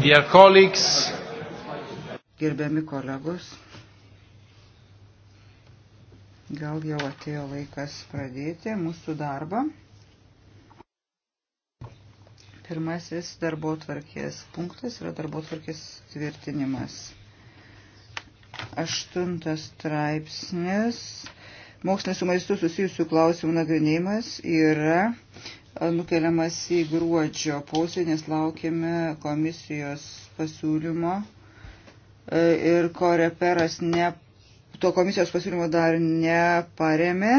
Dear colleagues. Gerbiami kolegos. Gal jau atėjo laikas pradėti mūsų darbą. Pirmasis darbo tvarkės punktas yra darbo tvarkės tvirtinimas. Aštuntas straipsnis. Mokslinis su maistu susijusių klausimų nagrinėjimas yra nukeliamas į gruodžio posėdį, nes laukiame komisijos pasiūlymo e, ir koreperas ne, to komisijos pasiūlymo dar neparemė,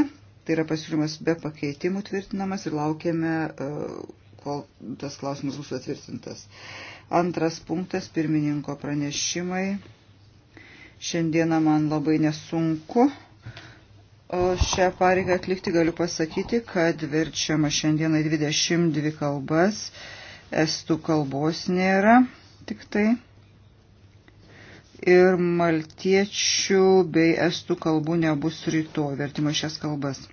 tai yra pasiūlymas be pakeitimų tvirtinamas ir laukiame, e, kol tas klausimas bus atvirtintas. Antras punktas - pirmininko pranešimai. Šiandieną man labai nesunku šią pareigą atlikti, galiu pasakyti, kad verčiama šiandienai 22 kalbas, estų kalbos nėra tik tai. Ir maltiečių bei estų kalbų nebus rytoj vertimo šias kalbas.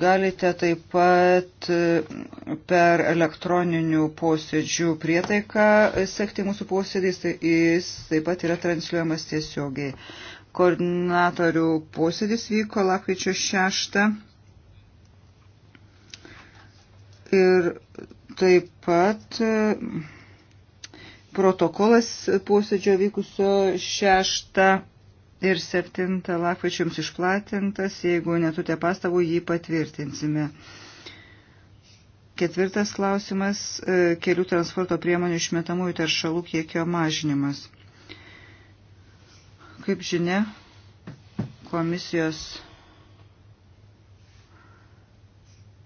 Galite taip pat e, per elektroninių posėdžių prietaiką sekti mūsų posėdys, tai jis taip pat yra transliuojamas tiesiogiai. Koordinatorių posėdis vyko lapkričio 6 ir taip pat e, protokolas posėdžio vykusio 6 ir 7 lakvačių jums išplatintas, jeigu netute pastabų, jį patvirtinsime. Ketvirtas klausimas e, - kelių transporto priemonių išmetamųjų teršalų kiekio mažinimas. Kaip žinia, komisijos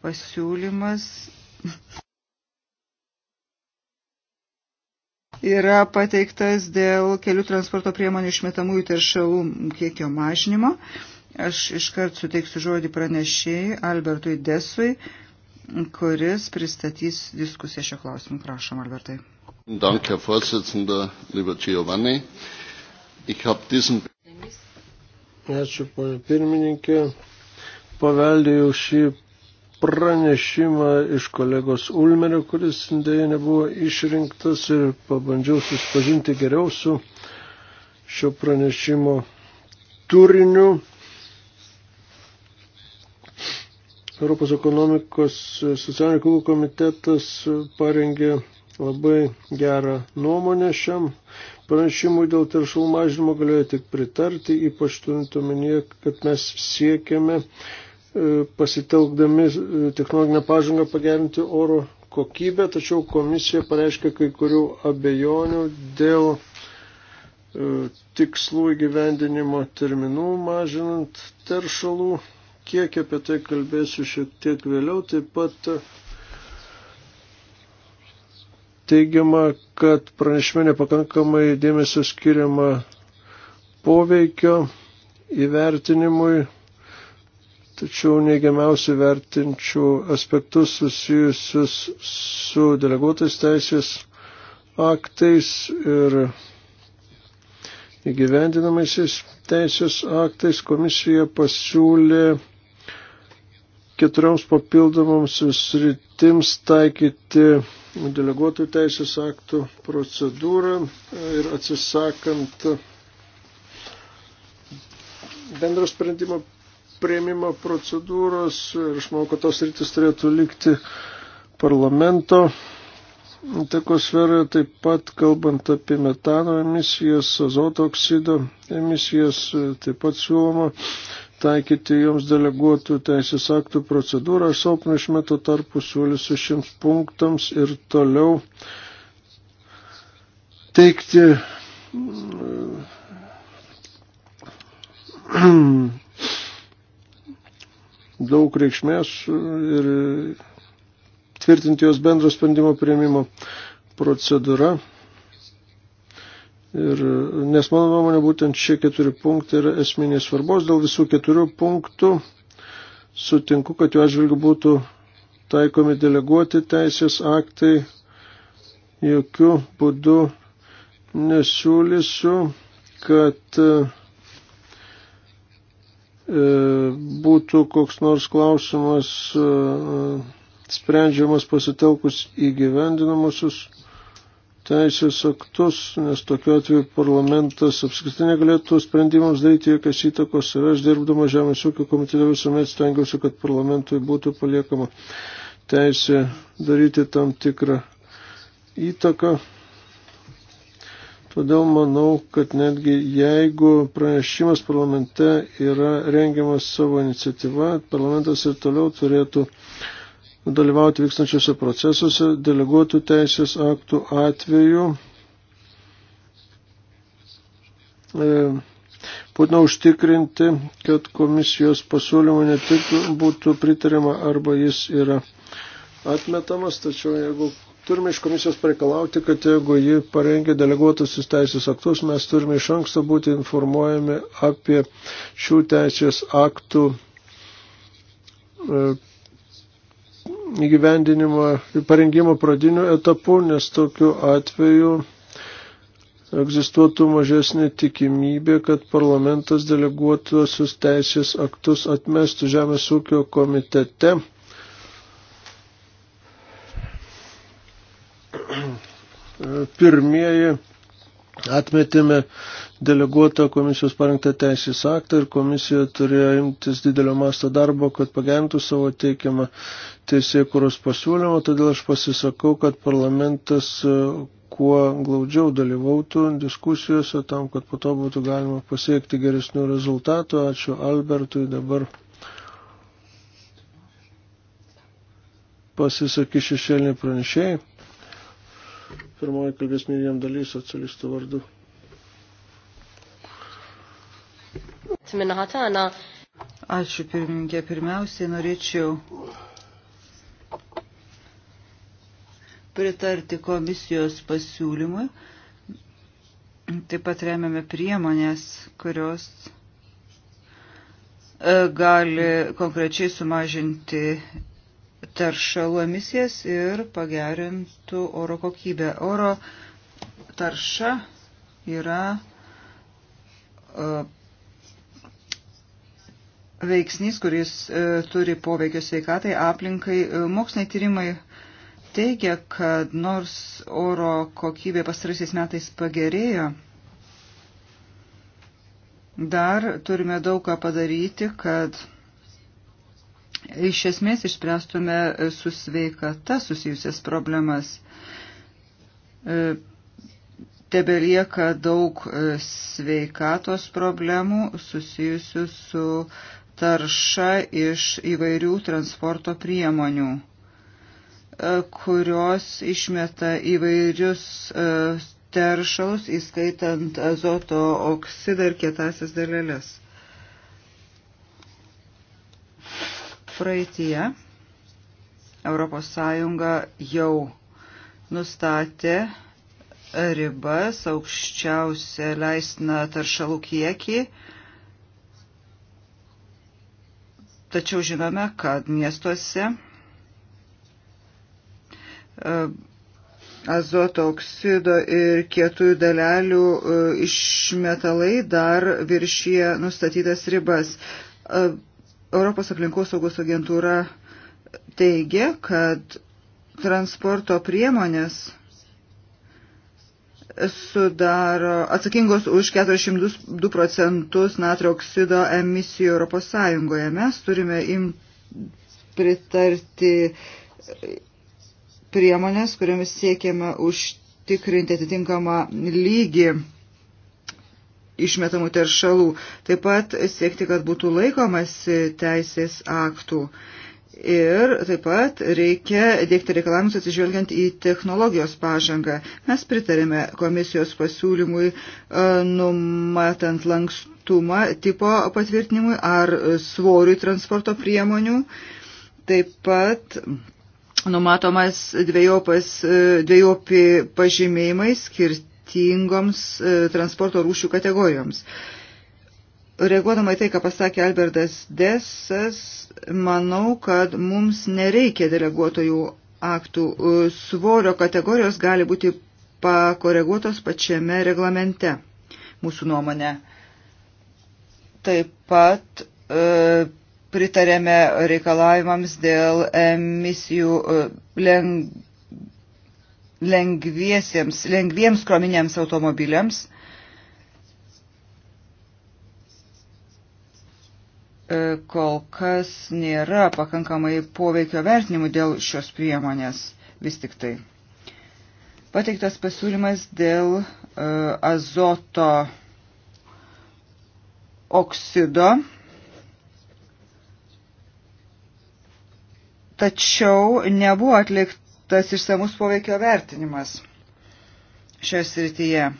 pasiūlymas yra pateiktas dėl kelių transporto priemonių išmetamųjų teršalų kiekio mažinimo. Aš iškart suteiksiu žodį pranešėjai Albertui Desui, kuris pristatys diskusiją šio klausimu. Prašom, Albertai. Dank, Herr Vorsitzender, lieber Giovanni. Ich habe diesen. Ačiū, ponė pirmininkė. Paveldėjau šį pranešimą iš kolegos Ulmerio, kuris dėja nebuvo išrinktas ir pabandžiau susipažinti geriau su šio pranešimo turiniu. Europos ekonomikos socialinių reikalų komitetas parengė labai gerą nuomonę šiam pranešimui dėl teršalų mažinimo galėjo tik pritarti, ypač turint omenyje, kad mes siekiame E, pasitelkdami e, technologinę pažangą pagerinti oro kokybę, tačiau komisija pareiškia kai kurių abejonių dėl e, tikslų įgyvendinimo terminų mažinant teršalų kiekį, apie tai kalbėsiu šiek tiek vėliau. Taip pat teigiama, kad pranešime nepakankamai dėmesio skiriama poveikio įvertinimui Tačiau neigiamiausiai vertinčių aspektus susijusius su deleguotais teisės aktais ir įgyvendinamaisiais teisės aktais komisija pasiūlė keturioms papildomoms sritims taikyti deleguotų teisės aktų procedūrą ir atsisakant bendro sprendimo prieimimo procedūros ir aš manau, kad tos rytis turėtų likti parlamento takos sferoje, taip pat kalbant apie metano emisijas, azoto oksido emisijas, taip pat siūloma taikyti joms deleguotų teisės aktų procedūrą. Aš savo pranešime tuo tarpu siūlysiu šiems punktams ir toliau teikti daug reikšmės ir tvirtinti jos bendro sprendimo prieimimo procedūra. Ir, nes mano nuomonė būtent šie keturi punktai yra esminės svarbos. Dėl visų keturių punktų sutinku, kad jų atžvilgių būtų taikomi deleguoti teisės aktai. Jokių būdų nesiūlysiu, kad uh, E, būtų koks nors klausimas e, sprendžiamas pasitelkus įgyvendinamusius teisės aktus, nes tokiu atveju parlamentas apskritai negalėtų sprendimams daryti jokios įtakos ir aš dirbdama Žemės ūkio komitete visuomet stengiausi, kad parlamentui būtų paliekama teisė daryti tam tikrą įtaką Todėl manau, kad netgi jeigu pranešimas parlamente yra rengiamas savo iniciatyva, parlamentas ir toliau turėtų dalyvauti vykstančiose procesuose, deleguotų teisės aktų atveju. E, Būtina užtikrinti, kad komisijos pasiūlymų ne tik būtų pritariama arba jis yra atmetamas, tačiau jeigu Turime iš komisijos pareikalauti, kad jeigu ji parengia deleguotusius teisės aktus, mes turime iš anksto būti informuojami apie šių teisės aktų e, įgyvendinimo ir parengimo pradinių etapų, nes tokiu atveju egzistuotų mažesnė tikimybė, kad parlamentas deleguotuosius teisės aktus atmestų Žemės ūkio komitete E, pirmieji atmetėme deleguotą komisijos parengtą teisės aktą ir komisija turėjo imtis didelio masto darbo, kad pagentų savo teikiamą teisėkuros pasiūlymą, todėl aš pasisakau, kad parlamentas e, kuo glaudžiau dalyvautų diskusijose tam, kad po to būtų galima pasiekti geresnių rezultatų. Ačiū Albertui dabar. Pasisakys šešėlį pranešėjai. Pirmoji kalbės Miriam Daly, socialistų vardu. Ačiū pirmininkė. Pirmiausiai norėčiau pritarti komisijos pasiūlymui. Taip pat remiame priemonės, kurios e, gali konkrečiai sumažinti teršalų emisijas ir pagerintų oro kokybę. Oro tarša yra e, veiksnys, kuris e, turi poveikio sveikatai, aplinkai. E, moksliniai tyrimai teigia, kad nors oro kokybė pastaraisiais metais pagerėjo, dar turime daug ką padaryti, kad iš esmės išspręstume e, su sveikata susijusias problemas. E, tebelieka daug e, sveikatos problemų susijusių su tarša iš įvairių transporto priemonių, kurios išmeta įvairius teršalus, įskaitant azoto oksidą ir kietasias dalelės. Fraityje Europos Sąjunga jau nustatė ribas, aukščiausią leistiną taršalų kiekį. Tačiau žinome, kad miestuose e, azoto oksido ir kietųjų dalelių e, išmetalai dar viršyje nustatytas ribas. E, Europos aplinkos saugos agentūra teigia, kad transporto priemonės sudaro atsakingos už 42 procentus natrio oksido emisijų Europos Sąjungoje. Mes turime im pritarti priemonės, kuriomis siekiame užtikrinti atitinkamą lygį išmetamų teršalų. Taip pat siekti, kad būtų laikomas teisės aktų. Ir taip pat reikia dėkti reikalavimus atsižvelgiant į technologijos pažangą. Mes pritarėme komisijos pasiūlymui e, numatant lankstumą tipo patvirtinimui ar svoriui transporto priemonių. Taip pat numatomas e, dviejopi pažymėjimai skirti skirtingoms e, transporto rūšių kategorijoms. Reaguodama į tai, ką pasakė Albertas Desas, manau, kad mums nereikia deleguotojų aktų. E, svorio kategorijos gali būti pakoreguotos pačiame reglamente, mūsų nuomonė. Taip pat e, pritarėme reikalavimams dėl emisijų e, lengvų lengviesiems, lengviems krominiams automobiliams. E, kol kas nėra pakankamai poveikio vertinimų dėl šios priemonės vis tik tai. Pateiktas pasiūlymas dėl e, azoto oksido. Tačiau nebuvo atlikta atliktas išsamus poveikio vertinimas šioje srityje.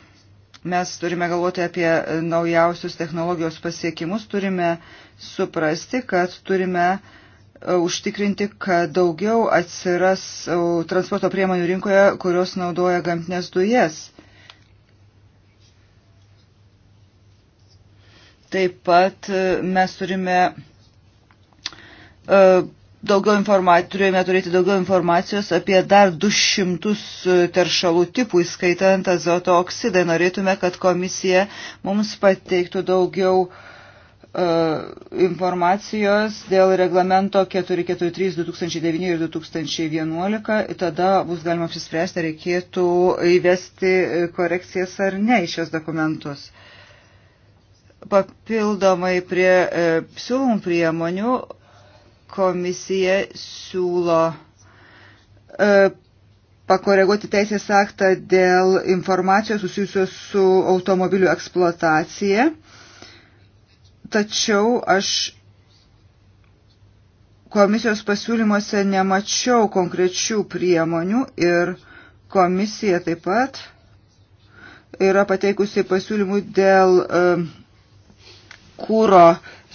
Mes turime galvoti apie naujausius technologijos pasiekimus, turime suprasti, kad turime e, užtikrinti, kad daugiau atsiras e, transporto priemonių rinkoje, kurios naudoja gamtinės dujas. Taip pat e, mes turime daugiau informacijos, turėjome turėti daugiau informacijos apie dar 200 e, teršalų tipų, įskaitant azoto oksidą. Norėtume, kad komisija mums pateiktų daugiau e, informacijos dėl reglamento 443-2009 ir 2011, tada bus galima apsispręsti, reikėtų įvesti korekcijas ar ne į šios dokumentus. Papildomai prie e, siūlomų priemonių komisija siūlo e, pakoreguoti teisės aktą dėl informacijos susijusios su automobilių eksploatacija. Tačiau aš komisijos pasiūlymuose nemačiau konkrečių priemonių ir komisija taip pat yra pateikusi pasiūlymų dėl e, kūro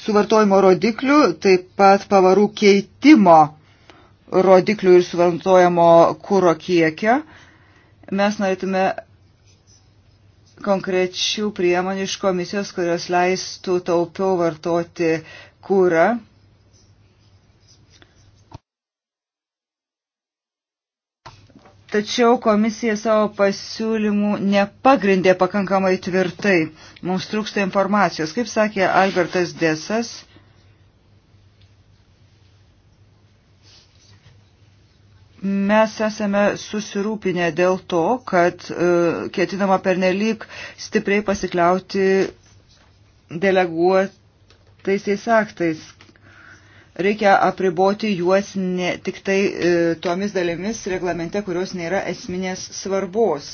suvartojimo rodiklių, taip pat pavarų keitimo rodiklių ir suvartojamo kūro kiekio. Mes norėtume konkrečių priemonių iš komisijos, kurios leistų taupiau vartoti kūrą tačiau komisija savo pasiūlymų nepagrindė pakankamai tvirtai. Mums trūksta informacijos. Kaip sakė Albertas Desas, mes esame susirūpinę dėl to, kad uh, ketinama pernelyg stipriai pasikliauti deleguotaisiais aktais, reikia apriboti juos ne tik tai e, tomis dalimis reglamente, kurios nėra esminės svarbos.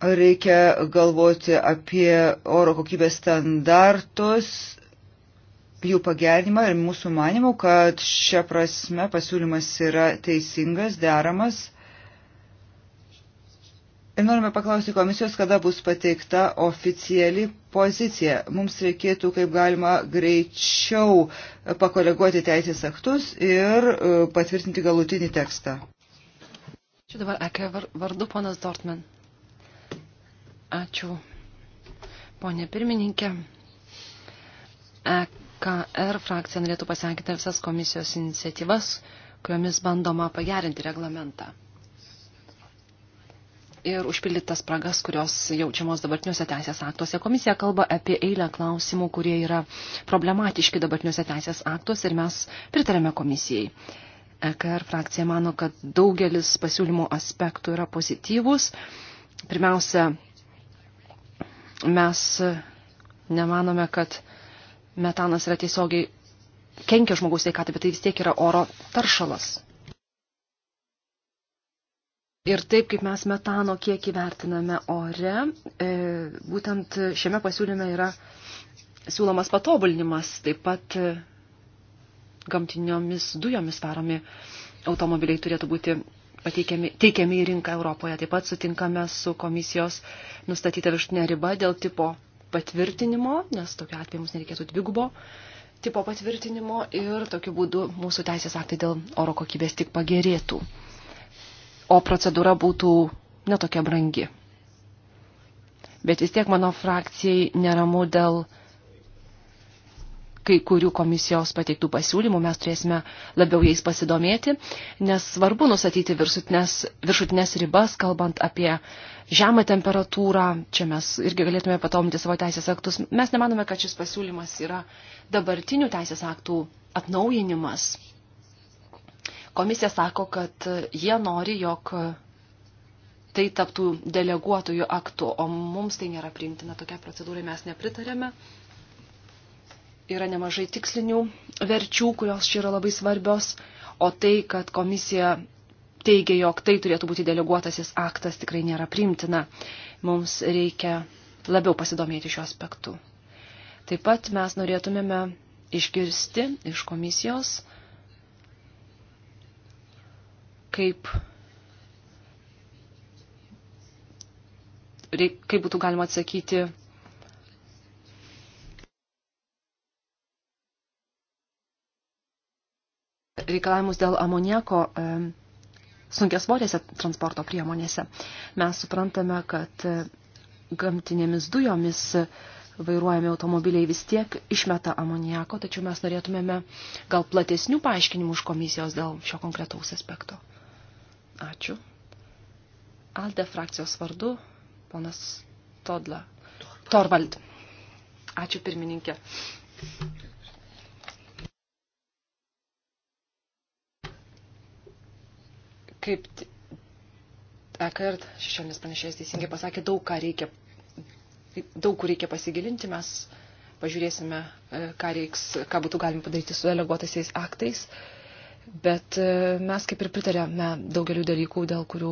Reikia galvoti apie oro kokybės standartus, jų pagerinimą ir mūsų manimų, kad šia prasme pasiūlymas yra teisingas, deramas Ir norime paklausti komisijos, kada bus pateikta oficiali pozicija. Mums reikėtų kaip galima greičiau pakoreguoti teisės aktus ir e, patvirtinti galutinį tekstą. Čia dabar EK vardu ponas Dortman. Ačiū, ponė pirmininkė. EKR frakcija norėtų pasveikinti visas komisijos iniciatyvas, kuriomis bandoma pagerinti reglamentą ir užpildytas spragas, kurios jaučiamos dabartiniuose teisės aktuose. Komisija kalba apie eilę klausimų, kurie yra problematiški dabartiniuose teisės aktuose ir mes pritarėme komisijai. EKR frakcija mano, kad daugelis pasiūlymo aspektų yra pozityvus. Pirmiausia, mes nemanome, kad metanas yra tiesiogiai kenkia žmogaus sveikatai, bet tai vis tiek yra oro taršalas. Ir taip kaip mes metano kiekį vertiname ore, e, būtent šiame pasiūlyme yra siūlomas patobulinimas, taip pat e, gamtiniomis dujomis varomi automobiliai turėtų būti pateikiami, teikiami į rinką Europoje. Taip pat sutinkame su komisijos nustatyta viršutinė riba dėl tipo patvirtinimo, nes tokiu atveju mums nereikėtų dvigubo tipo patvirtinimo ir tokiu būdu mūsų teisės aktai dėl oro kokybės tik pagerėtų o procedūra būtų netokia brangi. Bet vis tiek mano frakcijai neramu dėl kai kurių komisijos pateiktų pasiūlymų, mes turėsime labiau jais pasidomėti, nes svarbu nusatyti viršutinės, viršutinės ribas, kalbant apie žemą temperatūrą, čia mes irgi galėtume patominti savo teisės aktus. Mes nemanome, kad šis pasiūlymas yra dabartinių teisės aktų atnaujinimas Komisija sako, kad jie nori, jog tai taptų deleguotojų aktų, o mums tai nėra priimtina, tokia procedūra mes nepritarėme. Yra nemažai tikslinių verčių, kurios čia yra labai svarbios, o tai, kad komisija teigia, jog tai turėtų būti deleguotasis aktas, tikrai nėra priimtina. Mums reikia labiau pasidomėti šiuo aspektu. Taip pat mes norėtumėme išgirsti iš komisijos, kaip, reik, kaip būtų galima atsakyti reikalavimus dėl amoniako sunkiasvorėse transporto priemonėse. Mes suprantame, kad gamtinėmis dujomis vairuojami automobiliai vis tiek išmeta amoniako, tačiau mes norėtumėme gal platesnių paaiškinimų iš komisijos dėl šio konkretaus aspekto. Ačiū. Alde frakcijos vardu, ponas Todla. Torvald. Ačiū pirmininkė. Kaip Ekart šešionis pranešėjas teisingai pasakė, daug, ką reikia, daug kur reikia pasigilinti, mes pažiūrėsime, e, ką, reiks, ką būtų galima padaryti su deleguotaisiais aktais. Uh, bet e, mes kaip ir pritarėme daugeliu dalykų, dėl kurių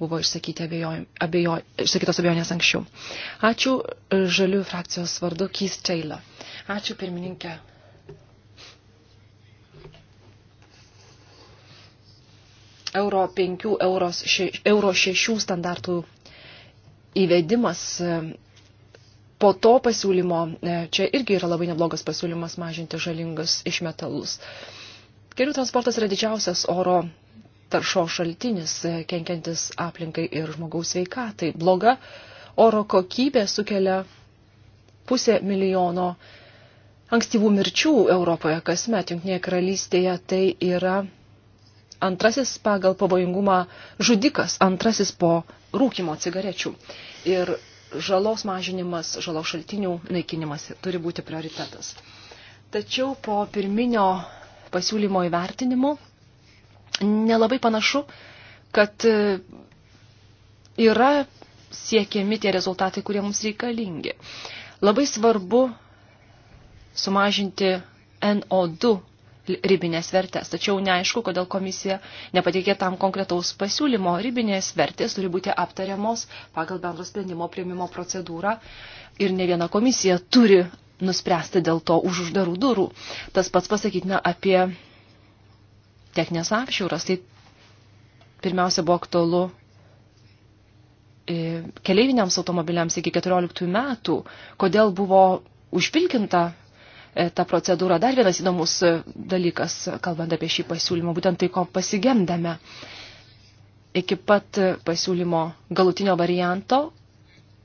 buvo išsakyti abejoj, abejoj, išsakytos abejonės anksčiau. Ačiū e, žalių frakcijos vardu Keith Taylor. Ačiū pirmininkė. Euro 5, euros, še, euro 6 standartų įvedimas e, po to pasiūlymo, čia irgi yra labai neblogas pasiūlymas mažinti žalingas išmetalus. metalus Kelių transportas yra didžiausias oro taršo šaltinis, e, kenkiantis aplinkai ir žmogaus sveikatai. Bloga oro kokybė sukelia pusę milijono ankstyvų mirčių Europoje kasmet. Junknėje karalystėje tai yra antrasis pagal pavojingumą žudikas, antrasis po rūkimo cigarečių. Ir žalos mažinimas, žalos šaltinių naikinimas turi būti prioritetas. Tačiau po pirminio pasiūlymo įvertinimo, nelabai panašu, kad e, yra siekiami tie rezultatai, kurie mums reikalingi. Labai svarbu sumažinti NO2 ribinės vertės, tačiau neaišku, kodėl komisija nepateikė tam konkretaus pasiūlymo. Ribinės vertės turi būti aptariamos pagal bendro sprendimo prieimimo procedūrą ir ne viena komisija turi nuspręsti dėl to už uždarų durų. Tas pats pasakytina apie techninės apžiūras. Tai pirmiausia buvo aktualu e, keleiviniams automobiliams iki 14 metų, kodėl buvo užpilkinta e, ta procedūra. Dar vienas įdomus e, dalykas, kalbant apie šį pasiūlymą, būtent tai, ko pasigendame. Iki pat pasiūlymo galutinio varianto,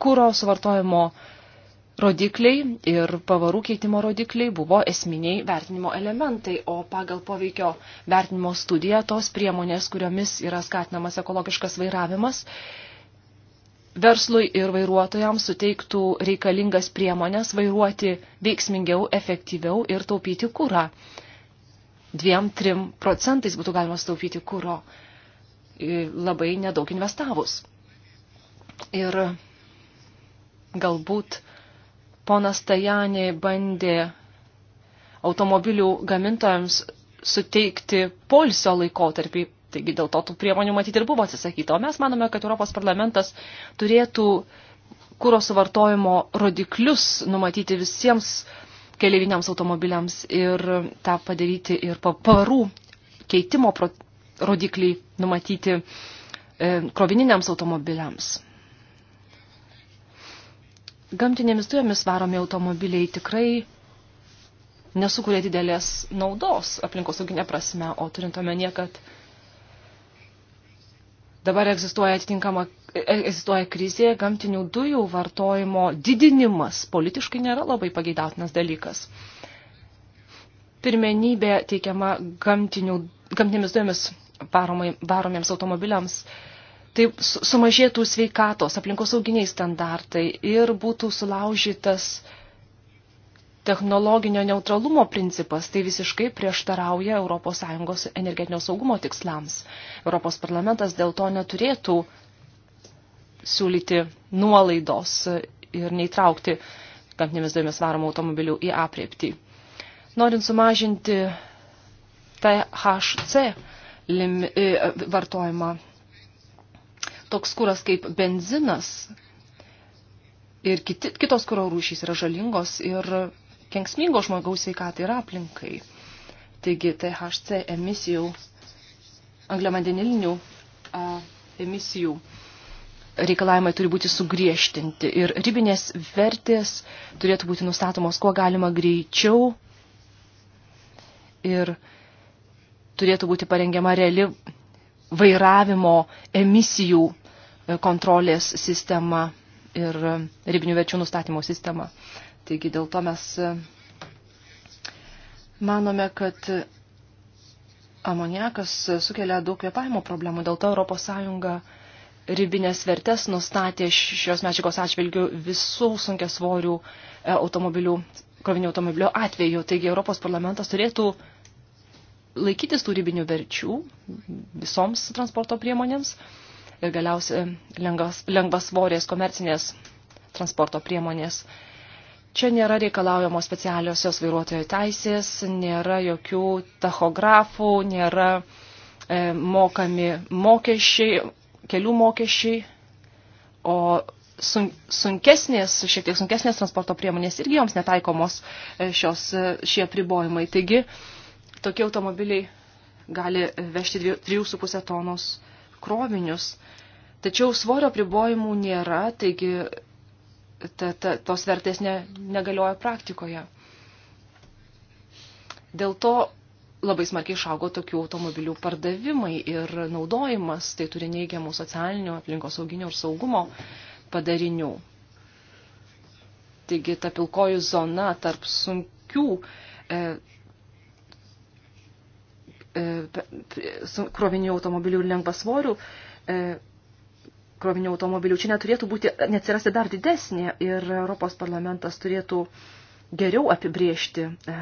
kūro suvartojimo uh, rodikliai ir pavarų keitimo rodikliai buvo esminiai vertinimo elementai, o pagal poveikio vertinimo studiją tos priemonės, kuriomis yra skatinamas ekologiškas vairavimas, verslui ir vairuotojams suteiktų reikalingas priemonės vairuoti veiksmingiau, efektyviau ir taupyti kūrą. Dviem, trim procentais būtų galima staupyti kūro e, labai nedaug investavus. Ir galbūt ponas Tajanė bandė automobilių gamintojams suteikti polsio laikotarpį. Taigi dėl to tų priemonių matyti ir buvo atsisakyta. O mes manome, kad Europos parlamentas turėtų kūro suvartojimo rodiklius numatyti visiems keleiviniams automobiliams ir tą padaryti ir pavarų keitimo rodiklį numatyti e, krovininiams automobiliams gamtinėmis dujomis varomi automobiliai tikrai nesukuria didelės naudos aplinkosauginė prasme, o turint omenyje, kad dabar egzistuoja atitinkama e, egzistuoja krizė, gamtinių dujų vartojimo didinimas politiškai nėra labai pageidautinas dalykas. Pirmenybė teikiama gamtinių, gamtinėmis dujomis varomai, varomiems automobiliams tai sumažėtų sveikatos, aplinkosauginiai standartai ir būtų sulaužytas technologinio neutralumo principas, tai visiškai prieštarauja ES energetinio saugumo tikslams. Europos parlamentas dėl to neturėtų siūlyti nuolaidos ir neįtraukti gamtinėmis dujomis varomų automobilių į aprieptį. Norint sumažinti THC lim, e, vartojimą toks kuras kaip benzinas ir kiti, kitos kuro rūšys yra žalingos ir kenksmingos žmogaus sveikatai ir aplinkai. Taigi THC emisijų, angliavandenilinių emisijų reikalavimai turi būti sugriežtinti ir ribinės vertės turėtų būti nustatomos kuo galima greičiau ir turėtų būti parengiama reali vairavimo emisijų kontrolės sistema ir ribinių večių nustatymo sistema. Taigi dėl to mes e, manome, kad amoniakas sukelia daug kvepavimo problemų, dėl to ES ribinės vertės nustatė šios medžiagos atžvilgių visų sunkiasvorių e, automobilių, krovinių automobilių atveju. Taigi Europos parlamentas turėtų laikytis tų ribinių verčių visoms transporto priemonėms ir e, galiausiai e, lengvas, lengvas svorės komercinės transporto priemonės. Čia nėra reikalaujamos specialiosios vairuotojo teisės, nėra jokių tachografų, nėra e, mokami mokesčiai, kelių mokesčiai, o sun, sunkesnės, šiek tiek sunkesnės transporto priemonės irgi joms netaikomos e, šios, šie pribojimai. Taigi, tokie automobiliai gali vežti 3,5 tonos krovinius. Tačiau svorio pribojimų nėra, taigi ta, ta, tos vertės ne, negalioja praktikoje. Dėl to labai smarkiai išaugo tokių automobilių pardavimai ir naudojimas, tai turi neigiamų socialinių, aplinkosauginio ir saugumo padarinių. Taigi ta pilkoji zona tarp sunkių e, E, krovinių automobilių ir lengvasvorių e, krovinių automobilių. Čia neturėtų būti, neatsirasti dar didesnė ir Europos parlamentas turėtų geriau apibriežti e,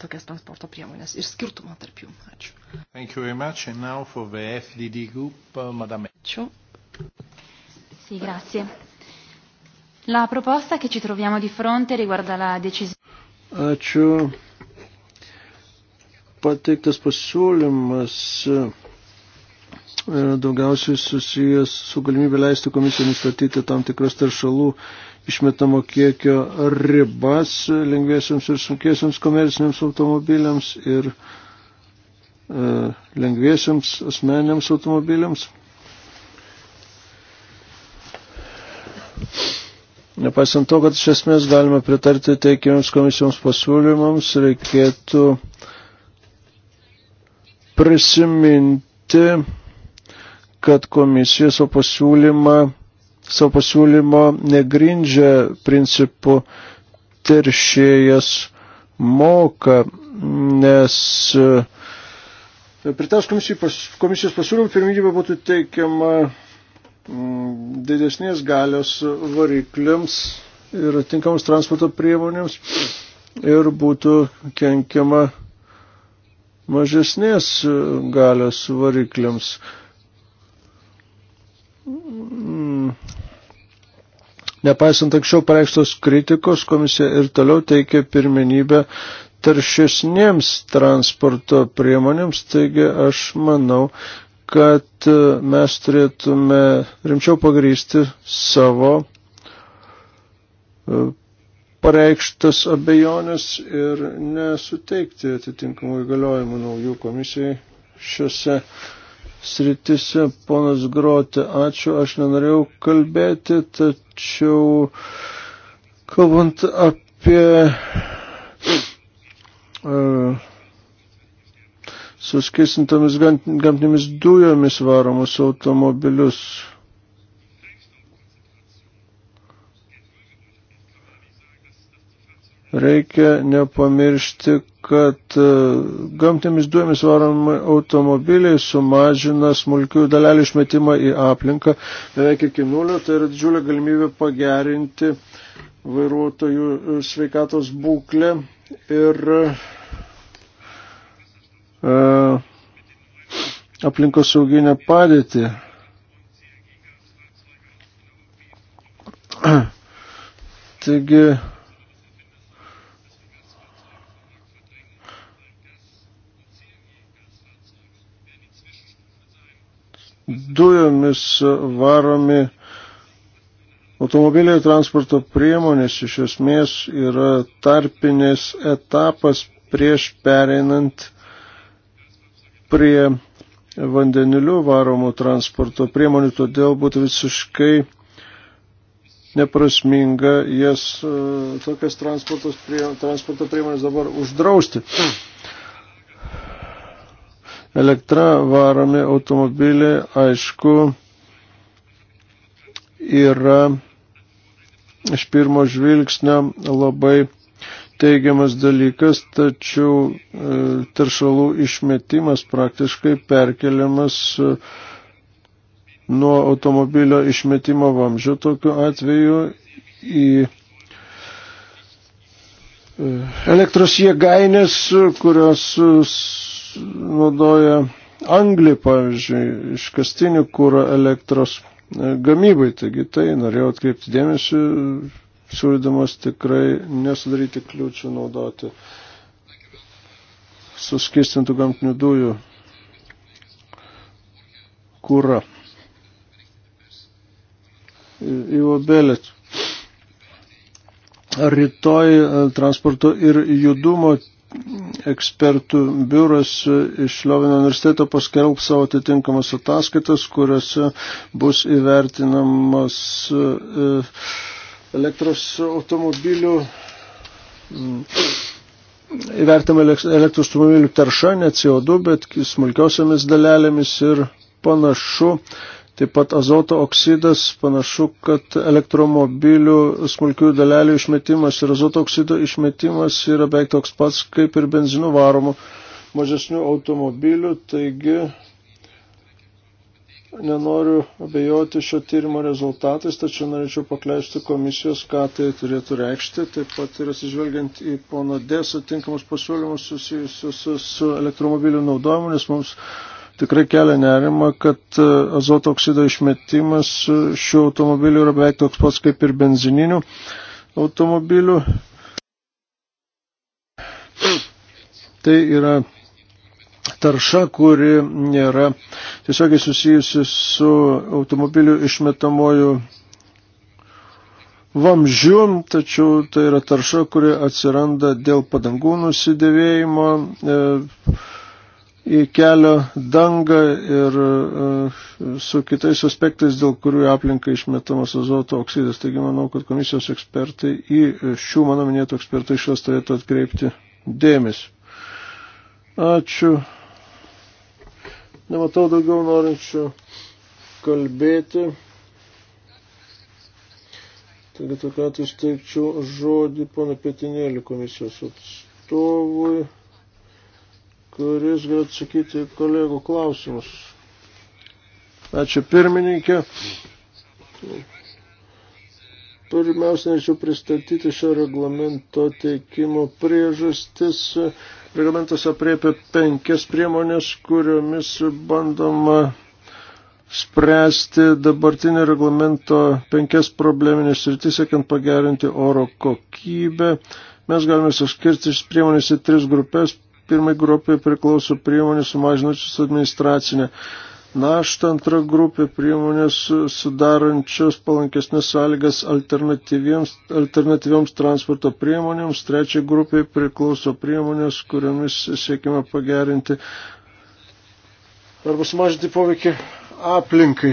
tokias transporto priemonės ir skirtumą tarp jų. Ačiū. Thank you very much. And now for the FDD group, uh, Madame. Ačiū. Sì, grazie. La proposta che ci troviamo di fronte riguarda la decisione. Ačiū pateiktas pasiūlymas e, daugiausiai susijęs su galimybė leisti komisijai nustatyti tam tikras taršalų išmetamo kiekio ribas lengviesiams ir sunkiesiams komerciniams automobiliams ir e, lengviesiams asmeniams automobiliams. Nepaisant to, kad iš esmės galime pritarti teikiamiems komisijoms pasiūlymams, reikėtų prisiminti, kad komisija savo pasiūlymą, savo pasiūlymo negrindžia principu teršėjas moka, nes e, pritas komisijos pasiūlymų pirmybė būtų teikiama mm, didesnės galios varikliams ir atinkamos transporto priemonėms ir būtų kenkiama mažesnės e, galios varikliams. Mm. Nepaisant anksčiau pareikštos kritikos, komisija ir toliau teikia pirmenybę taršesniems transporto priemonėms, taigi aš manau, kad e, mes turėtume rimčiau pagrysti savo e, pareikštas abejonės ir nesuteikti atitinkamų įgaliojimų naujų komisijai šiuose sritise. Ponas Grote, ačiū, aš nenorėjau kalbėti, tačiau kalbant apie uh, e, suskistintomis gamtinėmis dujomis varomus automobilius, Reikia nepamiršti, kad e, gamtėmis duomis varomi automobiliai sumažina smulkių dalelių išmetimą į aplinką beveik iki nulio. Tai yra didžiulė galimybė pagerinti vairuotojų e, sveikatos būklę ir e, aplinkos sauginę padėtį. Taigi, dujomis varomi automobiliai transporto priemonės iš esmės yra tarpinės etapas prieš pereinant prie vandeniliu varomų transporto priemonių, todėl būtų visiškai neprasminga jas e, tokias transporto priemonės dabar uždrausti. Elektra varomi automobiliai, aišku, yra iš pirmo žvilgsnio labai teigiamas dalykas, tačiau e, teršalų išmetimas praktiškai perkeliamas e, nuo automobilio išmetimo vamžio tokiu atveju į e, elektros jėgainės, kurios naudoja anglį, pavyzdžiui, iš kastinių kūro elektros e, gamybai. Taigi tai norėjau atkreipti dėmesį, siūlydamas tikrai nesudaryti kliūčių naudoti suskistintų gamtinių dujų kūrą. Ivo Belet. Rytoj e, transporto ir judumo ekspertų biuras iš Liovino universiteto paskelbs savo atitinkamas ataskaitas, kuriuose bus įvertinamas e, elektros automobilių mm, įvertama elektros automobilių tarša, ne CO2, bet smulkiosiamis dalelėmis ir panašu, Taip pat azoto oksidas, panašu, kad elektromobilių smulkių dalelių išmetimas ir azoto oksido išmetimas yra beveik toks pats kaip ir benzinų varomų mažesnių automobilių, taigi nenoriu abejoti šio tyrimo rezultatais, tačiau norėčiau pakleisti komisijos, ką tai turėtų reikšti. Taip pat ir atsižvelgiant į pono D sutinkamus pasiūlymus susijusius su elektromobilių naudojimu, nes mums tikrai kelia nerima, kad e, azoto oksido išmetimas e, šių automobilių yra beveik toks pats kaip ir benzininių automobilių. Tai yra tarša, kuri nėra tiesiogiai susijusi su automobilių išmetamoju vamzdžiu, tačiau tai yra tarša, kuri atsiranda dėl padangų nusidėvėjimo. E, į kelio dangą ir e, su kitais aspektais, dėl kurių aplinka išmetamas azoto oksidas. Taigi manau, kad komisijos ekspertai į šių mano minėtų ekspertų išvas turėtų atkreipti dėmesį. Ačiū. Nematau daugiau norinčių kalbėti. Taigi tokia atveju steikčiau žodį pana Pietinėlį komisijos atstovui kuris gali atsakyti kolegų klausimus. Ačiū pirmininkė. Pirmiausia, norėčiau pristatyti šio reglamento teikimo priežastis. Reglamentas apriepia penkias priemonės, kuriomis bandoma spręsti dabartinio reglamento penkias probleminės sritis, siekiant pagerinti oro kokybę. Mes galime suskirti iš priemonės į tris grupės. Pirmai grupiai priklauso priemonės sumažinančios administracinę naštą, antra grupė priemonės sudarančios palankesnės sąlygas alternatyvioms transporto priemonėms, trečia grupė priklauso priemonės, kuriomis siekime pagerinti arba sumažinti poveikį aplinkai.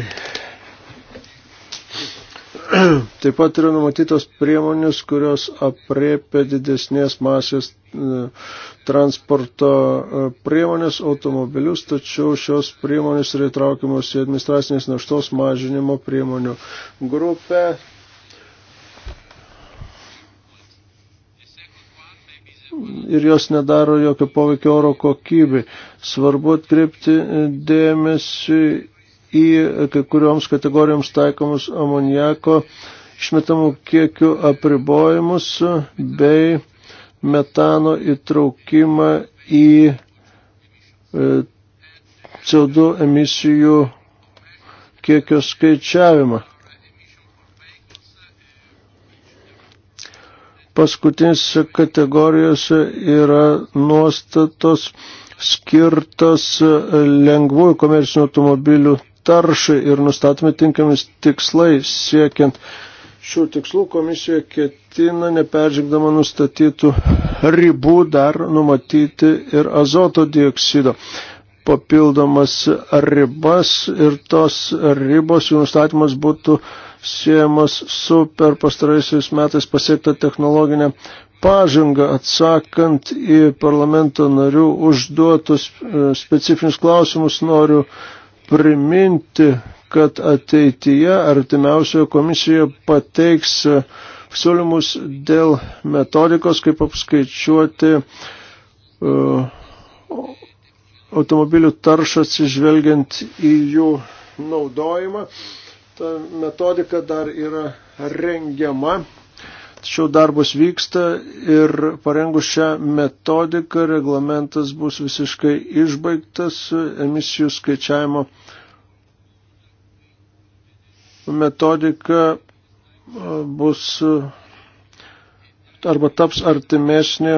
Taip pat yra numatytos priemonės, kurios apriepia didesnės masės e, transporto e, priemonės automobilius, tačiau šios priemonės yra įtraukiamos į administracinės naštos mažinimo priemonių grupę. ir jos nedaro jokio poveikio oro kokybei. Svarbu atkreipti dėmesį į kai kurioms kategorijoms taikomus amoniako išmetamų kiekių apribojimus bei metano įtraukimą į e, CO2 emisijų kiekio skaičiavimą. Paskutinėse kategorijose yra nuostatos skirtos lengvųjų komercinių automobilių taršai ir nustatomi tinkamis tikslai siekiant šių tikslų komisija ketina neperžengdama nustatytų ribų dar numatyti ir azoto dioksido papildomas ribas ir tos ribos jų nustatymas būtų siejamas su per pastaraisiais metais pasiektą technologinę pažangą atsakant į parlamento narių užduotus e, specifinius klausimus noriu priminti, kad ateityje artimiausioje komisijoje pateiks siūlymus dėl metodikos, kaip apskaičiuoti uh, automobilių taršą atsižvelgiant į jų naudojimą. Ta metodika dar yra rengiama Tačiau darbas vyksta ir parengus šią metodiką reglamentas bus visiškai išbaigtas emisijų skaičiavimo metodika bus arba taps artimesnė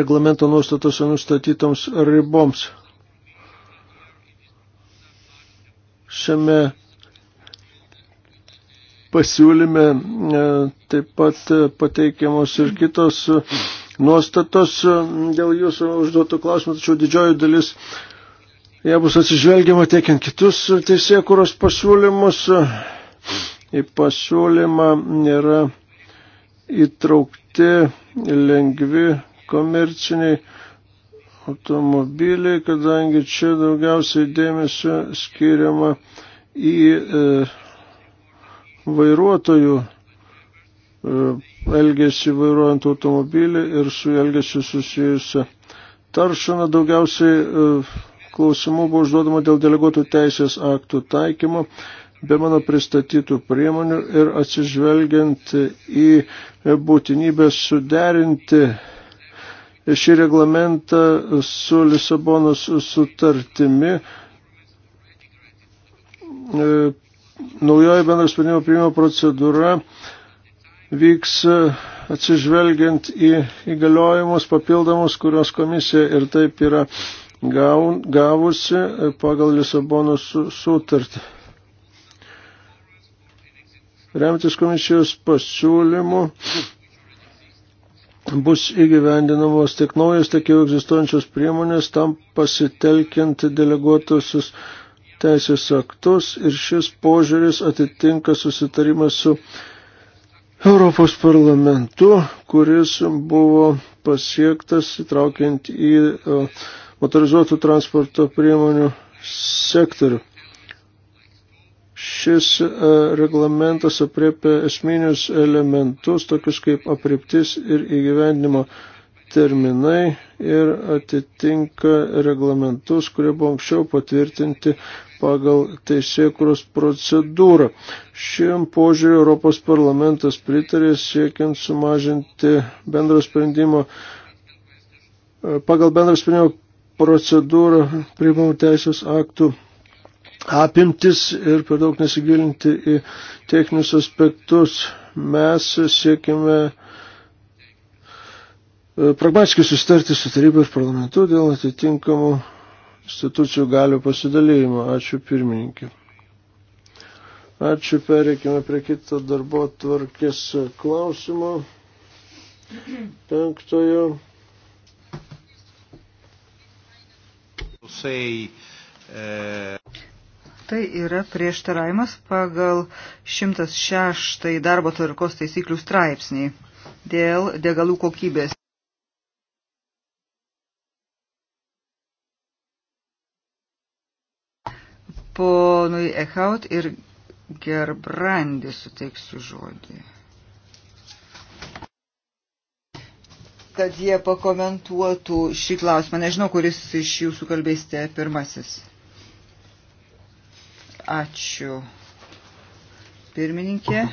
reglamento nuostatose nustatytoms riboms. Šiame pasiūlyme e, taip pat e, pateikiamos ir kitos e, nuostatos dėl jūsų užduotų klausimų, tačiau didžioji dalis jie bus atsižvelgiama tiekiant kitus teisėkuros pasiūlymus. Į pasiūlymą yra įtraukti lengvi komerciniai automobiliai, kadangi čia daugiausiai dėmesio skiriama į e, vairuotojų e, elgesį vairuojant automobilį ir su elgesiu susijusią taršaną. Daugiausiai e, klausimų buvo užduodama dėl deleguotų teisės aktų taikymo, be mano pristatytų priemonių ir atsižvelgiant į būtinybę suderinti šį reglamentą su Lisabonos sutartimi e, Naujoji bendro sprendimo priimimo procedūra vyks e, atsižvelgiant į įgaliojimus papildomus, kurios komisija ir taip yra gavusi e, pagal Lisabonos sutartį. Remtis komisijos pasiūlymu bus įgyvendinamos tiek naujos, tiek jau egzistuojančios priemonės, tam pasitelkiant deleguotusius teisės aktus ir šis požiūris atitinka susitarimą su Europos parlamentu, kuris buvo pasiektas įtraukiant į e, motorizuotų transporto priemonių sektorių. Šis e, reglamentas apriepia esminius elementus, tokius kaip apriptis ir įgyvendimo terminai ir atitinka reglamentus, kurie buvo anksčiau patvirtinti pagal teisėkuros procedūrą. Šiem požiūriu Europos parlamentas pritarė siekiant sumažinti bendro sprendimo, e, pagal bendro sprendimo procedūrą priimamų teisės aktų apimtis ir per daug nesigilinti į techninius aspektus. Mes siekime e, pragmatiškai sustarti su taryba ir parlamentu dėl atitinkamų institucijų galių pasidalymo. Ačiū pirmininkė. Ačiū, pereikime prie kito darbo tvarkės klausimo. Penktojo. Uh, tai yra prieštaravimas pagal 106 darbo tvarkos taisyklių straipsnį dėl degalų kokybės. ponui Echaut ir Gerbrandi suteiksiu žodį. Kad jie pakomentuotų šį klausimą. Nežinau, kuris iš jūsų kalbėsite pirmasis. Ačiū. Pirmininkė.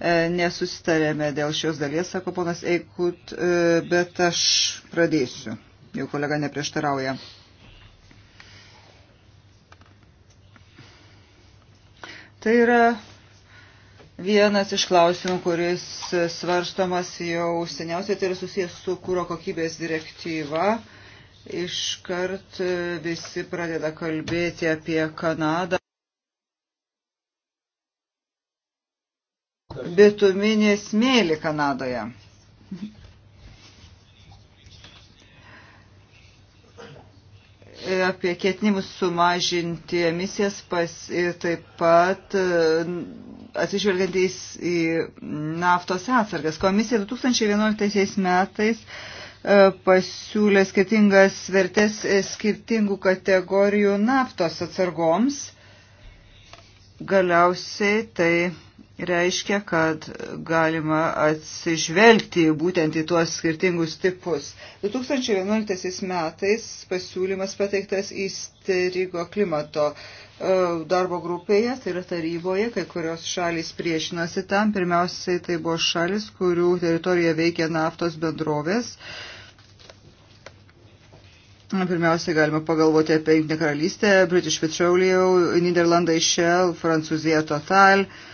E, nesusitarėme dėl šios dalies, sako ponas Eikut, e, bet aš pradėsiu. Jau kolega neprieštarauja. Tai yra vienas iš klausimų, kuris svarstomas jau seniausiai, tai yra susijęs su kūro kokybės direktyva. Iškart visi pradeda kalbėti apie Kanadą. Bituminė smėlį Kanadoje. apie ketinimus sumažinti emisijas pas, ir taip pat e, atsižvelgiantais į naftos atsargas. Komisija 2011 metais e, pasiūlė skirtingas vertės e, skirtingų kategorijų naftos atsargoms. Galiausiai tai reiškia, kad galima atsižvelgti būtent į tuos skirtingus tipus. 2011 metais pasiūlymas pateiktas įstrigo klimato e, darbo grupėje, tai yra taryboje, kai kurios šalys priešinasi tam. Pirmiausiai tai buvo šalis, kurių teritorijoje veikia naftos bendrovės. Pirmiausia, galima pagalvoti apie Jungtinę karalystę, British Petroleum, Niderlandai Shell, Prancūzija Total. Uh,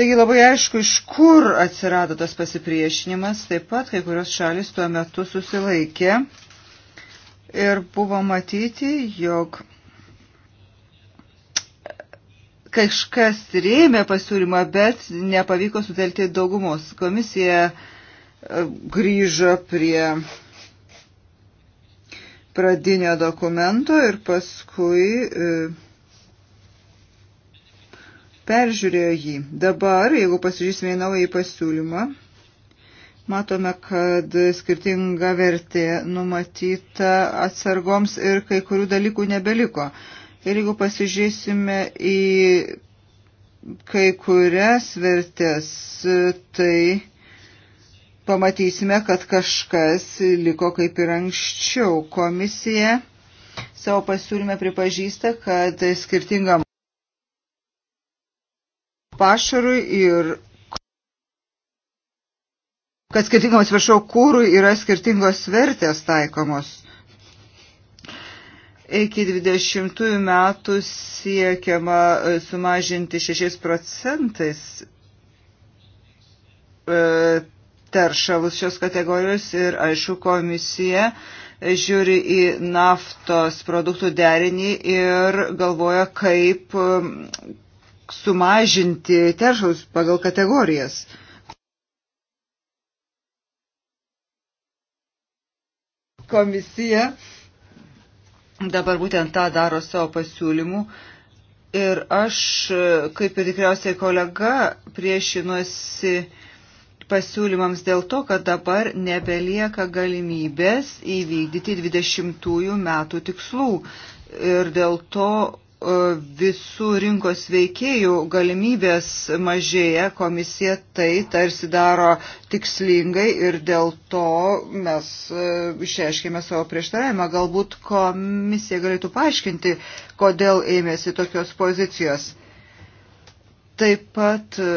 Taigi labai aišku, iš kur atsirado tas pasipriešinimas, taip pat kai kurios šalis tuo metu susilaikė ir buvo matyti, jog kažkas rėmė pasiūlymą, bet nepavyko sutelkti daugumos. Komisija e, grįžo prie pradinio dokumento ir paskui e, peržiūrėjo jį. Dabar, jeigu pasižiūrėsime į naują pasiūlymą, matome, kad skirtinga vertė numatyta atsargoms ir kai kurių dalykų nebeliko. Ir jeigu pasižiūrėsime į kai kurias vertės, tai pamatysime, kad kažkas liko kaip ir anksčiau. Komisija savo pasiūlyme pripažįsta, kad skirtingam pašarui ir kad skirtingam atsiprašau kūrui yra skirtingos vertės taikomos. Iki 20 metų siekiama e, sumažinti 6 procentais e, teršalus šios kategorijos ir aišku komisija žiūri į naftos produktų derinį ir galvoja, kaip sumažinti teršalus pagal kategorijas. Komisija dabar būtent tą daro savo pasiūlymų ir aš, kaip ir tikriausiai kolega, priešinuosi pasiūlymams dėl to, kad dabar nebelieka galimybės įvykdyti 20 metų tikslų. Ir dėl to E, visų rinkos veikėjų galimybės mažėja, komisija tai tarsi daro tikslingai ir dėl to mes e, išreiškėme savo prieštaravimą. Galbūt komisija galėtų paaiškinti, kodėl ėmėsi tokios pozicijos. Taip pat e,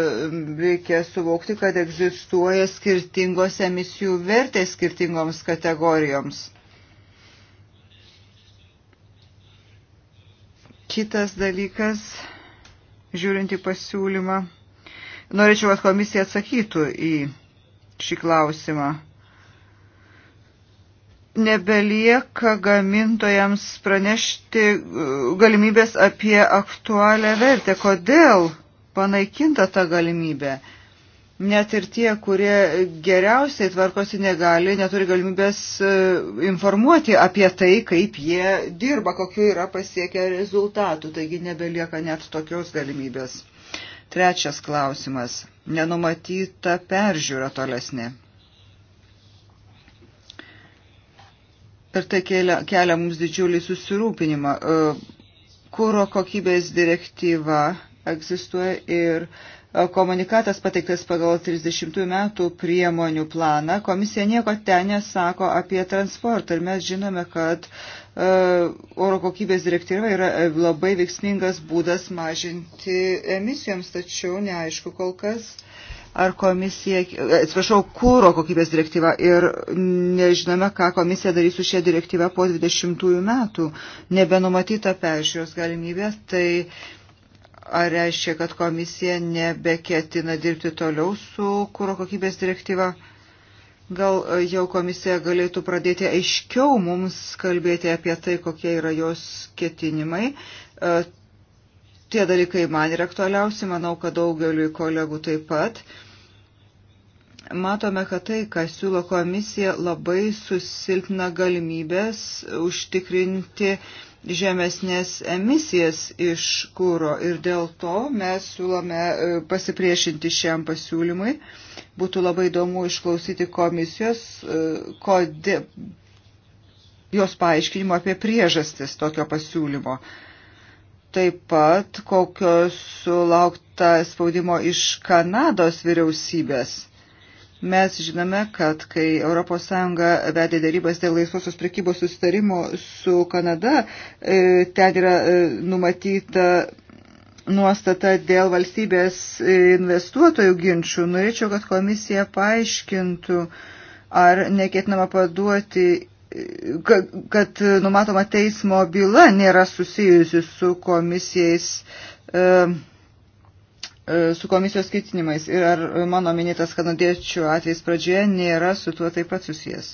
reikia suvokti, kad egzistuoja skirtingos emisijų vertės skirtingoms kategorijoms. Kitas dalykas, žiūrint į pasiūlymą, norėčiau, kad komisija atsakytų į šį klausimą. Nebelieka gamintojams pranešti uh, galimybės apie aktualią vertę. Kodėl panaikinta ta galimybė? net ir tie, kurie geriausiai tvarkosi negali, neturi galimybės e, informuoti apie tai, kaip jie dirba, kokiu yra pasiekę rezultatų, taigi nebelieka net tokios galimybės. Trečias klausimas. Nenumatyta peržiūra tolesnė. Ir tai kelia, kelia mums didžiulį susirūpinimą. E, kūro kokybės direktyva egzistuoja ir komunikatas pateiktas pagal 30 metų priemonių planą. Komisija nieko ten nesako apie transportą ir mes žinome, kad e, oro kokybės direktyva yra labai veiksmingas būdas mažinti emisijoms, tačiau neaišku kol kas. Ar komisija, atsiprašau, kūro kokybės direktyva ir nežinome, ką komisija darys su šia direktyva po 20 metų, nebenumatyta peržiūros galimybė, tai uh, ar reiškia, kad komisija nebeketina dirbti toliau su kūro kokybės direktyva? Gal e, jau komisija galėtų pradėti aiškiau mums kalbėti apie tai, kokie yra jos ketinimai. E, tie dalykai man yra aktualiausi, manau, kad daugeliu kolegų taip pat. Matome, kad tai, ką siūlo komisija, labai susilpna galimybės užtikrinti uh, žemesnės emisijas iš kūro ir dėl to mes siūlome e, pasipriešinti šiam pasiūlymui. Būtų labai įdomu išklausyti komisijos, e, kodė, jos paaiškinimo apie priežastis tokio pasiūlymo. Taip pat kokio sulaukta spaudimo iš Kanados vyriausybės Mes žinome, kad kai ES vedė darybas dėl laisvosios prekybos sustarimo su Kanada, e, ten yra e, numatyta nuostata dėl valstybės e, investuotojų ginčių. Norėčiau, kad komisija paaiškintų, ar neketinama paduoti, kad, kad numatoma teismo byla nėra susijusi su komisijais. E, E, su komisijos skaitinimais ir ar mano minėtas kanadiečių atvejs pradžioje nėra su tuo taip pat susijęs.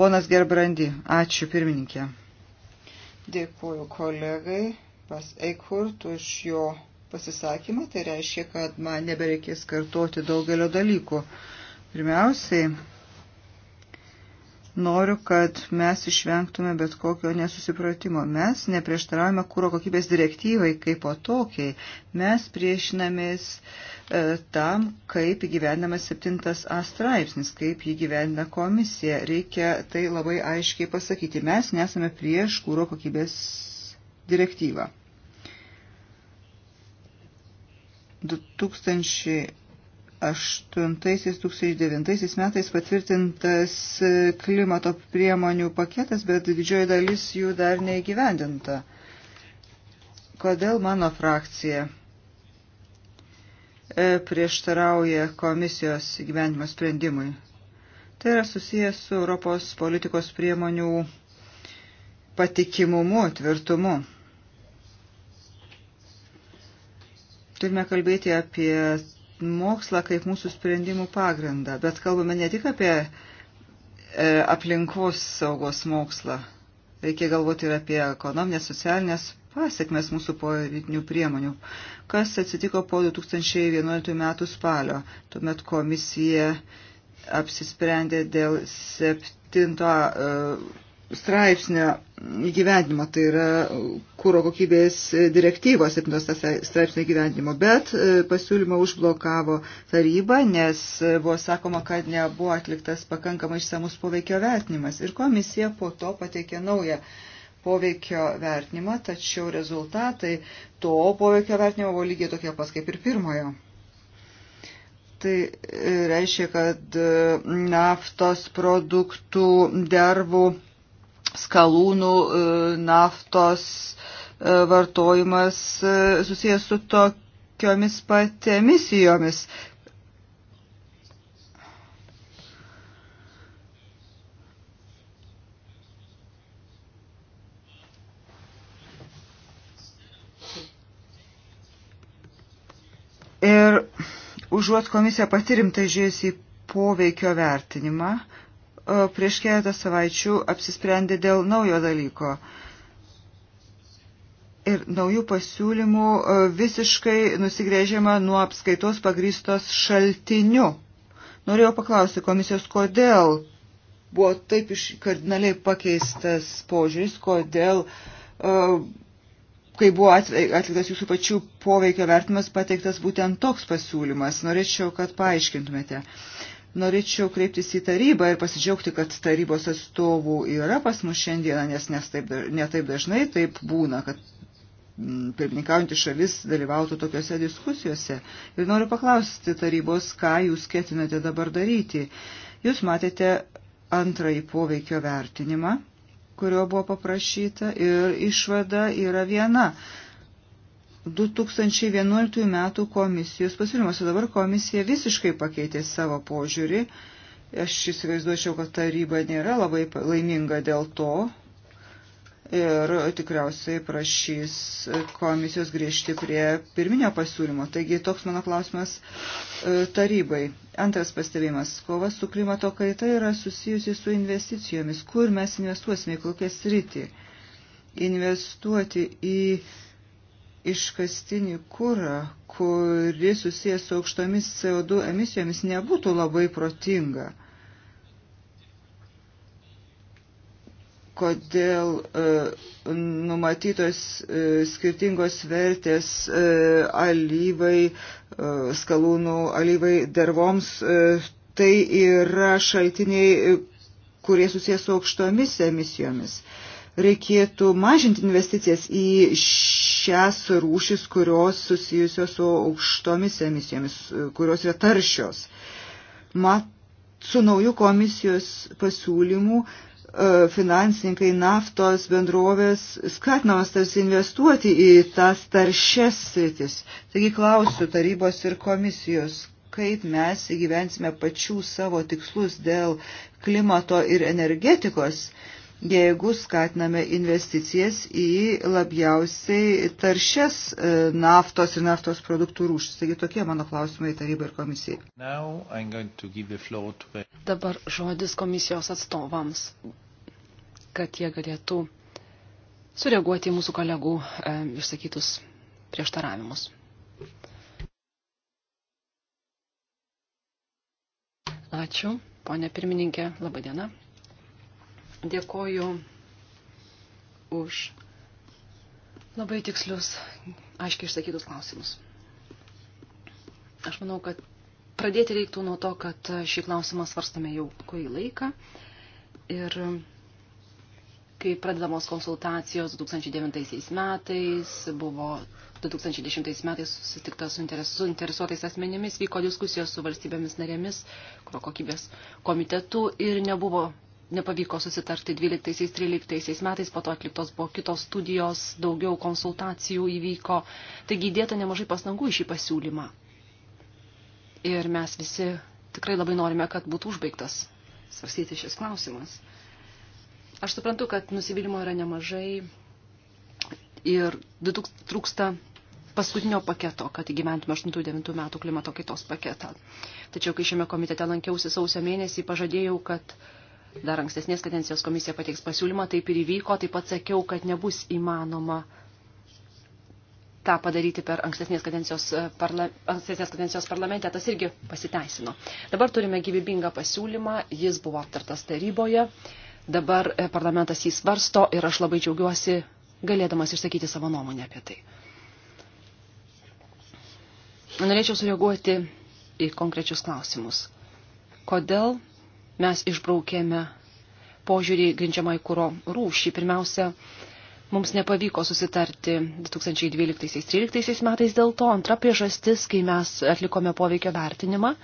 Ponas Gerbrandi, ačiū pirmininkė. Dėkuoju kolegai pas Eikhurt už jo pasisakymą, tai reiškia, kad man nebereikės kartuoti daugelio dalykų. Pirmiausiai, noriu, kad mes išvengtume bet kokio nesusipratimo. Mes neprieštaravome kūro kokybės direktyvai kaip po tokiai. Mes priešinamės e, tam, kaip įgyvendinamas 7a straipsnis, kaip jį gyvendina komisija. Reikia tai labai aiškiai pasakyti. Mes nesame prieš kūro kokybės direktyvą. 2000 2008-2009 metais patvirtintas klimato priemonių paketas, bet didžioji dalis jų dar neįgyvendinta. Kodėl mano frakcija e, prieštarauja komisijos gyvenimo sprendimui? Tai yra susijęs su Europos politikos priemonių patikimumu, tvirtumu. Turime kalbėti apie mokslą kaip mūsų sprendimų pagrindą, bet kalbame ne tik apie e, aplinkos saugos mokslą. Reikia galvoti ir apie ekonominės, socialinės pasiekmes mūsų politinių priemonių. Kas atsitiko po 2011 metų spalio? Tuomet komisija apsisprendė dėl septinto. E, straipsnio gyvenimo, tai yra kūro kokybės direktyvos 7 straipsnio gyvenimo, bet e, pasiūlymą užblokavo taryba, nes buvo sakoma, kad nebuvo atliktas pakankamai išsamus poveikio vertinimas ir komisija po to pateikė naują poveikio vertinimą, tačiau rezultatai to poveikio vertinimo buvo lygiai tokie pas kaip ir pirmojo. Tai e, reiškia, kad e, naftos produktų dervų skalūnų e, naftos e, vartojimas e, susijęs su tokiomis pat emisijomis. Ir užuot komisija pati rimtai žiūrėsi į poveikio vertinimą, E, prieš keletą savaičių apsisprendė dėl naujo dalyko. Ir naujų pasiūlymų e, visiškai nusigrėžiama nuo apskaitos pagrystos šaltiniu. Norėjau paklausti komisijos, kodėl buvo taip iš kardinaliai pakeistas požiūris, kodėl, e, kai buvo atliktas jūsų pačių poveikio vertimas, pateiktas būtent toks pasiūlymas. Norėčiau, kad paaiškintumėte. Norėčiau kreiptis į tarybą ir pasidžiaugti, kad tarybos atstovų yra pas mus šiandieną, nes netaip ne dažnai taip būna, kad mm, pirmininkaujantį šalis dalyvautų tokiuose diskusijose. Ir noriu paklausti tarybos, ką jūs ketinate dabar daryti. Jūs matėte antrąjį poveikio vertinimą, kurio buvo paprašyta ir išvada yra viena. 2011 metų komisijos pasiūlymuose. Dabar komisija visiškai pakeitė savo požiūrį. Aš įsivaizduočiau, kad taryba nėra labai laiminga dėl to ir tikriausiai prašys komisijos grįžti prie pirminio pasiūlymo. Taigi toks mano klausimas e, tarybai. Antras pastebėjimas. Kova su klimato kaita yra susijusi su investicijomis. Kur mes investuosime, kokią sritį? Investuoti į iškastinį kurą, kuri susijęs su aukštomis CO2 emisijomis, nebūtų labai protinga. kodėl e, numatytos e, skirtingos vertės e, alyvai, skalūnų alyvai dervoms, tai yra šaltiniai, kurie susijęs su aukštomis emisijomis reikėtų mažinti investicijas į šias rūšis, kurios susijusios su aukštomis emisijomis, kurios yra taršios. Mat, su naujų komisijos pasiūlymų e, finansininkai naftos bendrovės skatinamas tarsi investuoti į tas taršias sritis. Taigi klausiu tarybos ir komisijos, kaip mes įgyvensime pačių savo tikslus dėl klimato ir energetikos. Uh, jeigu skatiname investicijas į labiausiai taršias e, naftos ir naftos produktų rūšis. Taigi tokie mano klausimai tarybai ir komisijai. To... Dabar žodis komisijos atstovams, kad jie galėtų sureaguoti į mūsų kolegų e, išsakytus prieštaravimus. Ačiū, ponė pirmininkė, laba diena. Dėkoju už labai tikslius, aiškiai išsakytus klausimus. Aš manau, kad pradėti reiktų nuo to, kad šį klausimą svarstame jau kurį laiką. Ir kai pradedamos konsultacijos 2009 metais, buvo 2010 metais susitikta su interesuotais asmenimis, vyko diskusijos su valstybėmis narėmis, kuro kokybės komitetu ir nebuvo nepavyko susitarti 12-13 metais, po to atliktos buvo kitos studijos, daugiau konsultacijų įvyko, taigi įdėta nemažai pasnagų į šį pasiūlymą. Ir mes visi tikrai labai norime, kad būtų užbaigtas svarstyti šis klausimas. Aš suprantu, kad nusivylimų yra nemažai ir trūksta paskutinio paketo, kad įgyventume 8-9 metų klimato kaitos paketą. Tačiau, kai šiame komitete lankiausi sausio mėnesį, pažadėjau, kad dar ankstesnės kadencijos komisija pateiks pasiūlymą, taip ir įvyko, taip pat sakiau, kad nebus įmanoma tą padaryti per ankstesnės kadencijos, e, parla, ankstesnės kadencijos parlamente, tas irgi pasiteisino. Dabar turime gyvybingą pasiūlymą, jis buvo aptartas taryboje, dabar e, parlamentas jį svarsto ir aš labai džiaugiuosi galėdamas išsakyti savo nuomonę apie tai. Norėčiau sureaguoti į konkrečius klausimus. Kodėl mes išbraukėme požiūrį grindžiamą į kūro rūšį. Pirmiausia, mums nepavyko susitarti 2012-2013 metais dėl to. Antra priežastis, kai mes atlikome poveikio vertinimą,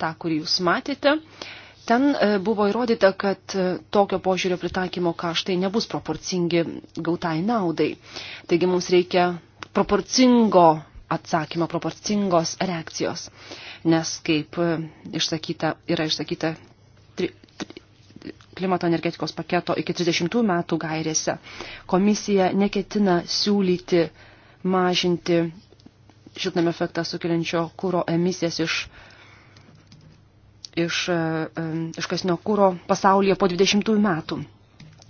tą, kurį jūs matėte, ten e, buvo įrodyta, kad e, tokio požiūrio pritaikymo kaštai nebus proporcingi gautai naudai. Taigi mums reikia proporcingo atsakymo, proporcingos reakcijos, nes kaip e, išsakyta, yra išsakyta tri, tri, klimato energetikos paketo iki 30 metų gairėse komisija neketina siūlyti mažinti šiltnamio efektą sukeliančio kūro emisijas iš iš e, e, iškasnio kūro pasaulyje po 20 metų.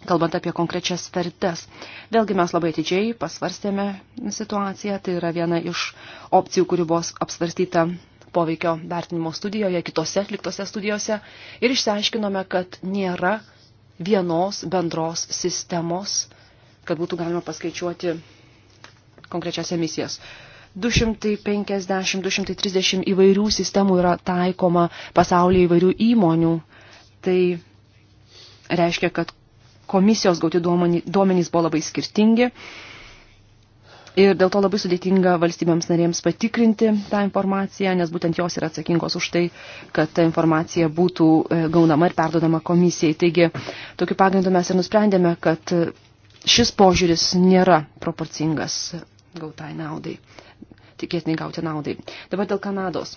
Kalbant apie konkrečias vertes. Vėlgi mes labai atidžiai pasvarstėme situaciją, tai yra viena iš opcijų, kuri buvo apsvarstyta poveikio vertinimo studijoje, kitose atliktose studijose ir išsiaiškinome, kad nėra vienos bendros sistemos, kad būtų galima paskaičiuoti konkrečias emisijas. 250-230 įvairių sistemų yra taikoma pasaulyje įvairių įmonių. Tai reiškia, kad komisijos gauti duomenys buvo labai skirtingi Ir dėl to labai sudėtinga valstybėms narėms patikrinti tą informaciją, nes būtent jos yra atsakingos už tai, kad ta informacija būtų e, gaunama ir perdodama komisijai. Taigi, tokiu pagrindu mes ir nusprendėme, kad šis požiūris nėra proporcingas gautai naudai, tikėtinai gauti naudai. Dabar dėl Kanados.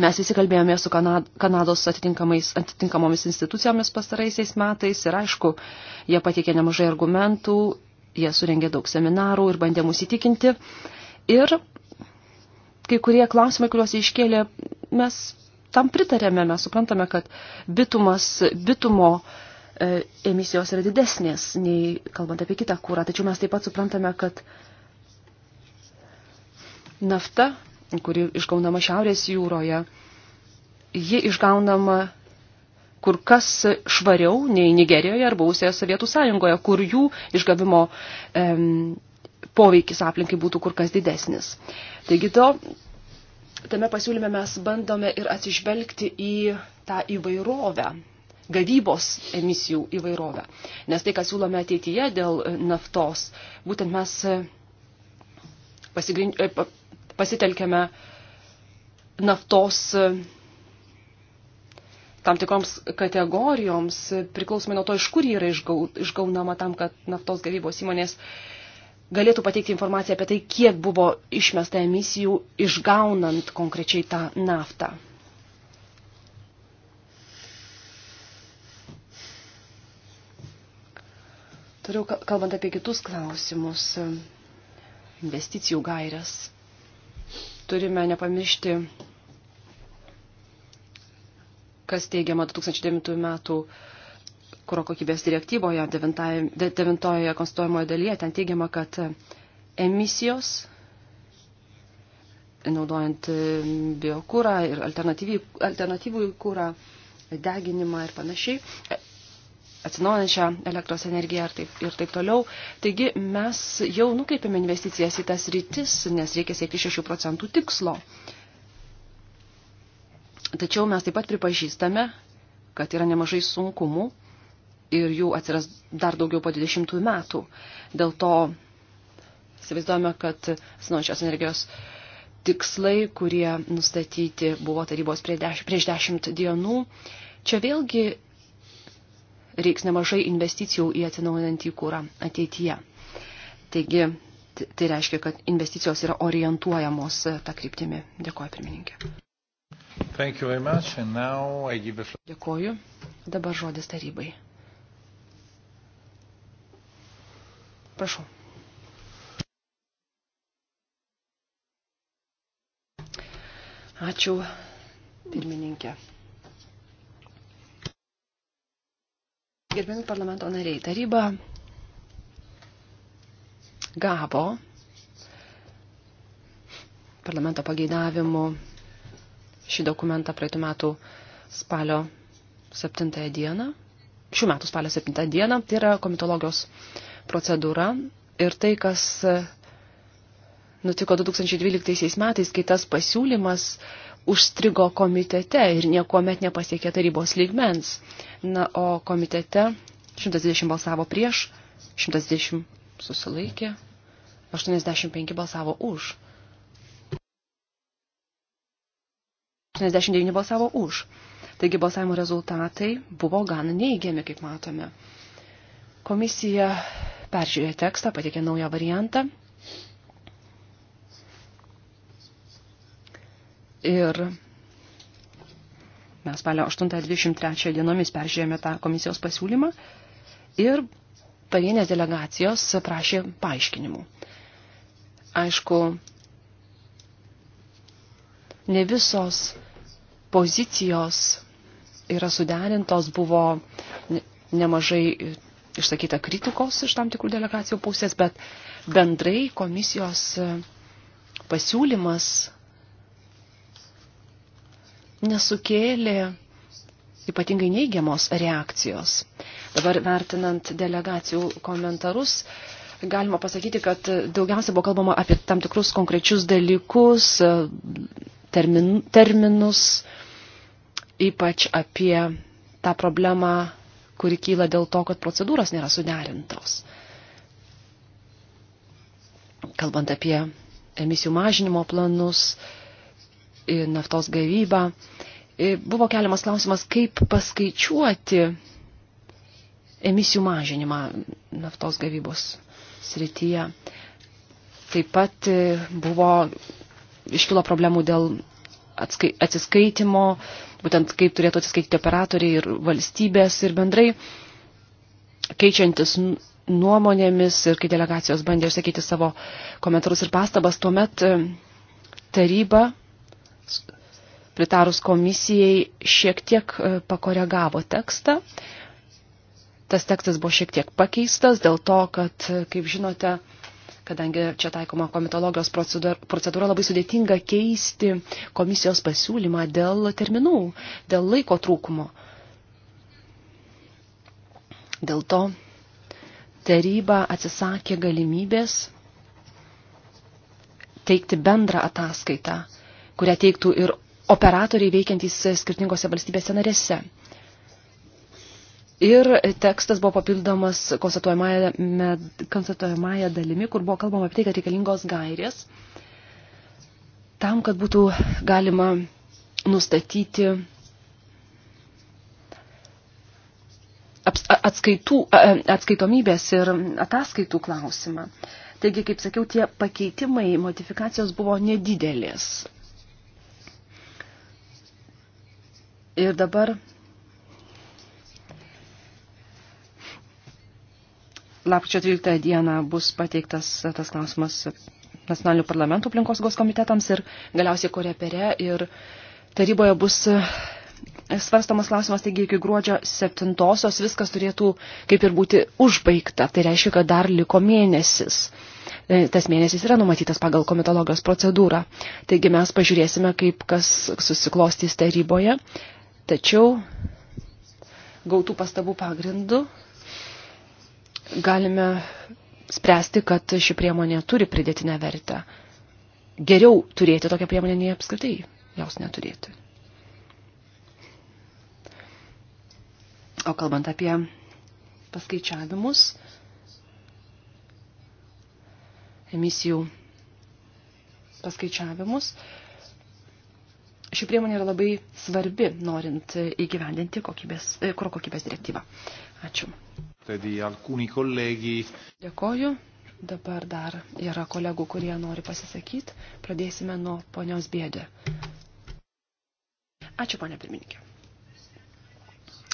Mes visi kalbėjome su Kanados atitinkamomis institucijomis pastaraisiais metais ir aišku, jie patikė nemažai argumentų Jie surengė daug seminarų ir bandė mus įtikinti. Ir kai kurie klausimai, kuriuos iškėlė, mes tam pritarėme, mes suprantame, kad bitumas, bitumo e, emisijos yra didesnės nei kalbant apie kitą kūrą. Tačiau mes taip pat suprantame, kad nafta, kuri išgaunama Šiaurės jūroje, ji išgaunama kur kas švariau nei Nigerijoje ar buvusioje Sovietų sąjungoje, kur jų išgavimo em, poveikis aplinkai būtų kur kas didesnis. Taigi to, tame pasiūlyme mes bandome ir atsižvelgti į tą įvairovę gavybos emisijų įvairovę. Nes tai, ką siūlome ateityje dėl naftos, būtent mes pasigrin... E, pasitelkėme naftos tam tikroms kategorijoms, priklausomai nuo to, iš kur ji yra išgaunama tam, kad naftos gavybos įmonės galėtų pateikti informaciją apie tai, kiek buvo išmesta emisijų išgaunant konkrečiai tą naftą. Toliau kalbant apie kitus klausimus, investicijų gairias, turime nepamiršti kas teigiama 2009 metų kuro kokybės direktyvoje, devintoje konstituojamoje dalyje, ten teigiama, kad emisijos, naudojant e, biokūrą ir alternatyvų kūrą, deginimą ir panašiai, e, atsinaujančią elektros energiją ir taip, ir taip toliau. Taigi mes jau nukreipiame investicijas į tas rytis, nes reikia siekti 6 procentų tikslo. Uh, Tačiau mes taip pat pripažįstame, kad yra nemažai sunkumų ir jų atsiras dar daugiau po 20 metų. Dėl to įsivaizduojame, kad atsinaujančios energijos tikslai, kurie nustatyti buvo tarybos prieš 10 dienų, čia vėlgi reiks nemažai investicijų į atsinaujinantį kūrą ateityje. Taigi, tai reiškia, kad investicijos yra orientuojamos tą kryptimį. Dėkuoju, pirmininkė. Give... Dėkoju. Dabar žodis tarybai. Prašau. Ačiū, pirmininkė. Gerbiami parlamento nariai, taryba gavo parlamento pageidavimu šį dokumentą praeitų metų spalio 7 dieną, šių metų spalio 7 dieną, tai yra komitologijos procedūra ir tai, kas nutiko 2012 metais, kai tas pasiūlymas užstrigo komitete ir niekuomet nepasiekė tarybos lygmens. Na, o komitete 120 balsavo prieš, 120 susilaikė, 85 balsavo už. 89 balsavo už. Taigi balsavimo rezultatai buvo gan neįgiami, kaip matome. Komisija peržiūrėjo tekstą, patikė naują variantą. Ir mes spalio 8-23 dienomis peržiūrėjome tą komisijos pasiūlymą ir pavienės delegacijos prašė paaiškinimų. Aišku, ne visos pozicijos yra suderintos, buvo nemažai išsakyta kritikos iš tam tikrų delegacijų pusės, bet bendrai komisijos e, pasiūlymas nesukėlė ypatingai neigiamos reakcijos. Dabar vertinant delegacijų komentarus, galima pasakyti, kad daugiausia buvo kalbama apie tam tikrus konkrečius dalykus, e, termin, terminus, ypač apie tą problemą, kuri kyla dėl to, kad procedūros nėra suderintos. Kalbant apie emisijų mažinimo planus, naftos gavybą, buvo keliamas klausimas, kaip paskaičiuoti emisijų mažinimą naftos gavybos srityje. Taip pat buvo iškilo problemų dėl atskai, atsiskaitimo, būtent kaip turėtų atsiskaityti operatoriai ir valstybės ir bendrai keičiantis nuomonėmis ir kai delegacijos bandė išsakyti savo komentarus ir pastabas, tuomet e, taryba pritarus komisijai šiek tiek e, pakoregavo tekstą. Tas tekstas buvo šiek tiek pakeistas dėl to, kad, e, kaip žinote, kadangi čia taikoma komitologijos procedūra, procedūra labai sudėtinga keisti komisijos pasiūlymą dėl terminų, dėl laiko trūkumo. Dėl to taryba atsisakė galimybės teikti bendrą ataskaitą, kurią teiktų ir operatoriai veikiantys skirtingose valstybėse narėse. Ir tekstas buvo papildomas konstatuojamąją dalimi, kur buvo kalbama apie tai, kad reikalingos gairės tam, kad būtų galima nustatyti atskaitų, atskaitomybės ir ataskaitų klausimą. Taigi, kaip sakiau, tie pakeitimai, modifikacijos buvo nedidelės. Ir dabar Lapkričio 13 dieną bus pateiktas tas klausimas nacionalinių parlamentų aplinkosaugos komitetams ir galiausiai korepere ir taryboje bus e, svarstamas klausimas, taigi iki gruodžio 7 viskas turėtų kaip ir būti užbaigta. Tai reiškia, kad dar liko mėnesis. E, tas mėnesis yra numatytas pagal komitologijos procedūrą. Taigi mes pažiūrėsime, kaip kas susiklostys taryboje. Tačiau gautų pastabų pagrindų galime spręsti, kad ši priemonė turi pridėtinę vertę. Geriau turėti tokią priemonę, nei apskritai jos neturėti. O kalbant apie paskaičiavimus, emisijų paskaičiavimus, ši priemonė yra labai svarbi, norint įgyvendinti kokybės, e, kuro kokybės direktyvą. Ačiū. Dėkoju. Dabar dar yra kolegų, kurie nori pasisakyti. Pradėsime nuo ponios bėdė. Ačiū, ponia pirmininkė.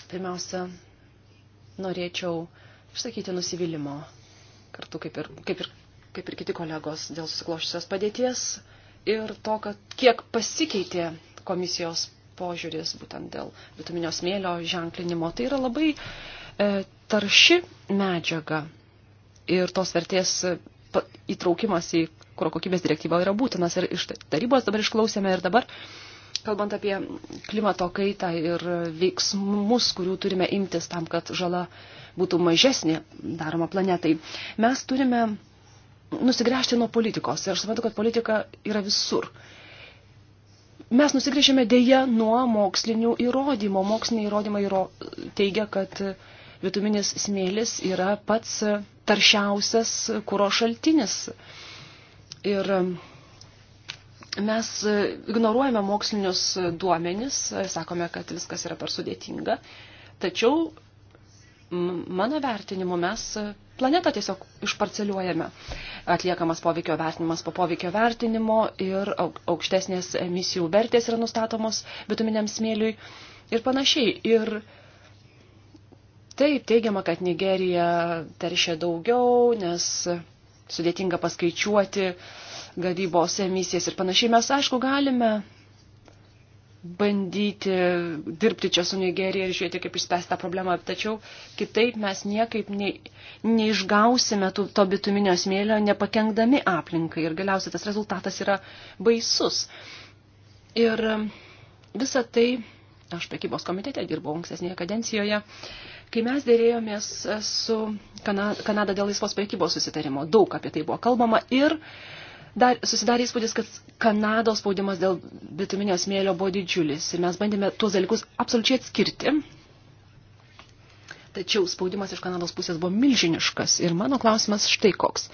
Pirmiausia, norėčiau išsakyti nusivylimą kartu kaip ir, kaip ir, kaip ir kiti kolegos dėl susiklošusios padėties ir to, kad kiek pasikeitė komisijos požiūris būtent dėl vitaminio smėlio ženklinimo. Tai yra labai uh, E, tarši medžiaga ir tos vertės e, įtraukimas į kuro kokybės direktyvą yra būtinas. Ir iš tarybos dabar išklausėme ir dabar, kalbant apie klimato kaitą ir veiksmus, kurių turime imtis tam, kad žala būtų mažesnė daroma planetai, mes turime nusigręžti nuo politikos. Ir aš suprantu, kad politika yra visur. Mes nusigrėžėme dėje nuo mokslinių įrodymų. Moksliniai įrodymai įro... teigia, kad uh, bituminis smėlis yra pats taršiausias kūro šaltinis. Ir mes ignoruojame mokslinius duomenis, sakome, kad viskas yra per sudėtinga, tačiau mano vertinimu mes planetą tiesiog išparceliuojame. Atliekamas poveikio vertinimas po poveikio vertinimo ir aukštesnės emisijų vertės yra nustatomos bituminiam smėliui ir panašiai. Ir Taip, teigiama, kad Nigerija teršia daugiau, nes sudėtinga paskaičiuoti gavybos emisijas ir panašiai. Mes, aišku, galime bandyti dirbti čia su Nigerija ir žiūrėti, kaip išspręsti tą problemą, tačiau kitaip mes niekaip nei, neišgausime tų, to bituminio smėlio, nepakengdami aplinkai ir galiausiai tas rezultatas yra baisus. Ir visa tai, aš prekybos komitete dirbau ankstesnėje kadencijoje, uh, Kai mes dėrėjomės su Kanada dėl laisvos prekybos susitarimo, daug apie tai buvo kalbama ir dar, susidarė įspūdis, kad Kanados spaudimas dėl bituminio smėlio buvo didžiulis ir mes bandėme tuos dalykus absoliučiai atskirti. Tačiau spaudimas iš Kanados pusės buvo milžiniškas ir mano klausimas štai koks.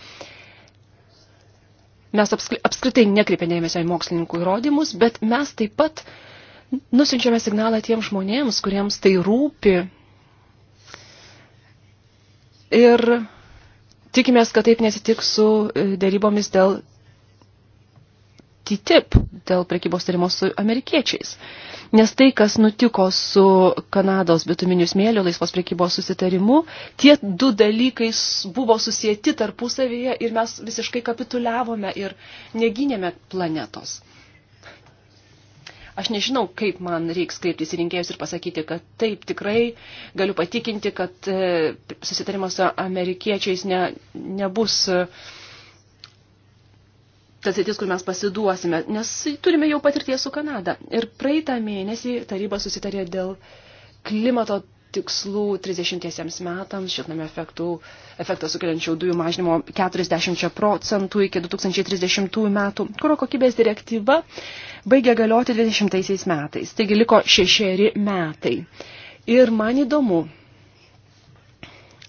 Mes apskritai nekreipėme dėmesio į mokslininkų įrodymus, bet mes taip pat nusinčiame signalą tiems žmonėms, kuriems tai rūpi Ir tikimės, kad taip nesitiks su e, dėrybomis dėl TTIP, dėl prekybos tarimo su amerikiečiais. Nes tai, kas nutiko su Kanados bituminių smėlio laisvos prekybos susitarimu, tie du dalykai buvo susijęti tarpusavyje ir mes visiškai kapituliavome ir neginėme planetos. Aš nežinau, kaip man reiks kreiptis į rinkėjus ir pasakyti, kad taip tikrai galiu patikinti, kad e, susitarimas su amerikiečiais ne, nebus e, tas sėtis, kur mes pasiduosime, nes turime jau patirties su Kanada. Ir praeitą mėnesį taryba susitarė dėl klimato tikslų 30 metams šiltnamio efektą sukeliančių dujų mažinimo 40 procentų iki 2030 metų. Kuro kokybės direktyva baigė galioti 20 metais, taigi liko šešeri metai. Ir man įdomu,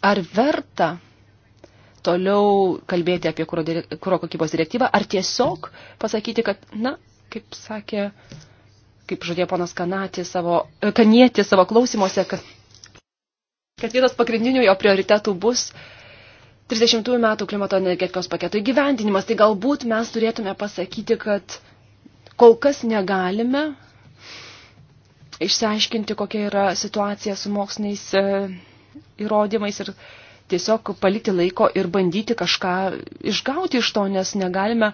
ar verta toliau kalbėti apie kuro, kuro kokybos direktyvą, ar tiesiog pasakyti, kad, na, kaip sakė kaip žodėjo ponas Kanatė savo, Kanietė savo klausimuose, kad kad vienas pagrindinių jo prioritetų bus 30 metų klimato energetikos paketo įgyvendinimas. Tai galbūt mes turėtume pasakyti, kad kol kas negalime išsiaiškinti, kokia yra situacija su moksliniais e, įrodymais ir tiesiog palikti laiko ir bandyti kažką išgauti iš to, nes negalime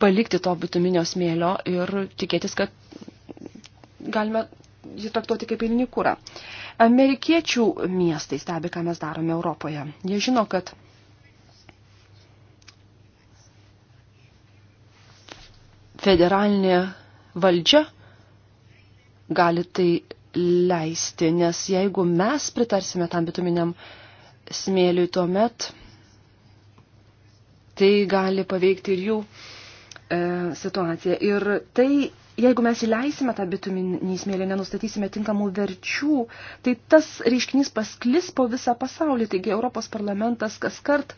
palikti to bituminio smėlio ir tikėtis, kad galime jį traktuoti kaip eilinį kūrą. Amerikiečių miestai stebi, ką mes darome Europoje. Jie žino, kad federalinė valdžia gali tai leisti, nes jeigu mes pritarsime tam bituminiam smėliui tuomet, tai gali paveikti ir jų e, situaciją. Ir tai jeigu mes įleisime tą bituminį smėlį, nenustatysime tinkamų verčių, tai tas reiškinys pasklis po visą pasaulį. Taigi Europos parlamentas kas kart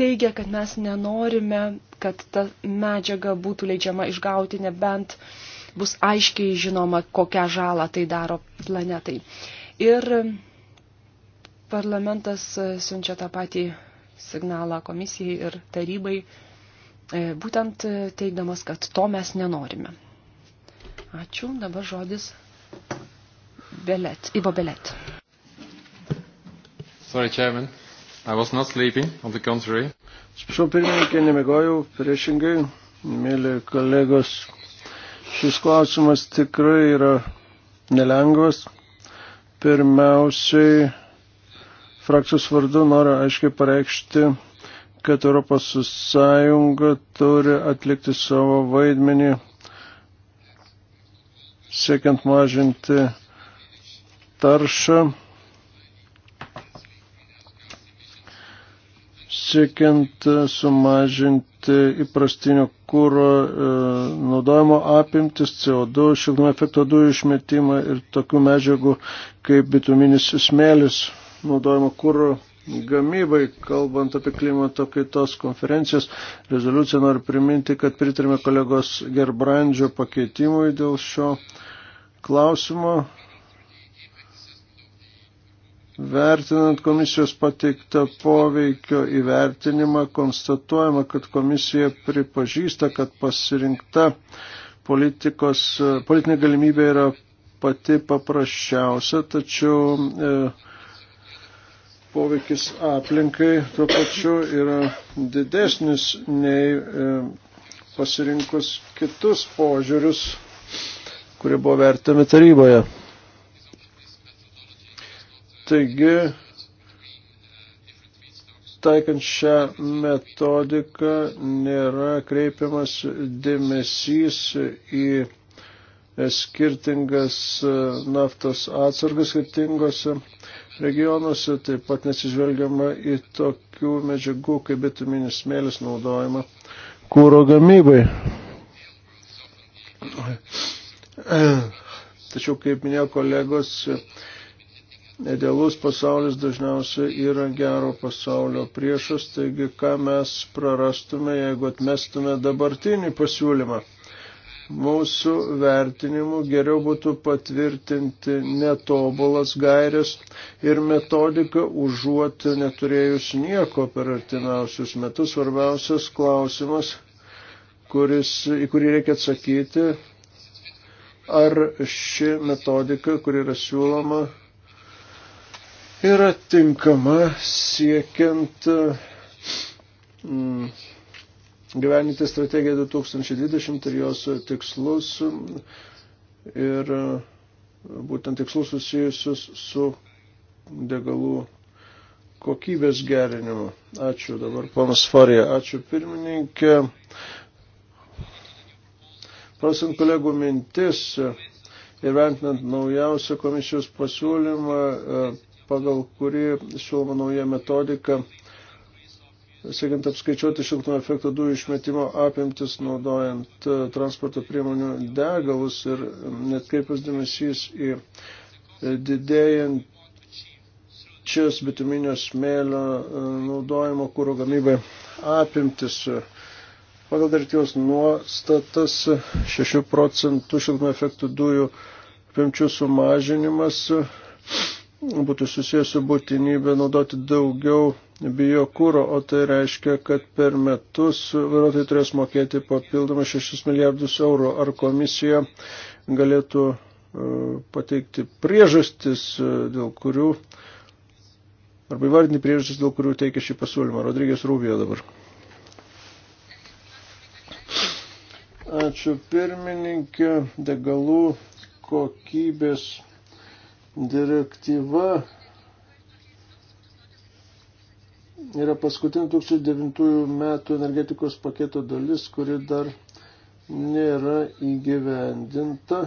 teigia, kad mes nenorime, kad ta medžiaga būtų leidžiama išgauti, nebent bus aiškiai žinoma, kokią žalą tai daro planetai. Ir parlamentas siunčia tą patį signalą komisijai ir tarybai, e, būtent teikdamas, kad to mes nenorime. Ačiū. Dabar žodis Belet. Ivo Belet. Sorry, Chairman. I was not sleeping, on the contrary. Atsiprašau, pirmininkė, nemigojau, priešingai. Mėly kolegos, šis klausimas tikrai yra nelengvas. Pirmiausiai, frakcijos vardu noriu aiškiai pareikšti, kad Europos Sąjunga turi atlikti savo vaidmenį siekiant mažinti taršą, siekiant e, sumažinti įprastinio kūro e, naudojimo apimtis, CO2, šiltnamio efekto dujų išmetimą ir tokių medžiagų kaip bituminis smėlis naudojimo kūro gamybai, kalbant apie klimato kaitos konferencijos rezoliuciją, noriu priminti, kad pritarime kolegos Gerbrandžio pakeitimui dėl šio klausimo. Vertinant komisijos pateiktą poveikio įvertinimą, konstatuojama, kad komisija pripažįsta, kad pasirinkta politikos, politinė galimybė yra pati paprasčiausia, tačiau e, poveikis aplinkai tuo pačiu yra didesnis nei e, pasirinkus kitus požiūrius, kurie buvo vertami taryboje. Taigi, taikant šią metodiką nėra kreipiamas dėmesys į e, skirtingas e, naftos atsargas skirtingose regionuose, taip pat nesižvelgiama į tokių medžiagų kaip bituminis smėlis naudojama kūro gamybai. Tačiau, kaip minėjo kolegos, Idealus pasaulis dažniausiai yra gero pasaulio priešas, taigi ką mes prarastume, jeigu atmestume dabartinį pasiūlymą mūsų vertinimu geriau būtų patvirtinti netobulas gairias ir metodiką užuot neturėjus nieko per artimiausius metus. Svarbiausias klausimas, kuris, į kurį reikia atsakyti, ar ši metodika, kuri yra siūloma, yra tinkama siekiant mm, gyveninti strategiją 2020 ir jos tikslus ir e, būtent tikslus susijusius su degalų kokybės gerinimu. Ačiū dabar, panas Farija. Ačiū pirmininkė. Prasant kolegų mintis ir vertinant naujausią komisijos pasiūlymą, e, pagal kurį siūloma nauja metodika siekiant apskaičiuoti šiltnamio efekto dujų išmetimo apimtis naudojant e, transporto priemonių degalus ir net kreipas dėmesys į e, didėjančias bituminio smėlio e, naudojimo kūro gamybai apimtis. Pagal direktyvos nuostatas 6 procentų šiltnamio efektų dujų apimčių sumažinimas būtų susijęs su būtinybė naudoti daugiau biokūro, o tai reiškia, kad per metus vairuotojai turės mokėti papildomą 6 milijardus eurų. Ar komisija galėtų e, pateikti priežastis, e, dėl kurių, arba įvardinti priežastis, dėl kurių teikia šį pasiūlymą. Rodrygės Rūvija dabar. Ačiū pirmininkė, degalų kokybės direktyva yra paskutinė 2009 metų energetikos paketo dalis, kuri dar nėra įgyvendinta,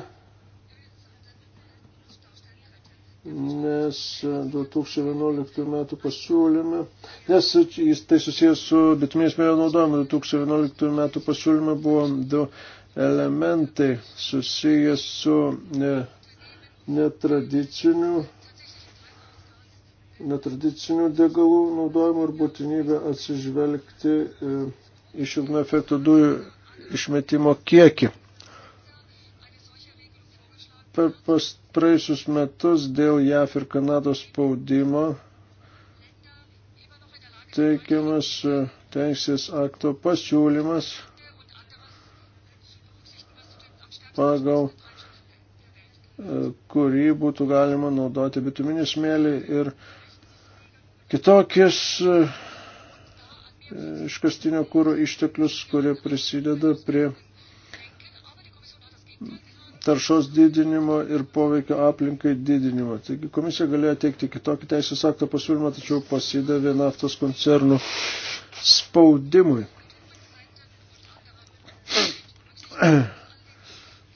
nes 2011 metų pasiūlyme, nes jis tai susijęs su bitmės mėjo naudojimu, 2011 metų pasiūlyme buvo du elementai susijęs su ne, netradicinių, netradicinių degalų naudojimo ir būtinybę atsižvelgti e, į šiltnamio efekto dujų išmetimo kiekį. Per praėjusius metus dėl JAF ir Kanados spaudimo teikiamas e, teisės akto pasiūlymas pagal kurį būtų galima naudoti bituminį smėlį ir kitokis e, iškastinio kūro išteklius, kurie prisideda prie taršos didinimo ir poveikio aplinkai didinimo. Taigi komisija galėjo teikti kitokį teisės akto pasiūlymą, tačiau pasidavė naftos koncernų spaudimui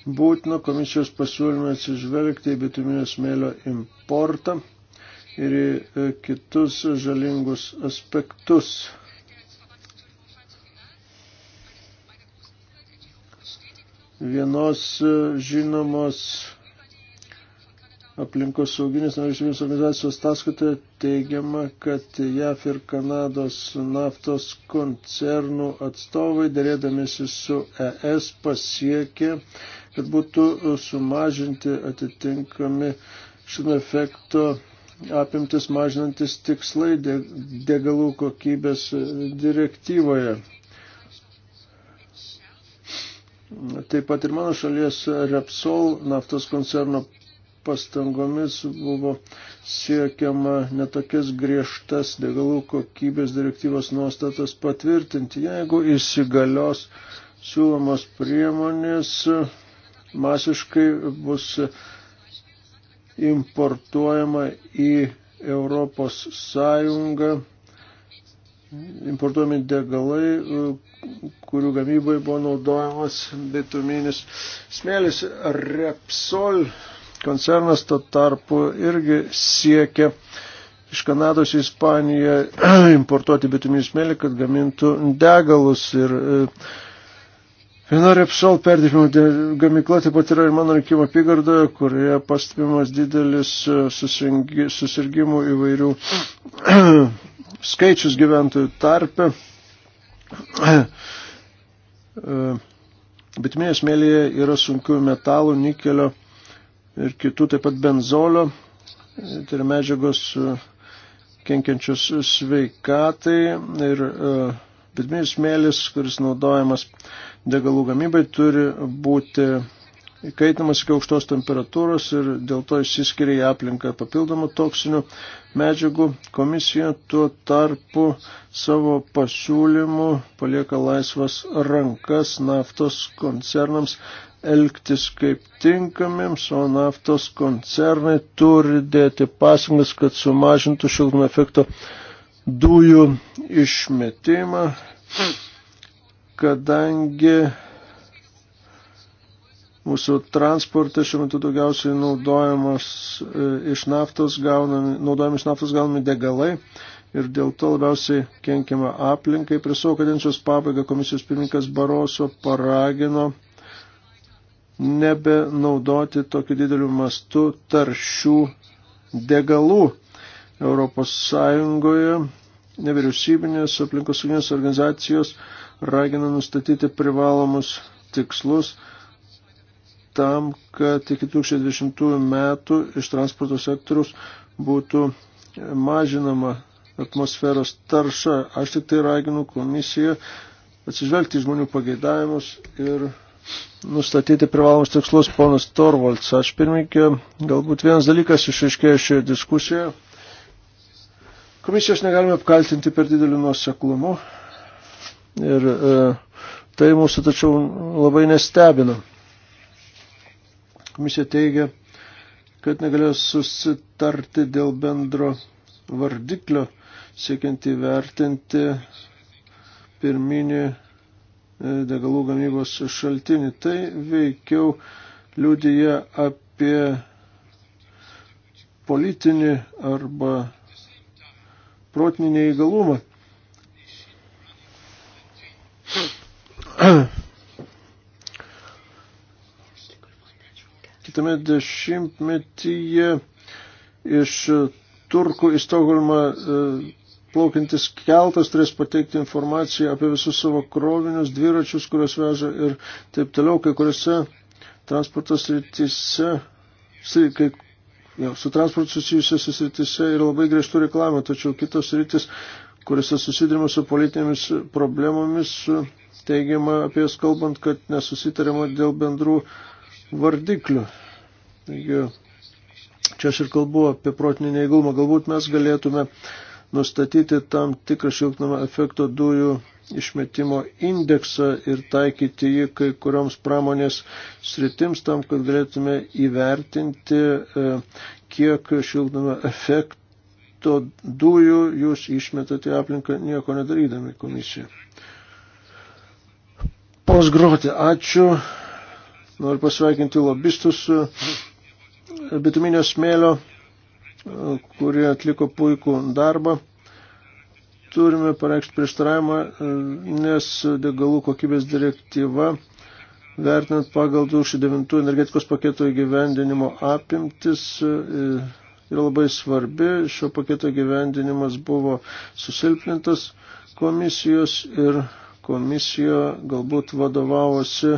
būtina komisijos pasiūlymą atsižvelgti į bituminio smėlio importą ir į e, kitus žalingus aspektus. Vienos e, žinomos aplinkos sauginės nevyriausybinės organizacijos taskaitoje teigiama, kad JAF ir Kanados naftos koncernų atstovai dėrėdamėsi su ES pasiekė kad būtų e, sumažinti atitinkami šino efekto apimtis mažinantis tikslai degalų kokybės e, direktyvoje. Taip pat ir mano šalies Repsol naftos koncerno pastangomis buvo siekiama netokias griežtas degalų kokybės direktyvos nuostatas patvirtinti, jeigu įsigalios siūlomos priemonės masiškai bus importuojama į Europos Sąjungą, importuojami degalai, kurių gamybai buvo naudojamas bituminis smėlis. Repsol koncernas to tarpu irgi siekia iš Kanados į Ispaniją importuoti bituminį smėlį, kad gamintų degalus ir e, Viena repsol perdirbimo gamykla taip pat yra ir mano rinkimo apygardoje, kurioje pastebimas didelis e, susirgymų įvairių skaičius gyventojų tarpe. E, Bitminės mėlyje yra sunkių metalų, nikelio ir kitų taip pat benzolio. Tai yra medžiagos e, kenkiančios sveikatai ir bitminis mėlis, kuris naudojamas degalų gamybai turi būti įkaitinamas iki aukštos temperatūros ir dėl to išsiskiria į aplinką papildomų toksinių medžiagų. Komisija tuo tarpu savo pasiūlymų palieka laisvas rankas naftos koncernams elgtis kaip tinkamiems, o naftos koncernai turi dėti pasangas, kad sumažintų šiltnamio efekto dujų išmetimą. Hmm kadangi mūsų transporte šiuo metu daugiausiai naudojamas e, iš naftos gaunami, naudojami iš naftos gaunami degalai ir dėl to labiausiai kenkiama aplinkai. Prie savo kadencijos pabaigą komisijos pirmininkas Baroso paragino nebenaudoti tokiu dideliu mastu taršių degalų Europos Sąjungoje. Nevyriausybinės aplinkosauginės organizacijos ragina nustatyti privalomus tikslus tam, kad iki 2020 metų iš transporto sektoriaus būtų mažinama atmosferos tarša. Aš tik tai raginu komisiją atsižvelgti žmonių pageidavimus ir nustatyti privalomus tikslus ponas Torvalds. Aš pirmininkė, galbūt vienas dalykas išaiškėjo šioje diskusijoje. Komisijos negalime apkaltinti per dideliu nuoseklumu. Ir e, tai mūsų tačiau labai nestebina. Komisija teigia, kad negalėjo susitarti dėl bendro vardiklio, siekiant įvertinti pirminį e, degalų gamybos šaltinį. Tai veikiau liūdėja apie politinį arba protinį neįgalumą. Kitame dešimtmetyje iš Turkų į Stokholmą e, plaukintis keltas turės pateikti informaciją apie visus savo krovinius, dviračius, kuriuos veža ir taip toliau, kai kuriuose transportos rytise, kai, jau, su transportu susijusiuose srityse yra labai griežtų reklamų, tačiau kitos rytis, kuriuose susidurima su politinėmis problemomis, teigiama apie jas kalbant, kad nesusitarima dėl bendrų vardiklių. Taigi, čia aš ir kalbu apie protinį neįgulmą. Galbūt mes galėtume nustatyti tam tikrą šiltnamą efekto dujų išmetimo indeksą ir taikyti jį kai kurioms pramonės sritims tam, kad galėtume įvertinti, e, kiek šiltnamą efekto dujų jūs išmetate aplinką nieko nedarydami komisijai. Ponas Groti, ačiū. Noriu pasveikinti lobistus e, bituminio smėlio, e, kurie atliko puikų darbą. Turime pareikšti prieštaravimą, e, nes degalų kokybės direktyva, vertinant pagal 2009 energetikos paketo įgyvendinimo apimtis, yra labai svarbi. Šio paketo įgyvendinimas buvo susilpnintas komisijos ir komisija galbūt vadovavosi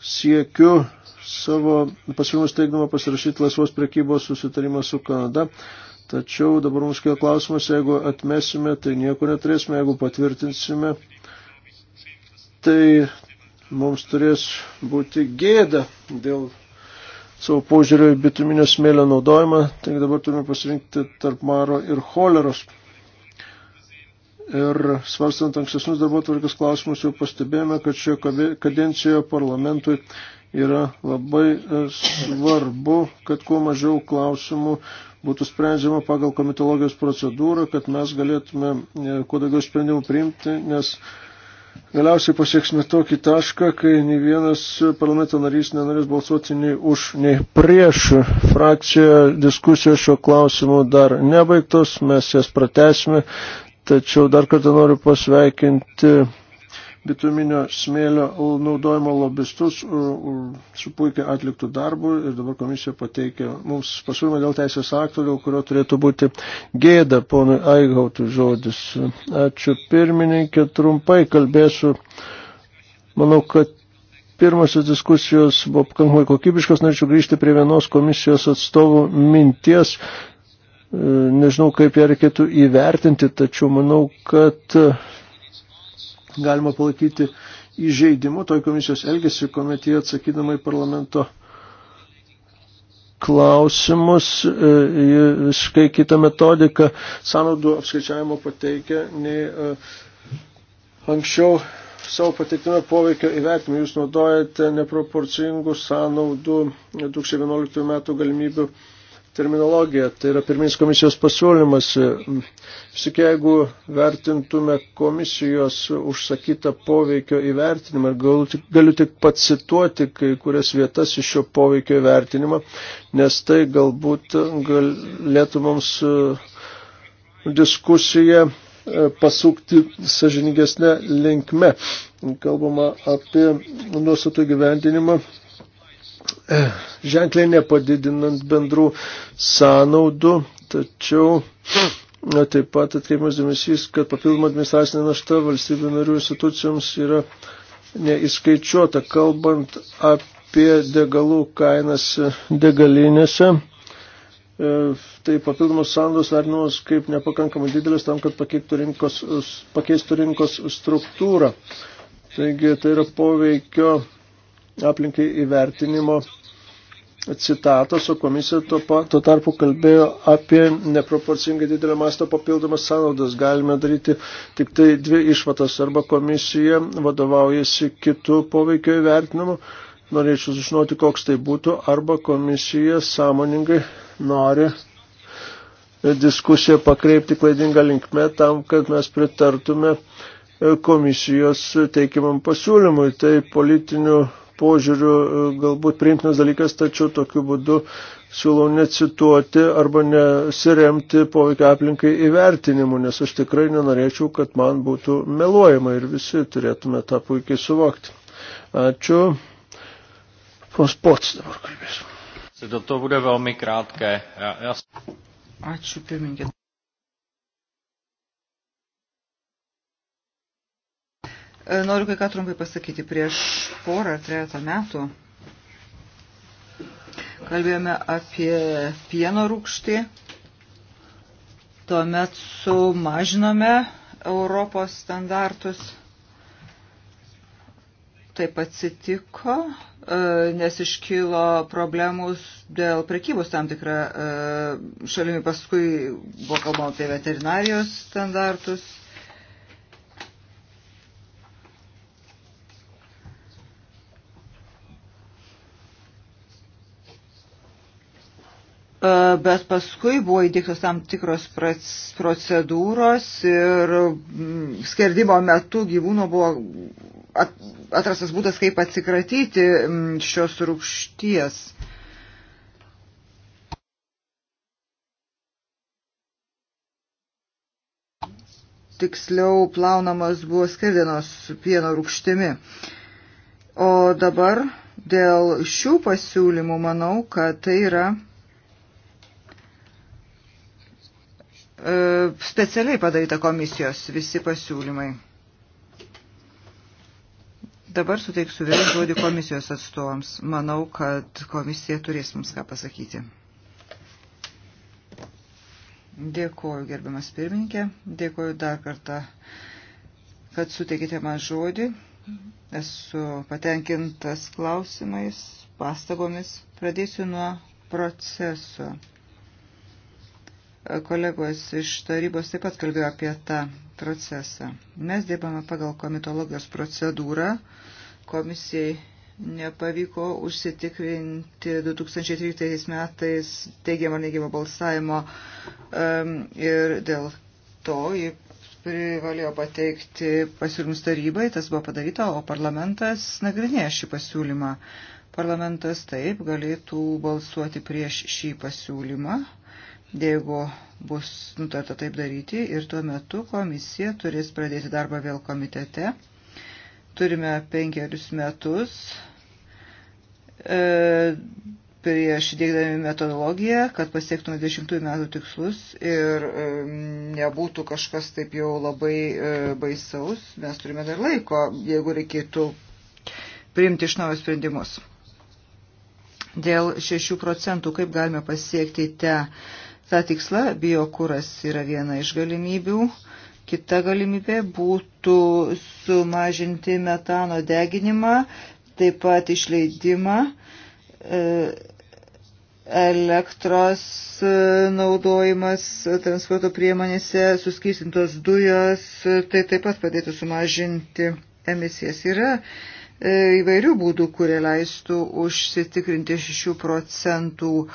siekiu savo pasiūlymus teikdama pasirašyti laisvos prekybos susitarimą su Kanada. Tačiau dabar mums kėl klausimas, jeigu atmesime, tai nieko neturėsime, jeigu patvirtinsime, tai mums turės būti gėda dėl savo požiūrio į bituminio smėlio naudojimą. Taigi dabar turime pasirinkti tarp maro ir choleros. Ir svarstant ankstesnius darbo tvarkės klausimus jau pastebėjome, kad šioje kadencijoje parlamentui yra labai e, svarbu, kad kuo mažiau klausimų būtų sprendžiama pagal komitologijos procedūrą, kad mes galėtume e, kuo daugiau sprendimų priimti, nes galiausiai pasieksime tokį tašką, kai nei vienas parlamento narys nenorės balsuoti nei už, nei prieš. Frakcija diskusijos šio klausimu dar nebaigtos, mes jas pratesime Tačiau dar kartą noriu pasveikinti bituminio smėlio naudojimo lobistus su puikiai atliktų darbų ir dabar komisija pateikė mums pasiūlymą dėl teisės aktų, dėl kurio turėtų būti gėda ponui Aigautų žodis. Ačiū pirmininkė, trumpai kalbėsiu. Manau, kad pirmasis diskusijos buvo pakankamai kokybiškas, norėčiau grįžti prie vienos komisijos atstovų minties, Nežinau, kaip ją reikėtų įvertinti, tačiau manau, kad galima palaikyti įžeidimu toj komisijos elgesi, kuomet jie atsakydama į parlamento klausimus, e, jie visiškai kitą metodiką sąnaudų apskaičiavimo pateikia, nei e, anksčiau savo pateiktame poveikio įvertimą jūs naudojate neproporcingų sąnaudų 2011 metų galimybių terminologiją. Tai yra pirminis komisijos pasiūlymas. Tik jeigu vertintume komisijos užsakytą poveikio įvertinimą, galiu tik, galiu tik pacituoti kai kurias vietas iš šio poveikio įvertinimo, nes tai galbūt galėtų mums e, diskusiją e, pasukti sažiningesnę linkme. Kalbama apie nuostatų gyvendinimą ženkliai nepadidinant bendrų sąnaudų, tačiau na, taip pat atkreipimas dėmesys, kad papildoma administracinė našta valstybių narių institucijoms yra neįskaičiuota, kalbant apie degalų kainas degalinėse. E, tai papildomos sandos vertinamos kaip nepakankamai didelis tam, kad rinkos, pakeistų rinkos struktūrą. Taigi tai yra poveikio aplinkai įvertinimo citatos, o komisija tuo, tuo tarpu kalbėjo apie neproporcingai didelio masto papildomas sąnaudas. Galime daryti tik tai dvi išvatas arba komisija vadovaujasi kitų poveikio įvertinimu. Norėčiau sužinoti, koks tai būtų, arba komisija sąmoningai nori diskusiją pakreipti klaidingą linkmę tam, kad mes pritartume komisijos teikiamam pasiūlymui. Tai politinių požiūriu e, galbūt priimtinas dalykas, tačiau tokiu būdu siūlau necituoti arba nesiremti poveikia aplinkai įvertinimu, nes aš tikrai nenorėčiau, kad man būtų meluojama ir visi turėtume tą puikiai suvokti. Ačiū. Pons Pots dabar kalbės. Dėl to būdė velmi krátke. Ačiū, pirmininkė. E, noriu kai ką trumpai pasakyti. Prieš porą ar trejatą metų kalbėjome apie pieno rūkštį. Tuomet sumažinome Europos standartus. Taip atsitiko, e, nes iškilo problemus dėl prekybos tam tikrą e, šalimi. Paskui buvo kalbama apie veterinarijos standartus E, bet paskui buvo įdėktos tam tikros procedūros ir mm, skerdimo metu gyvūno buvo atrastas būdas, kaip atsikratyti mm, šios rūkšties. Tiksliau plaunamas buvo skerdenos pieno rūkštimi. O dabar dėl šių pasiūlymų manau, kad tai yra E, specialiai padaryta komisijos visi pasiūlymai. Dabar suteiksiu vėl žodį komisijos atstovams. Manau, kad komisija turės mums ką pasakyti. Dėkuoju, gerbiamas pirmininkė. Dėkuoju dar kartą, kad suteikite man žodį. Esu patenkintas klausimais, pastabomis. Pradėsiu nuo proceso. Kolegos iš tarybos taip pat kalbėjo apie tą procesą. Mes dirbame pagal komitologijos procedūrą. Komisijai nepavyko užsitikrinti 2013 metais teigiamą neigiamą balsavimo um, ir dėl to jį privalėjo pateikti pasiūlymus tarybai, tas buvo padaryta, o parlamentas nagrinėja šį pasiūlymą. Parlamentas taip galėtų balsuoti prieš šį pasiūlymą, jeigu bus nutarta taip daryti ir tuo metu komisija turės pradėti darbą vėl komitete. Turime penkerius metus. E, prieš dėkdami metodologiją, kad pasiektume 20 metų tikslus ir e, nebūtų kažkas taip jau labai e, baisaus, mes turime dar laiko, jeigu reikėtų priimti iš naujo sprendimus. Dėl 6 procentų, kaip galime pasiekti te tą tikslą. Biokūras yra viena iš galimybių. Kita galimybė būtų sumažinti metano deginimą, taip pat išleidimą e, elektros e, naudojimas transporto priemonėse, suskystintos dujos, tai taip pat padėtų sumažinti emisijas. Yra E, įvairių būdų, kurie leistų užsitikrinti 6 procentų e,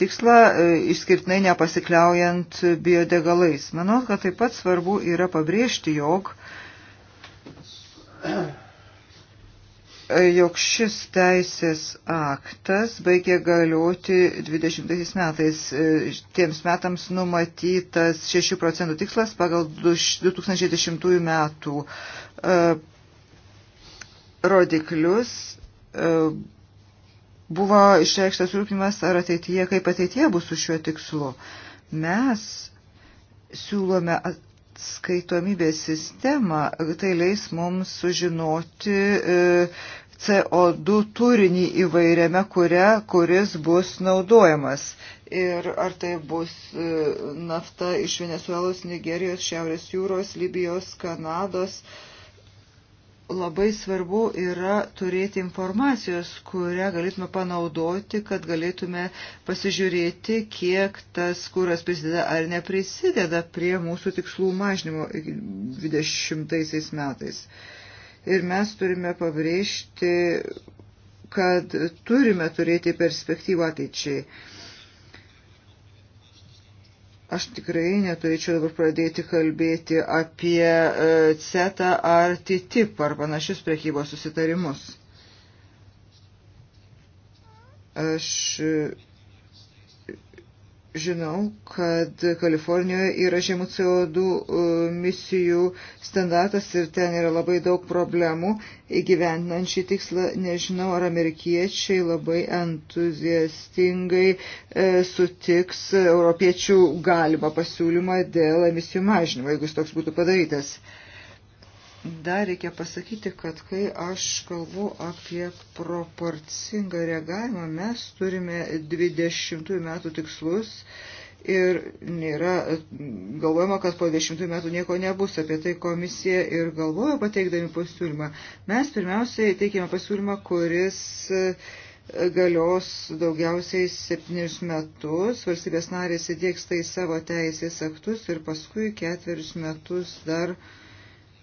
tikslą, e, išskirtinai nepasikliaujant biodegalais. Manau, kad taip pat svarbu yra pabrėžti, jog, jog šis teisės aktas baigė galioti 20 metais. Tiems metams numatytas 6 procentų tikslas pagal 2010 metų rodiklius e, buvo išreikštas rūpimas, ar ateityje, kaip ateityje bus su šiuo tikslu. Mes siūlome atskaitomybės sistemą, tai leis mums sužinoti e, CO2 turinį įvairiame kure, kuris bus naudojamas. Ir ar tai bus e, nafta iš Venezuelos, Nigerijos, Šiaurės jūros, Libijos, Kanados, uh, labai svarbu yra turėti informacijos, kurią galėtume panaudoti, kad galėtume pasižiūrėti, kiek tas kūras prisideda ar neprisideda prie mūsų tikslų mažnymo 20 metais. Ir mes turime pabrėžti, kad turime turėti perspektyvą ateičiai. Tai Aš tikrai neturėčiau dabar pradėti kalbėti apie e, CETA ar TTIP ar panašius prekybos susitarimus. Aš žinau, kad Kalifornijoje yra žemų CO2 e, misijų standartas ir ten yra labai daug problemų įgyvendinant šį tikslą. Nežinau, ar amerikiečiai labai entuziastingai e, sutiks europiečių galimą pasiūlymą dėl emisijų mažinimo, jeigu jis toks būtų padarytas. E, Dar reikia pasakyti, kad kai aš kalbu apie proporcingą reagavimą, mes turime 20 metų tikslus ir nėra galvojama, kad po 20 metų nieko nebus. Apie tai komisija ir galvoja pateikdami pasiūlymą. Mes pirmiausiai teikėme pasiūlymą, kuris e, galios daugiausiai septynius metus, valstybės narės įdėks tai savo teisės aktus ir paskui ketverius metus dar uh,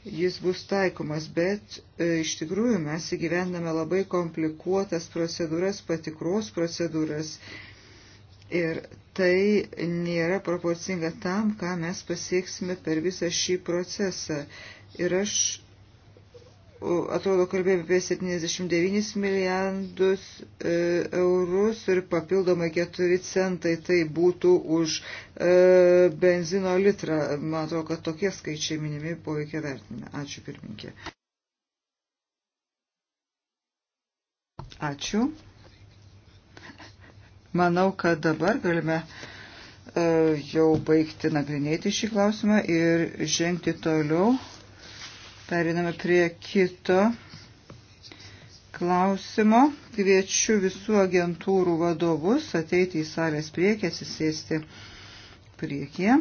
jis bus taikomas, bet e, iš tikrųjų mes įgyvendame labai komplikuotas procedūras, patikros procedūras ir tai nėra proporcinga tam, ką mes pasieksime per visą šį procesą. Ir aš atrodo, kalbėjome apie 79 milijardus e, eurus ir papildomai 4 centai tai būtų už e, benzino litrą. Man atrodo, kad tokie skaičiai minimi poveikia vertinime. Ačiū pirminkė. Ačiū. Manau, kad dabar galime e, jau baigti nagrinėti šį klausimą ir žengti toliau. Periname prie kito klausimo. Kviečiu visų agentūrų vadovus ateiti į salės priekį, atsisėsti priekyje,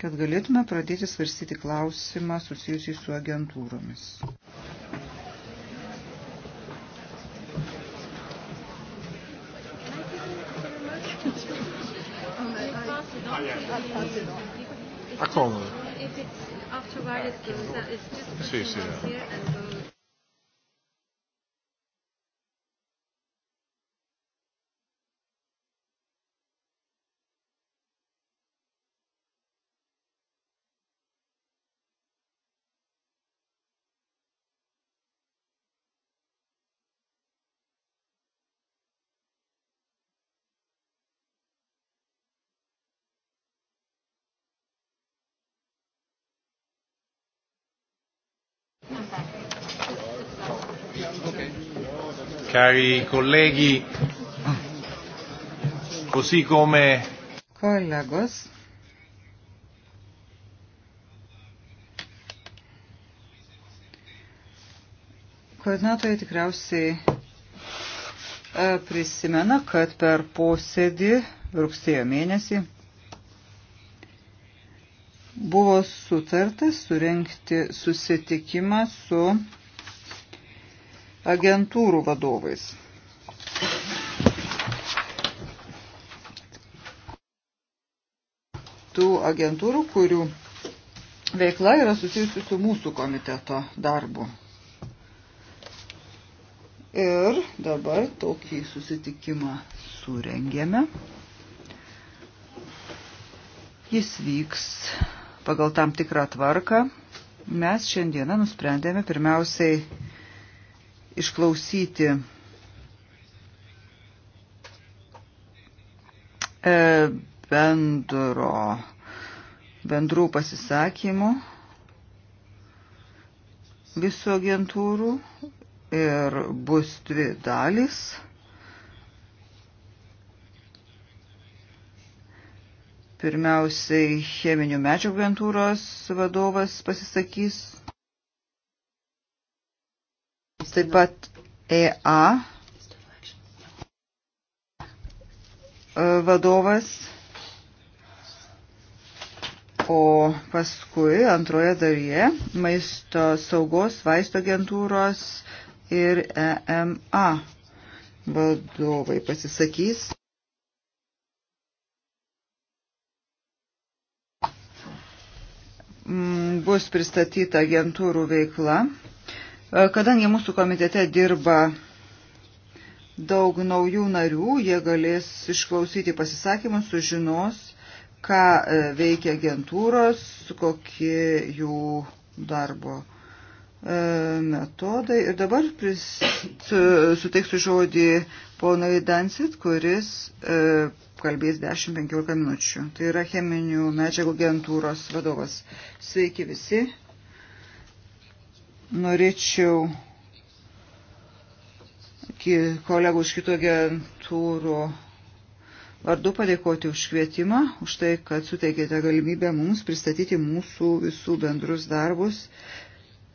kad galėtume pradėti svarstyti klausimą susijusį su agentūromis. Accomodo. If it's after while it's, it's just putting sí, sí, us here and going. Cari colleghi, così come. Kolegos. Koordinatoriai tikriausiai e, prisimena, kad per posėdį rugsėjo mėnesį buvo sutarta surenkti susitikimą su agentūrų vadovais. Tų agentūrų, kurių veikla yra susijusi su mūsų komiteto darbu. Ir dabar tokį susitikimą surengėme. Jis vyks pagal tam tikrą tvarką. Mes šiandieną nusprendėme pirmiausiai išklausyti e, bendro, bendrų pasisakymų visų agentūrų ir bus dvi dalys. Pirmiausiai cheminių medžiagų agentūros vadovas pasisakys, Taip pat EA e, vadovas. O paskui antroje dalyje maisto saugos vaisto agentūros ir EMA vadovai pasisakys. Mm, bus pristatyta agentūrų veikla E, kadangi mūsų komitete dirba daug naujų narių, jie galės išklausyti pasisakymus, sužinos, ką e, veikia agentūros, kokie jų darbo e, metodai. Ir dabar pris, suteiksiu žodį ponui Dansit, kuris kalbės 10-15 minučių. Tai yra cheminių medžiagų agentūros vadovas. Sveiki visi. Norėčiau kolegų iš kitų agentūrų vardu padėkoti už kvietimą, už tai, kad suteikėte galimybę mums pristatyti mūsų visų bendrus darbus.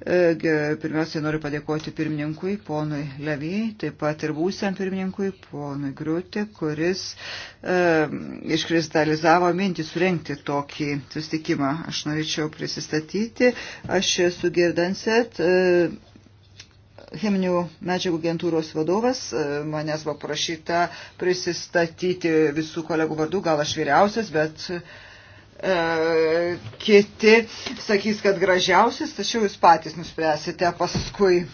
E, Pirmiausiai noriu padėkoti pirmininkui, ponui Levijai, taip pat ir būsiam pirmininkui, ponui Griūti, kuris e, iškristalizavo mintį surenkti tokį susitikimą. Aš norėčiau prisistatyti. Aš esu Girdanset. E, cheminių medžiagų agentūros vadovas, e, manęs buvo prašyta prisistatyti visų kolegų vardų, gal aš vyriausias, bet uh, E, kiti sakys, kad gražiausias, tačiau jūs patys nuspręsite paskui.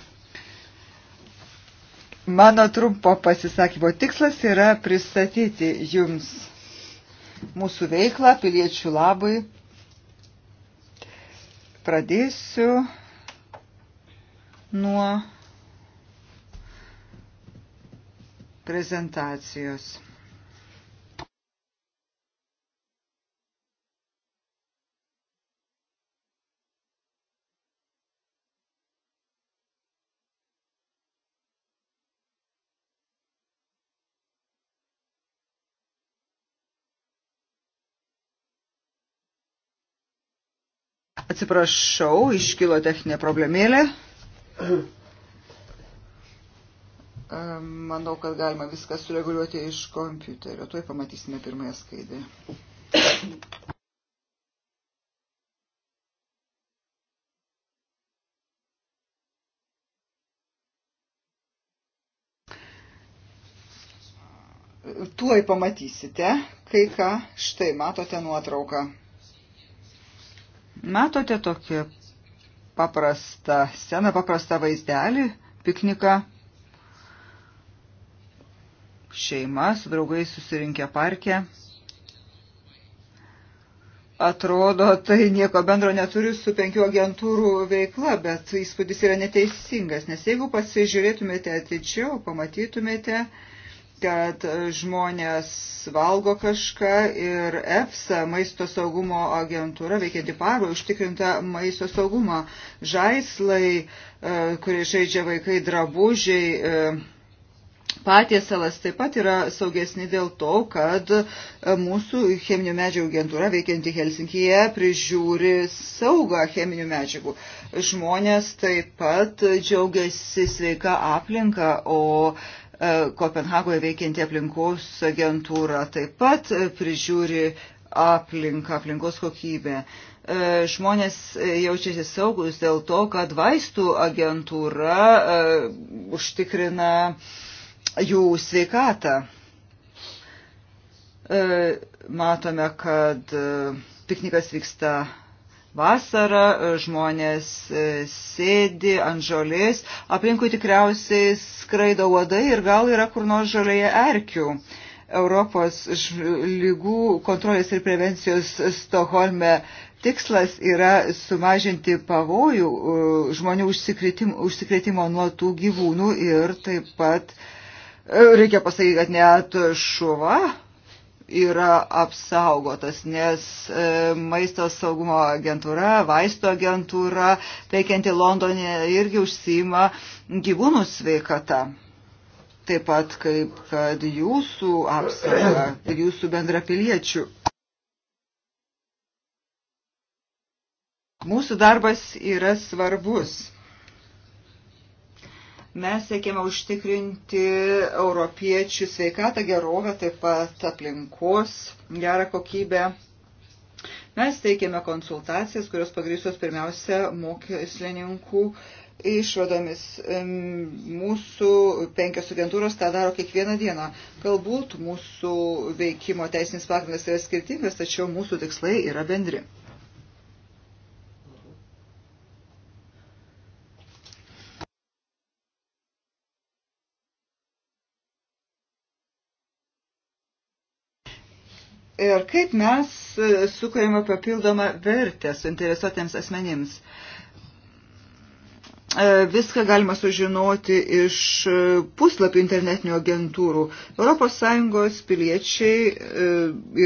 Mano trumpo pasisakymo tikslas yra pristatyti jums mūsų veiklą piliečių labui. Pradėsiu nuo prezentacijos. Atsiprašau, iškilo techninė problemėlė. Manau, kad galima viską sureguliuoti iš kompiuterio. Tuoj pamatysime pirmąją skaidę. Tuoj pamatysite, kai ką, štai matote nuotrauką. Matote tokį paprastą sceną, paprastą vaizdelį, pikniką. Šeima su draugais susirinkę parke. Atrodo, tai nieko bendro neturi su penkių agentūrų veikla, bet įspūdis yra neteisingas, nes jeigu pasižiūrėtumėte atidžiau, pamatytumėte, kad žmonės valgo kažką ir EFSA, maisto saugumo agentūra, veikianti paro, užtikrinta maisto saugumą. Žaislai, e, kurie žaidžia vaikai, drabužiai, e, patiesalas taip pat yra saugesni dėl to, kad e, mūsų cheminių medžiagų agentūra veikianti Helsinkyje prižiūri saugą cheminių medžiagų. Žmonės taip pat džiaugiasi sveika aplinka, o E, Kopenhagoje veikianti aplinkos agentūra taip pat e, prižiūri aplinką, aplinkos kokybę. E, žmonės jaučiasi saugus dėl to, kad vaistų agentūra užtikrina jų sveikatą. Matome, kad piknikas vyksta vasarą, e, žmonės e, sėdi ant žolės, aplinkui tikriausiai skraido uodai ir gal yra kur nors žolėje erkių. Europos lygų kontrolės ir prevencijos Stoholme tikslas yra sumažinti pavojų e, žmonių užsikrėtimo nuo tų gyvūnų ir taip pat reikia pasakyti, kad net šuva yra apsaugotas, nes e, maisto saugumo agentūra, vaisto agentūra, veikianti Londonė, irgi užsima gyvūnų sveikata. Taip pat kaip kad jūsų apsauga ir jūsų bendrapiliečių. Mūsų darbas yra svarbus. Mes siekiame užtikrinti europiečių sveikatą, gerovę, taip pat aplinkos gerą kokybę. Mes teikiame konsultacijas, kurios pagrįstos pirmiausia mokslininkų išvadomis. Mūsų penkios agentūros tą daro kiekvieną dieną. Galbūt mūsų veikimo teisinis pagrindas yra skirtingas, tačiau mūsų tikslai yra bendri. ir kaip mes e, sukūrėme papildomą vertę suinteresuotiems asmenims. E, viską galima sužinoti iš e, puslapių internetinių agentūrų. ES piliečiai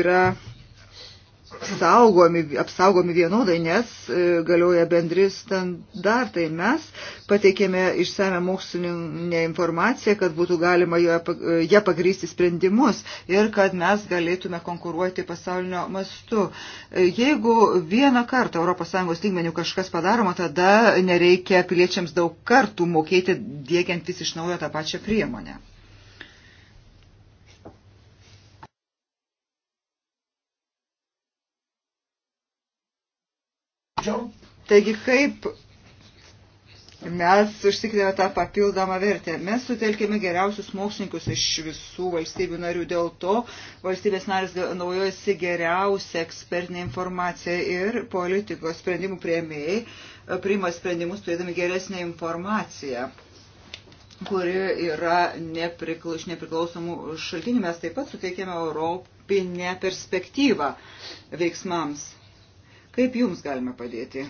yra saugomi, apsaugomi vienodai, nes e, galioja bendri standartai. Mes pateikėme išsame mokslininę informaciją, kad būtų galima ją pagrysti sprendimus ir kad mes galėtume konkuruoti pasaulinio mastu. E, jeigu vieną kartą ES lygmenių kažkas padaroma, tada nereikia piliečiams daug kartų mokėti dėkiantis iš naujo tą pačią priemonę. Taigi kaip mes užtikriname tą papildomą vertę. Mes sutelkėme geriausius mokslininkus iš visų valstybių narių, dėl to valstybės narės naujojasi geriausią ekspertinę informaciją ir politikos sprendimų prieimėjai e, priima sprendimus turėdami geresnę informaciją kuri yra neprikla, iš nepriklausomų šaltinių. Mes taip pat suteikėme europinę perspektyvą veiksmams. Kaip jums galime padėti?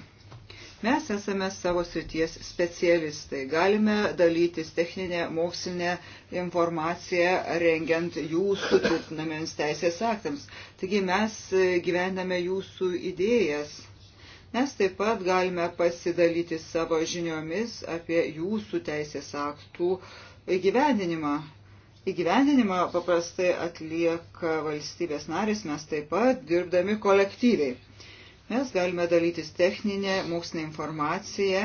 Mes esame savo srities specialistai. Galime dalytis techninę mokslinę informaciją, rengiant jūsų trūknamiems teisės aktams. Taigi mes gyvename jūsų idėjas. Mes taip pat galime pasidalyti savo žiniomis apie jūsų teisės aktų įgyvendinimą. Įgyvendinimą paprastai atlieka valstybės narės, mes taip pat dirbdami kolektyviai. Mes galime dalytis techninę mokslinę informaciją,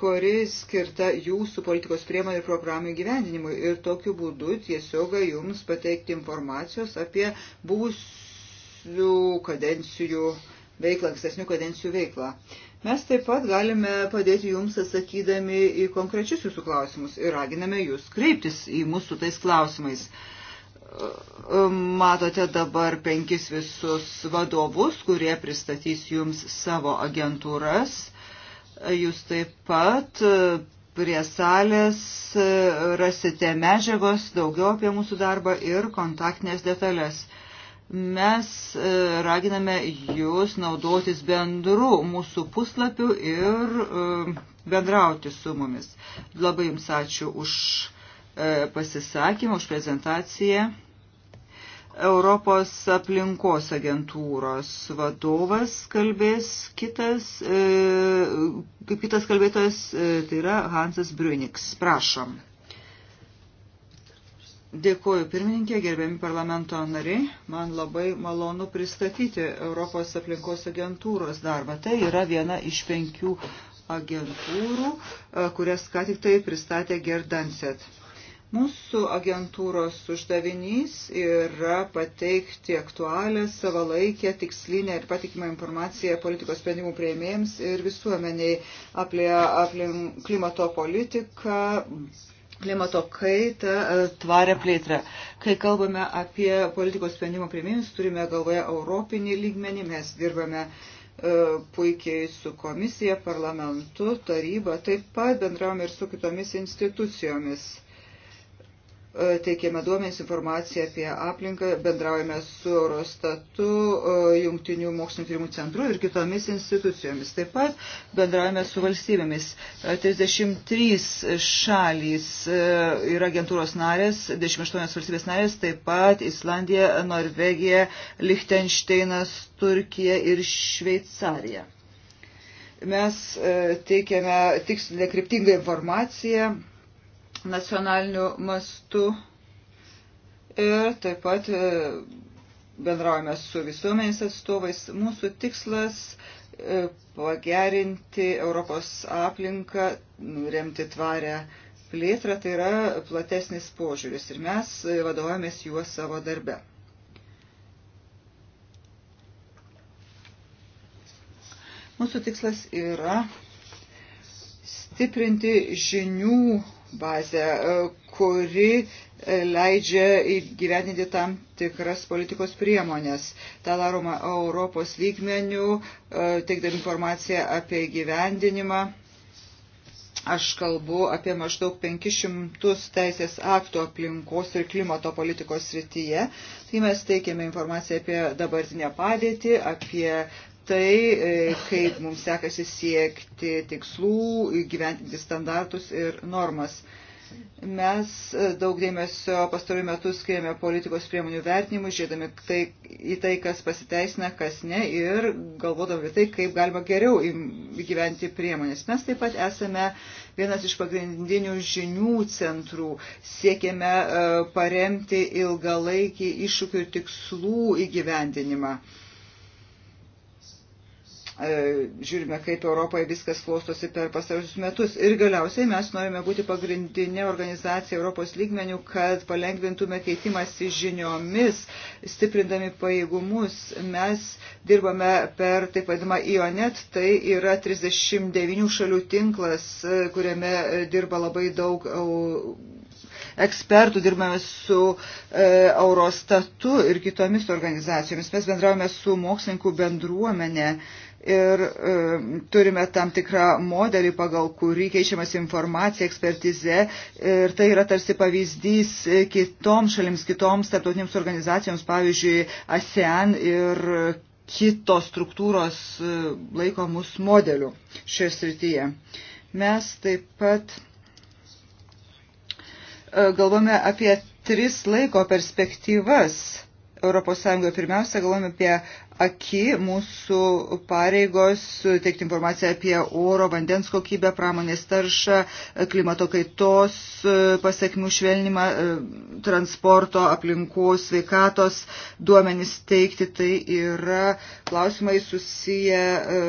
kuri skirta jūsų politikos priemonių ir programų gyvendinimui. Ir tokiu būdu tiesiog jums pateikti informacijos apie buvusių kadencijų veiklą, ankstesnių kadencijų veiklą. Mes taip pat galime padėti jums atsakydami į konkrečius jūsų klausimus ir raginame jūs kreiptis į mūsų tais klausimais. Uh, matote dabar penkis visus vadovus, kurie pristatys jums savo agentūras. Jūs taip pat prie salės rasite medžiagos daugiau apie mūsų darbą ir kontaktinės detalės. Mes e, raginame jūs naudotis bendru mūsų puslapiu ir e, bendrauti su mumis. Labai jums ačiū už E, pasisakymą, už prezentaciją. Europos aplinkos agentūros vadovas kalbės kitas, e, kaip kitas kalbėtojas, e, tai yra Hansas Bruniks. Prašom. Dėkuoju pirmininkė, gerbiami parlamento nariai. Man labai malonu pristatyti Europos aplinkos agentūros darbą. Tai yra viena iš penkių agentūrų, kurias ką tik tai pristatė Gerdanset Mūsų agentūros uždavinys yra pateikti aktualią, savalaikę, tikslinę ir patikimą informaciją politikos sprendimų prieimėjams ir visuomeniai apie, apie klimato politiką, klimato kaitą, tvarę plėtrą. Kai kalbame apie politikos sprendimų prieimėjus, turime galvoje europinį lygmenį, mes dirbame e, puikiai su komisija, parlamentu, taryba, taip pat bendravome ir su kitomis institucijomis E, teikiame duomenys informaciją apie aplinką, bendraujame su Eurostatu, e, Jungtinių mokslinio tyrimų centru ir kitomis institucijomis. Taip pat bendraujame su valstybėmis. 33 e, šalys yra agentūros narės, 28 valstybės narės, taip pat Islandija, Norvegija, Lichtensteinas, Turkija ir Šveicarija. Mes teikiame tikslinę kryptingą informaciją nacionaliniu mastu ir taip pat e, bendraujame su visuomenės atstovais. Mūsų tikslas e, pagerinti Europos aplinką, remti tvarę plėtrą, tai yra platesnis požiūris ir mes e, vadovavomės juo savo darbe. Mūsų tikslas yra stiprinti žinių bazę, e, kuri e, leidžia įgyveninti tam tikras politikos priemonės. Ta daroma Europos lygmenių, e, teikdami informaciją apie įgyvendinimą. Aš kalbu apie maždaug 500 teisės aktų aplinkos ir klimato politikos srityje. Tai mes teikiame informaciją apie dabartinę padėtį, apie tai, e, kaip mums sekasi siekti tikslų, gyventinti standartus ir normas. Mes e, daug dėmesio pastaruoju metu skiriame politikos priemonių vertinimui, žiūrėdami tai, į tai, kas pasiteisina, kas ne ir galvodami apie tai, kaip galima geriau įgyventi priemonės. Mes taip pat esame vienas iš pagrindinių žinių centrų, siekiame e, paremti ilgalaikį iššūkių tikslų įgyvendinimą. Uh, E, žiūrime, kaip Europoje viskas klostosi per pasarusius metus. Ir galiausiai mes norime būti pagrindinė organizacija Europos lygmenių, kad palengvintume keitimąsi žiniomis, stiprindami pajėgumus. Mes dirbame per taip vadimą IONET, e tai yra 39 šalių tinklas, e, kuriame dirba labai daug ekspertų, dirbame su e, Eurostatu ir kitomis organizacijomis. Mes bendravome su mokslininkų bendruomenė. E, ir e, turime tam tikrą modelį, pagal kurį keičiamas informacija, ekspertize ir tai yra tarsi pavyzdys kitoms šalims, kitoms tarptautinėms organizacijoms, pavyzdžiui, ASEAN ir kitos struktūros e, laiko mus modeliu šioje srityje. Mes taip pat e, galvome apie tris laiko perspektyvas. ES pirmiausia galvojame apie aki mūsų pareigos teikti informaciją apie oro, vandens kokybę, pramonės taršą, klimato kaitos e, pasiekmių švelnimą, e, transporto, aplinkos, sveikatos duomenys teikti. Tai yra klausimai susiję e,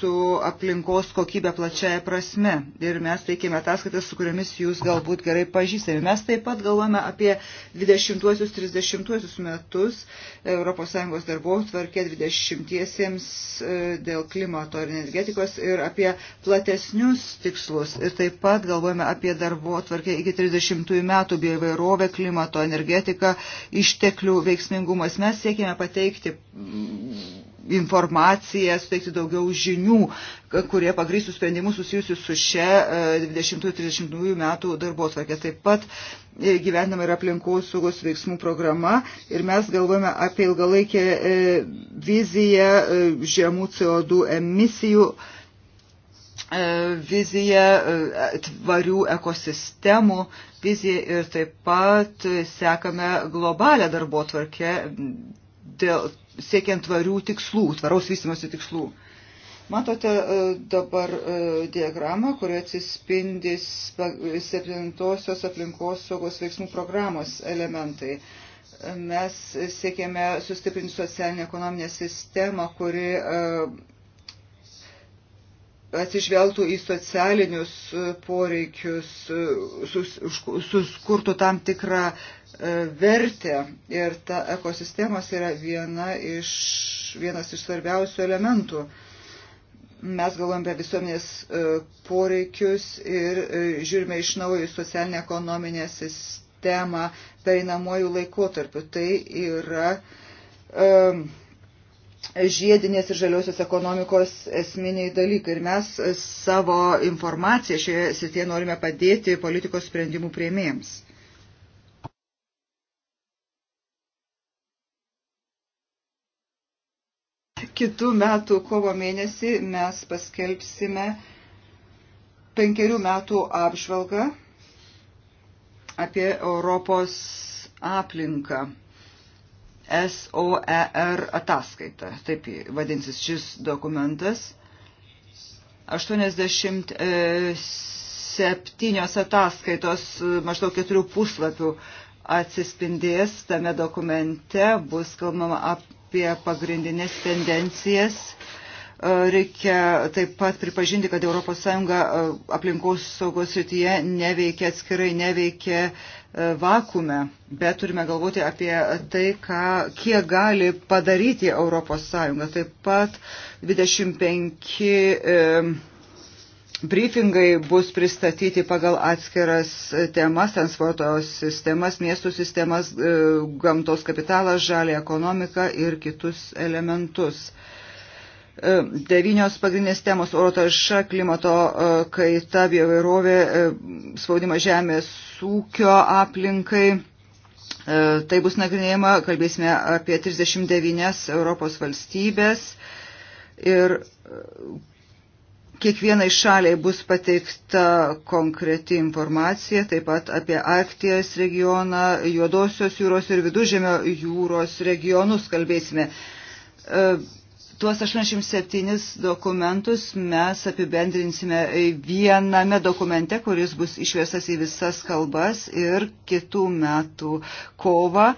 su aplinkos kokybė plačiaja prasme. Ir mes teikėme ataskaitas, su kuriomis jūs galbūt gerai pažįstami. Mes taip pat galvojame apie 20-30 metus ES darbo tvarkį tvarkė 20-iesiems e, dėl klimato ir energetikos ir apie platesnius tikslus. Ir taip pat galvojame apie darbo tvarkę iki 30-ųjų metų bioįvairovę, klimato, energetiką, išteklių veiksmingumas. Mes siekime pateikti informaciją, suteikti daugiau žinių, kurie pagrįstų sprendimus susijusius su šia 20-30 e, metų darbo tvarkė. Taip pat e, gyvenama ir aplinkos saugos veiksmų programa ir mes galvojame apie ilgalaikę e, viziją žemų CO2 emisijų viziją tvarių ekosistemų, viziją ir taip pat sekame globalę darbo tvarkę dėl siekiant tvarių tikslų, tvaraus vystimosi tikslų. Matote e, dabar e, diagramą, kurioje atsispindi septintosios aplinkos saugos veiksmų programos elementai. Mes siekėme sustiprinti socialinę ekonominę sistemą, kuri e, atsižvelgtų į socialinius poreikius, suskurtų tam tikrą E, vertę ir ta ekosistemas yra viena iš, vienas iš svarbiausių elementų. Mes galvojame apie visuomenės e, poreikius ir e, žiūrime iš naujo į socialinę ekonominę sistemą pereinamojų laikotarpių. Tai yra um, žiedinės ir žaliosios ekonomikos esminiai dalykai. Ir mes savo informaciją šioje srityje norime padėti politikos sprendimų prieimėjams. kitų metų kovo mėnesį mes paskelbsime penkerių metų apžvalgą apie Europos aplinką. SOER ataskaita. Taip vadinsis šis dokumentas. 87 ataskaitos maždaug keturių puslapių atsispindės tame dokumente, bus kalbama apie apie pagrindinės tendencijas. E, reikia taip pat pripažinti, kad ES e, aplinkos saugos rytyje neveikia atskirai, neveikia e, vakume, bet turime galvoti apie tai, ką, kiek gali padaryti ES. Taip pat 25 briefingai bus pristatyti pagal atskiras temas, transporto sistemas, miestų sistemas, e, gamtos kapitalą, žalį ekonomiką ir kitus elementus. E, devynios pagrindinės temos - oro tarša, klimato e, kaita, biovairovė, spaudimas žemės ūkio aplinkai. Tai bus nagrinėjama, kalbėsime apie 39 Europos valstybės ir Kiekvienai šaliai bus pateikta konkreti informacija, taip pat apie Arkties regioną, Juodosios jūros ir Vidužėmio jūros regionus kalbėsime. E, tuos 87 dokumentus mes apibendrinsime viename dokumente, kuris bus išviesas į visas kalbas ir kitų metų kovą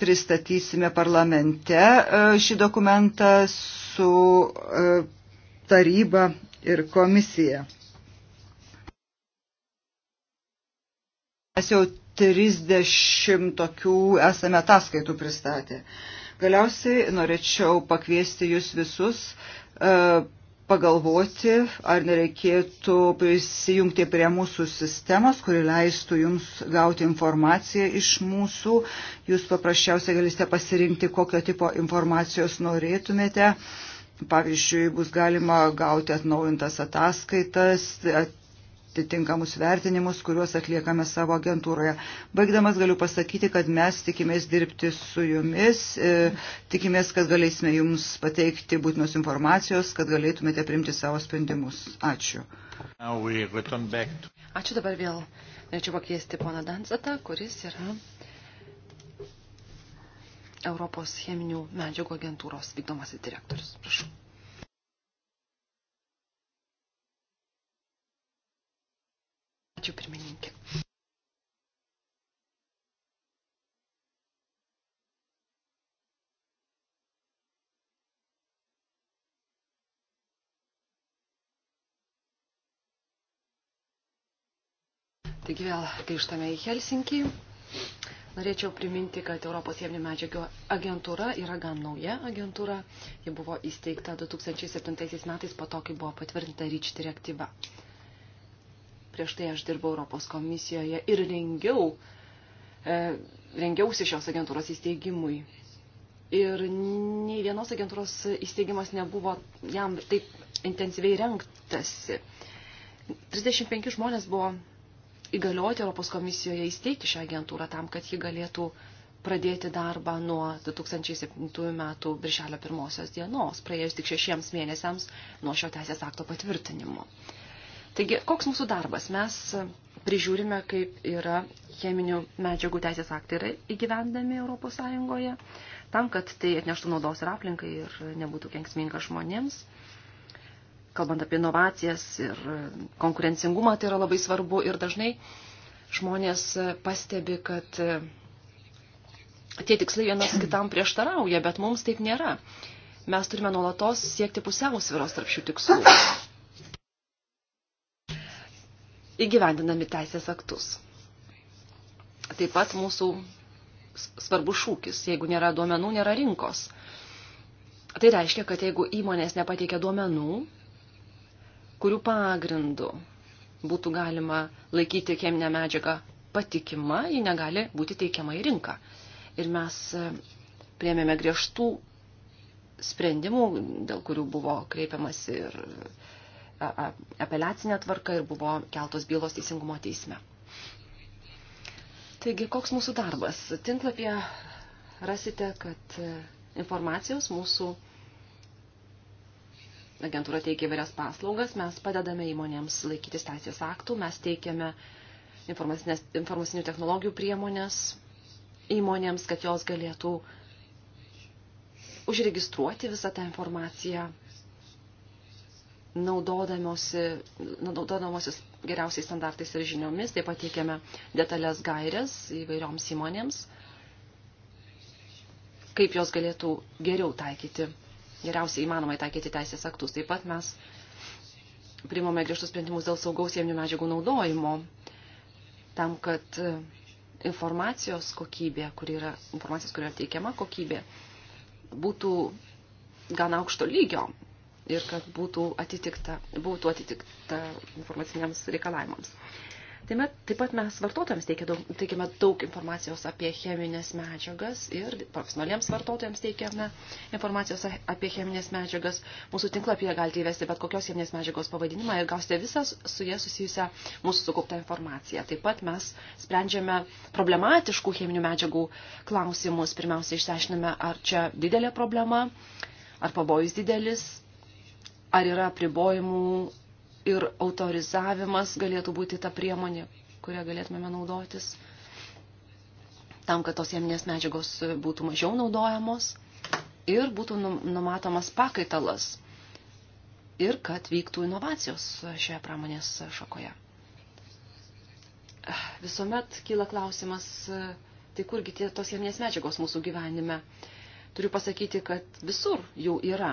pristatysime parlamente e, šį dokumentą su e, taryba ir komisija. Mes jau 30 tokių esame ataskaitų pristatę. Galiausiai norėčiau pakviesti jūs visus e, pagalvoti, ar nereikėtų prisijungti prie mūsų sistemos, kuri leistų jums gauti informaciją iš mūsų. Jūs paprasčiausiai galite pasirinkti, kokio tipo informacijos norėtumėte. Uh, Pavyzdžiui, bus galima gauti atnaujintas ataskaitas, atitinkamus vertinimus, kuriuos atliekame savo agentūroje. Baigdamas galiu pasakyti, kad mes tikimės dirbti su jumis, e, tikimės, kad galėsime jums pateikti būtinos informacijos, kad galėtumėte primti savo sprendimus. Ačiū. Ačiū dabar vėl. Norėčiau pakviesti poną Danzatą, kuris yra Europos cheminių medžiagų agentūros vykdomasis direktorius. Prašau. Ačiū pirmininkė. Taigi vėl grįžtame į Helsinkį. Norėčiau priminti, kad Europos jėminių medžiagų agentūra yra gan nauja agentūra. Ji buvo įsteigta 2007 metais po to, kai buvo patvirtinta REACH direktyva. Prieš tai aš dirbau Europos komisijoje ir rengiau, e, rengiausi šios agentūros įsteigimui. Ir nei vienos agentūros įsteigimas nebuvo jam taip intensyviai renktasi. 35 žmonės buvo įgalioti Europos komisijoje įsteigti šią agentūrą tam, kad ji galėtų pradėti darbą nuo 2007 metų birželio pirmosios dienos, praėjus tik šešiems mėnesiams nuo šio teisės akto patvirtinimo. Taigi, koks mūsų darbas? Mes prižiūrime, kaip yra cheminių medžiagų teisės aktai yra įgyvendami Europos Sąjungoje, tam, kad tai atneštų naudos ir aplinkai ir nebūtų kenksminga žmonėms kalbant apie inovacijas ir konkurencingumą, tai yra labai svarbu ir dažnai žmonės pastebi, kad tie tikslai vienas kitam prieštarauja, bet mums taip nėra. Mes turime nuolatos siekti pusiausviros tarp šių tikslų. Įgyvendinami teisės aktus. Taip pat mūsų svarbus šūkis, jeigu nėra duomenų, nėra rinkos. Tai reiškia, kad jeigu įmonės nepateikia duomenų, kurių pagrindų būtų galima laikyti cheminę medžiagą patikima, ji negali būti teikiama į rinką. Ir mes e, priemėme griežtų sprendimų, dėl kurių buvo kreipiamas ir e, apeliacinė tvarka ir buvo keltos bylos teisingumo teisme. Taigi, koks mūsų darbas? Tinklapyje rasite, kad e, informacijos mūsų agentūra teikia įvairias paslaugas, mes padedame įmonėms laikytis teisės aktų, mes teikiame informacinių technologijų priemonės įmonėms, kad jos galėtų užregistruoti visą tą informaciją, naudodamosis geriausiais standartais ir žiniomis, taip pat teikiame detalės gairės įvairioms įmonėms, kaip jos galėtų geriau taikyti geriausiai įmanomai taikyti teisės aktus. Taip pat mes primame griežtus sprendimus dėl saugaus cheminių medžiagų naudojimo, tam, kad e, informacijos kokybė, kur yra, informacijos, kur yra teikiama kokybė, būtų gan aukšto lygio ir kad būtų atitikta, būtų atitikta informaciniams reikalavimams. Taip pat, taip pat mes vartotojams daug, teikiame daug informacijos apie cheminės medžiagas ir profesionaliems vartotojams teikiame informacijos apie cheminės medžiagas. Mūsų tinklapyje galite įvesti bet kokios cheminės medžiagos pavadinimą ir gausite visą su jie susijusią mūsų sukauptą informaciją. Taip pat mes sprendžiame problematiškų cheminių medžiagų klausimus. Pirmiausia, išsiaiškiname, ar čia didelė problema, ar pavojus didelis, ar yra pribojimų ir autorizavimas galėtų būti ta priemonė, kurią galėtumėme naudotis, tam, kad tos cheminės medžiagos būtų mažiau naudojamos ir būtų numatomas pakaitalas ir kad vyktų inovacijos šioje pramonės šakoje. Visuomet kyla klausimas, tai kurgi tie tos cheminės medžiagos mūsų gyvenime. Turiu pasakyti, kad visur jų yra,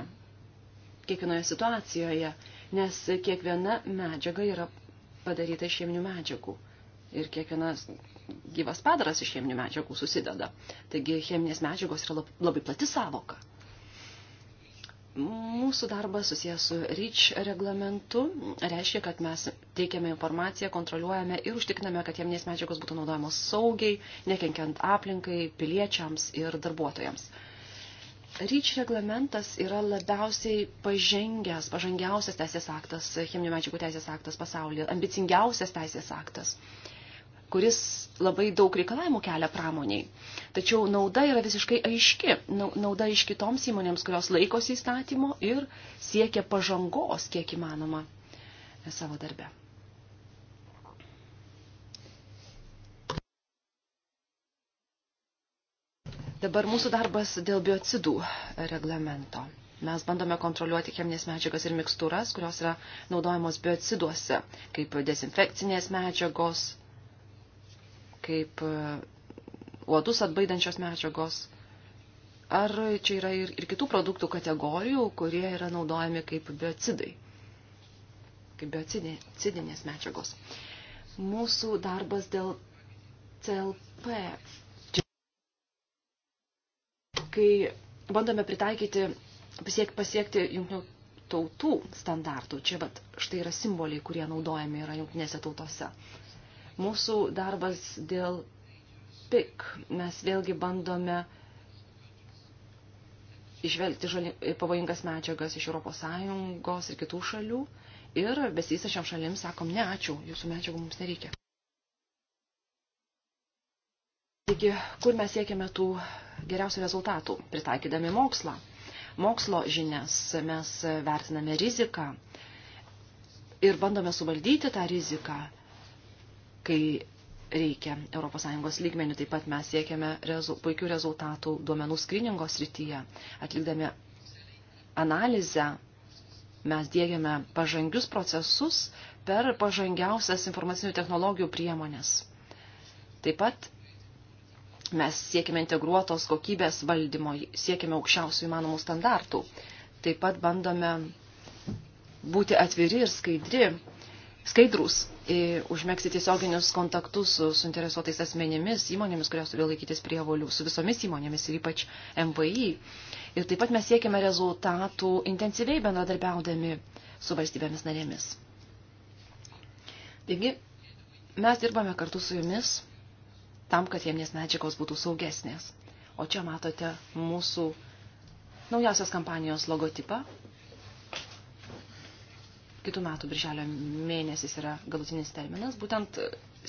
kiekvienoje situacijoje nes kiekviena medžiaga yra padaryta iš cheminių medžiagų ir kiekvienas gyvas padaras iš cheminių medžiagų susideda. Taigi cheminės medžiagos yra labai plati savoka. Mūsų darbas susijęs su REACH reglamentu reiškia, kad mes teikiame informaciją, kontroliuojame ir užtikriname, kad cheminės medžiagos būtų naudojamos saugiai, nekenkiant aplinkai, piliečiams ir darbuotojams. Ryč reglamentas yra labiausiai pažengęs, pažangiausias teisės aktas, cheminių medžiagų teisės aktas pasaulyje, ambicingiausias teisės aktas, kuris labai daug reikalavimų kelia pramoniai. Tačiau nauda yra visiškai aiški. Nauda iš kitoms įmonėms, kurios laikosi įstatymo ir siekia pažangos, kiek įmanoma, savo darbe. Dabar mūsų darbas dėl biocidų reglamento. Mes bandome kontroliuoti cheminės medžiagas ir mikstūras, kurios yra naudojamos biociduose, kaip dezinfekcinės medžiagos, kaip e, uodus atbaidančios medžiagos. Ar čia yra ir, ir kitų produktų kategorijų, kurie yra naudojami kaip biocidai, kaip biocidinės medžiagos. Mūsų darbas dėl CLP kai bandome pritaikyti, pasiek, pasiekti jungtinių tautų standartų. Čia vat, štai yra simboliai, kurie naudojami yra jungtinėse tautose. Mūsų darbas dėl PIK. Mes vėlgi bandome išvelgti žali, pavojingas medžiagas iš ES ir kitų šalių. Ir besisašiam šalim sakom, ne ačiū, jūsų medžiagų mums nereikia. Taigi, kur mes siekiame tų geriausių rezultatų, pritaikydami mokslą. Mokslo žinias mes vertiname riziką ir bandome suvaldyti tą riziką, kai reikia ES lygmenių. Taip pat mes siekiame rezu, puikių rezultatų duomenų skriningo srityje. Atlikdami analizę mes dėgiame pažangius procesus per pažangiausias informacinių technologijų priemonės. Taip pat Mes siekime integruotos kokybės valdymo, siekime aukščiausių įmanomų standartų. Taip pat bandome būti atviri ir skaidri, skaidrus, užmėgsti tiesioginius kontaktus su suinteresuotais asmenėmis, įmonėmis, kurios turi laikytis prievolių, su visomis įmonėmis ir ypač MVI. Ir taip pat mes siekime rezultatų intensyviai bendradarbiaudami su valstybėmis narėmis. Taigi, mes dirbame kartu su jumis tam, kad cheminės medžiagos būtų saugesnės. O čia matote mūsų naujausios kampanijos logotipą. Kitų metų birželio mėnesis yra galutinis terminas. Būtent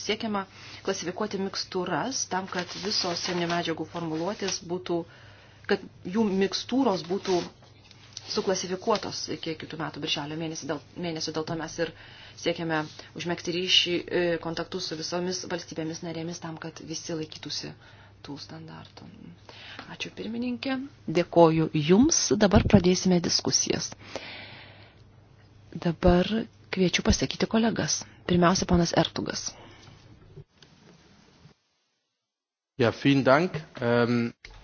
siekiama klasifikuoti mikstūras tam, kad visos cheminių medžiagų formuluotės būtų, kad jų mikstūros būtų suklasifikuotos iki kitų metų birželio mėnesio dėl, mėnesio, dėl to mes ir siekiame užmėgti ryšį e, kontaktus su visomis valstybėmis narėmis tam, kad visi laikytųsi tų standartų. Ačiū pirmininkė. Dėkoju Jums. Dabar pradėsime diskusijas. Dabar kviečiu pasakyti kolegas. Pirmiausia, ponas Ertugas. Ja, vielen Dank. Ähm... Um...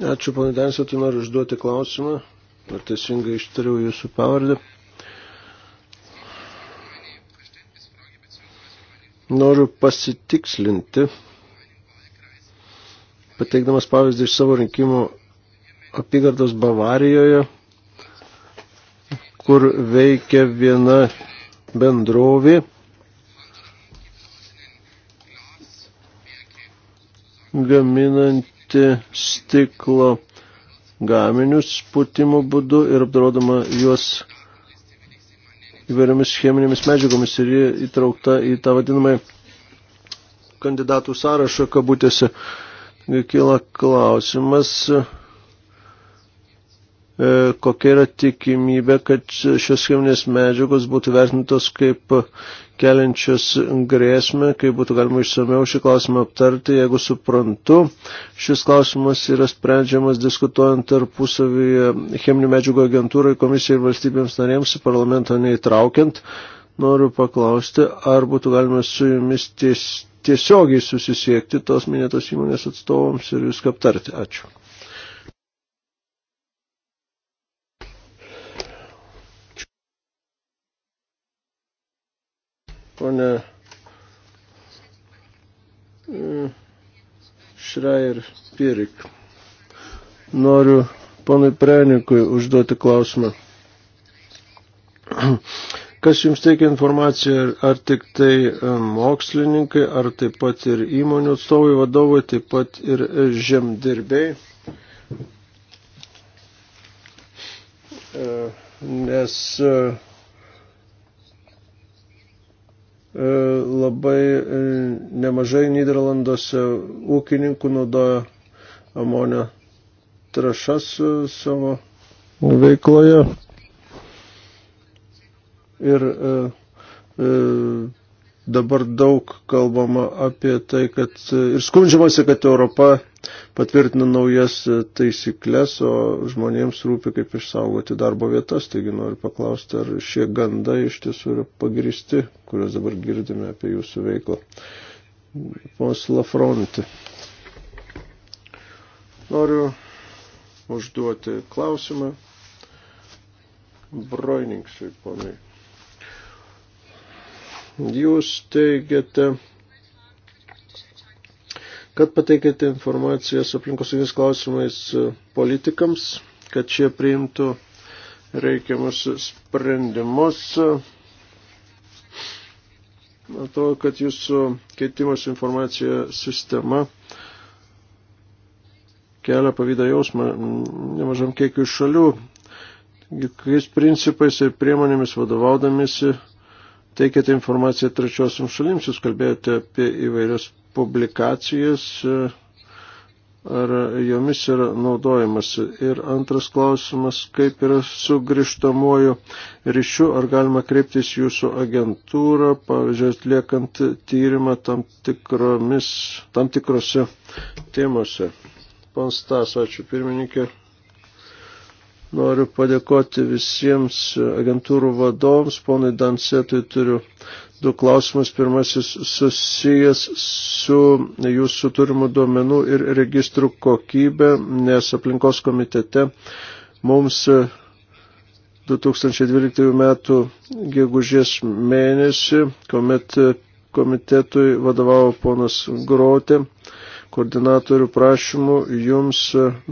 Ačiū, ponai Dansio, tai noriu užduoti klausimą. Ar teisingai ištariau jūsų pavardę? Noriu pasitikslinti, pateikdamas pavyzdį iš savo rinkimų apygardos Bavarijoje, kur veikia viena bendrovė. gaminant gaminti stiklo gaminius putimo būdu ir apdorodama juos įvairiomis cheminėmis medžiagomis ir ji įtraukta į tą vadinamą kandidatų sąrašą kabutėse. Kyla klausimas, E, kokia yra tikimybė, kad šios cheminės medžiagos būtų vertintos kaip keliančios grėsmę, kaip būtų galima išsameu šį klausimą aptarti, jeigu suprantu, šis klausimas yra sprendžiamas diskutuojant tarpusavyje cheminių medžiagų agentūrai, komisijai ir valstybėms narėms, parlamento neįtraukiant. Noriu paklausti, ar būtų galima su jumis ties, tiesiogiai susisiekti tos minėtos įmonės atstovams ir viską aptarti. Ačiū. Pone e, Šrajer Pirik. Noriu ponui Prenikui užduoti klausimą. Kas jums teikia informaciją, ar tik tai e, mokslininkai, ar taip pat ir įmonių atstovai vadovai, taip pat ir e, žemdirbiai? Nes uh, E, labai e, nemažai Niderlanduose ūkininkų naudoja amonio trašas e, savo veikloje. Ir e, e, dabar daug kalbama apie tai, kad ir skundžiamasi, kad Europa patvirtina naujas taisyklės, o žmonėms rūpi, kaip išsaugoti darbo vietas. Taigi noriu paklausti, ar šie gandai iš tiesų yra pagristi, kuriuos dabar girdime apie jūsų veiklą. Pons Lafronti. Noriu užduoti klausimą Broiningsui, ponai. Jūs teigiate, kad pateikėte informacijas aplinkosauginis klausimais e, politikams, kad šie priimtų reikiamus sprendimus. Atrodo, kad jūsų keitimas informacija sistema kelia pavydą jausmą nemažam kiekiu šalių, kokiais principais ir priemonėmis vadovaudamėsi teikėte informaciją trečiosiam šalims, jūs kalbėjote apie įvairias publikacijas, ar jomis yra naudojamas. Ir antras klausimas, kaip yra su grįžtamuoju ryšiu, ar galima kreiptis jūsų agentūrą, pavyzdžiui, atliekant tyrimą tam, tikromis, tam tikrose temose. Pan Stas, ačiū pirmininkė. Noriu padėkoti visiems agentūrų vadovams. Ponai Dansetui turiu du klausimus. Pirmasis susijęs su jūsų turimų duomenų ir registrų kokybė, nes aplinkos komitete mums 2012 m. gegužės mėnesį, kuomet komitetui vadovavo ponas Grotė, koordinatorių prašymų jums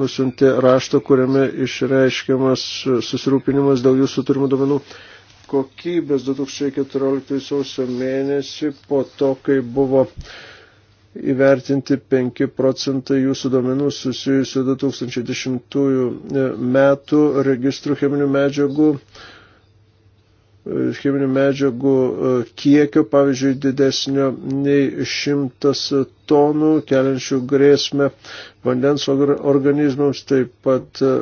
nusintė raštą, kuriame išreiškiamas susirūpinimas dėl jūsų turimų duomenų kokybės 2014 sausio mėnesį po to, kai buvo įvertinti 5 procentai jūsų domenų susijusių 2010 metų registrų cheminių medžiagų cheminių medžiagų e, kiekio, pavyzdžiui, didesnio nei šimtas tonų, keliančių grėsmę vandens organizmams, taip pat e,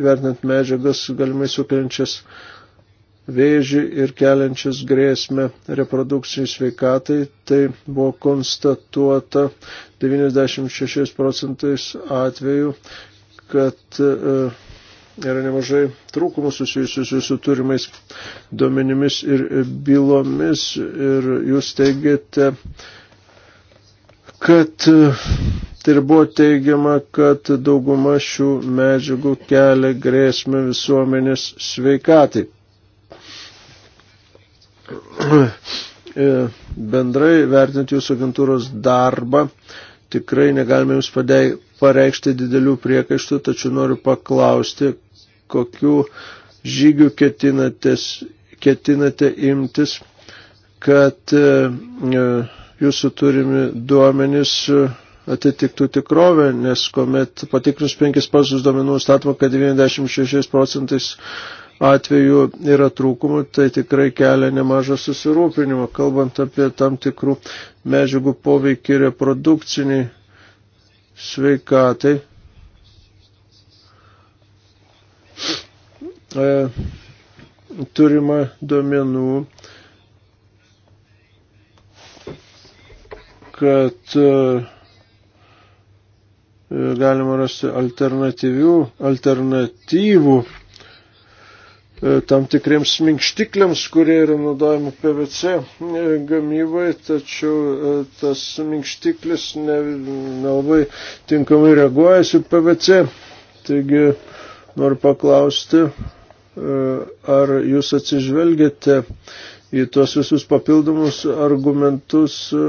vertinant medžiagas galimai sukeliančias vėžį ir keliančias grėsmę reprodukcijai sveikatai, tai buvo konstatuota 96 procentais atveju, kad uh, yra nemažai trūkumų susijusių su turimais duomenimis ir bylomis. Ir jūs teigiate, kad tai ir buvo teigiama, kad dauguma šių medžiagų kelia grėsmę visuomenės sveikatai. E, bendrai vertinant jūsų agentūros darbą, tikrai negalime jums pareikšti didelių priekaištų, tačiau noriu paklausti, kokiu žygiu ketinate imtis, kad e, e, jūsų turimi duomenys e, atitiktų tikrovę, nes kuomet patikrinus 5 procentus duomenų statoma, kad 96 procentais atveju yra trūkumų, tai tikrai kelia nemažą susirūpinimą, kalbant apie tam tikrų medžiagų poveikį reprodukciniai sveikatai. e, turima duomenų, kad e, galima rasti alternatyvių, alternatyvų e, tam tikriems minkštikliams, kurie yra naudojami PVC e, gamybai, tačiau e, tas minkštiklis nelabai tinkamai reaguoja su PVC. Taigi noriu paklausti, E, ar jūs atsižvelgiate į tuos visus papildomus argumentus, e,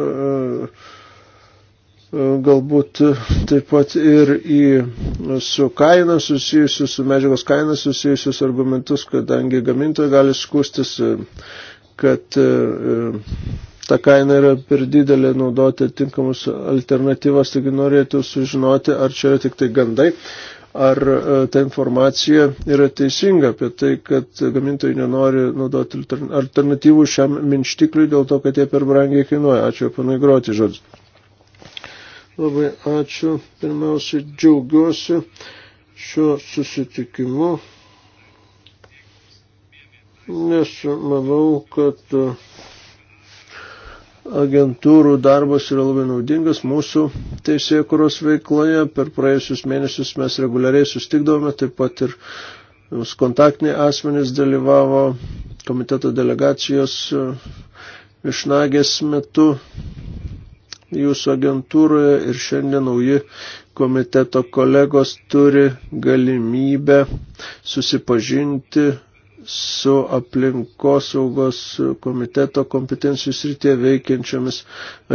e, galbūt taip pat ir į su kaina susijusius, su medžiagos kaina susijusius argumentus, kadangi gamintojai gali skūstis, kad ta kaina yra per didelė naudoti tinkamus alternatyvas, taigi norėtų sužinoti, ar čia yra tik tai gandai, ar e, ta informacija yra teisinga apie tai, kad gamintojai nenori naudoti alternatyvų šiam minštikliui dėl to, kad jie per brangiai kainuoja. Ačiū, panai groti žodžiu. Labai ačiū. Pirmiausiai džiaugiuosi šiuo susitikimu, nes manau, kad uh, agentūrų darbas yra labai naudingas mūsų teisėkuros veikloje. Per praėjusius mėnesius mes reguliariai sustikdavome, taip pat ir mūsų kontaktiniai asmenys dalyvavo komiteto delegacijos e, išnagės metu jūsų agentūroje ir šiandien nauji komiteto kolegos turi galimybę susipažinti su aplinkosaugos komiteto kompetencijų srityje veikiančiomis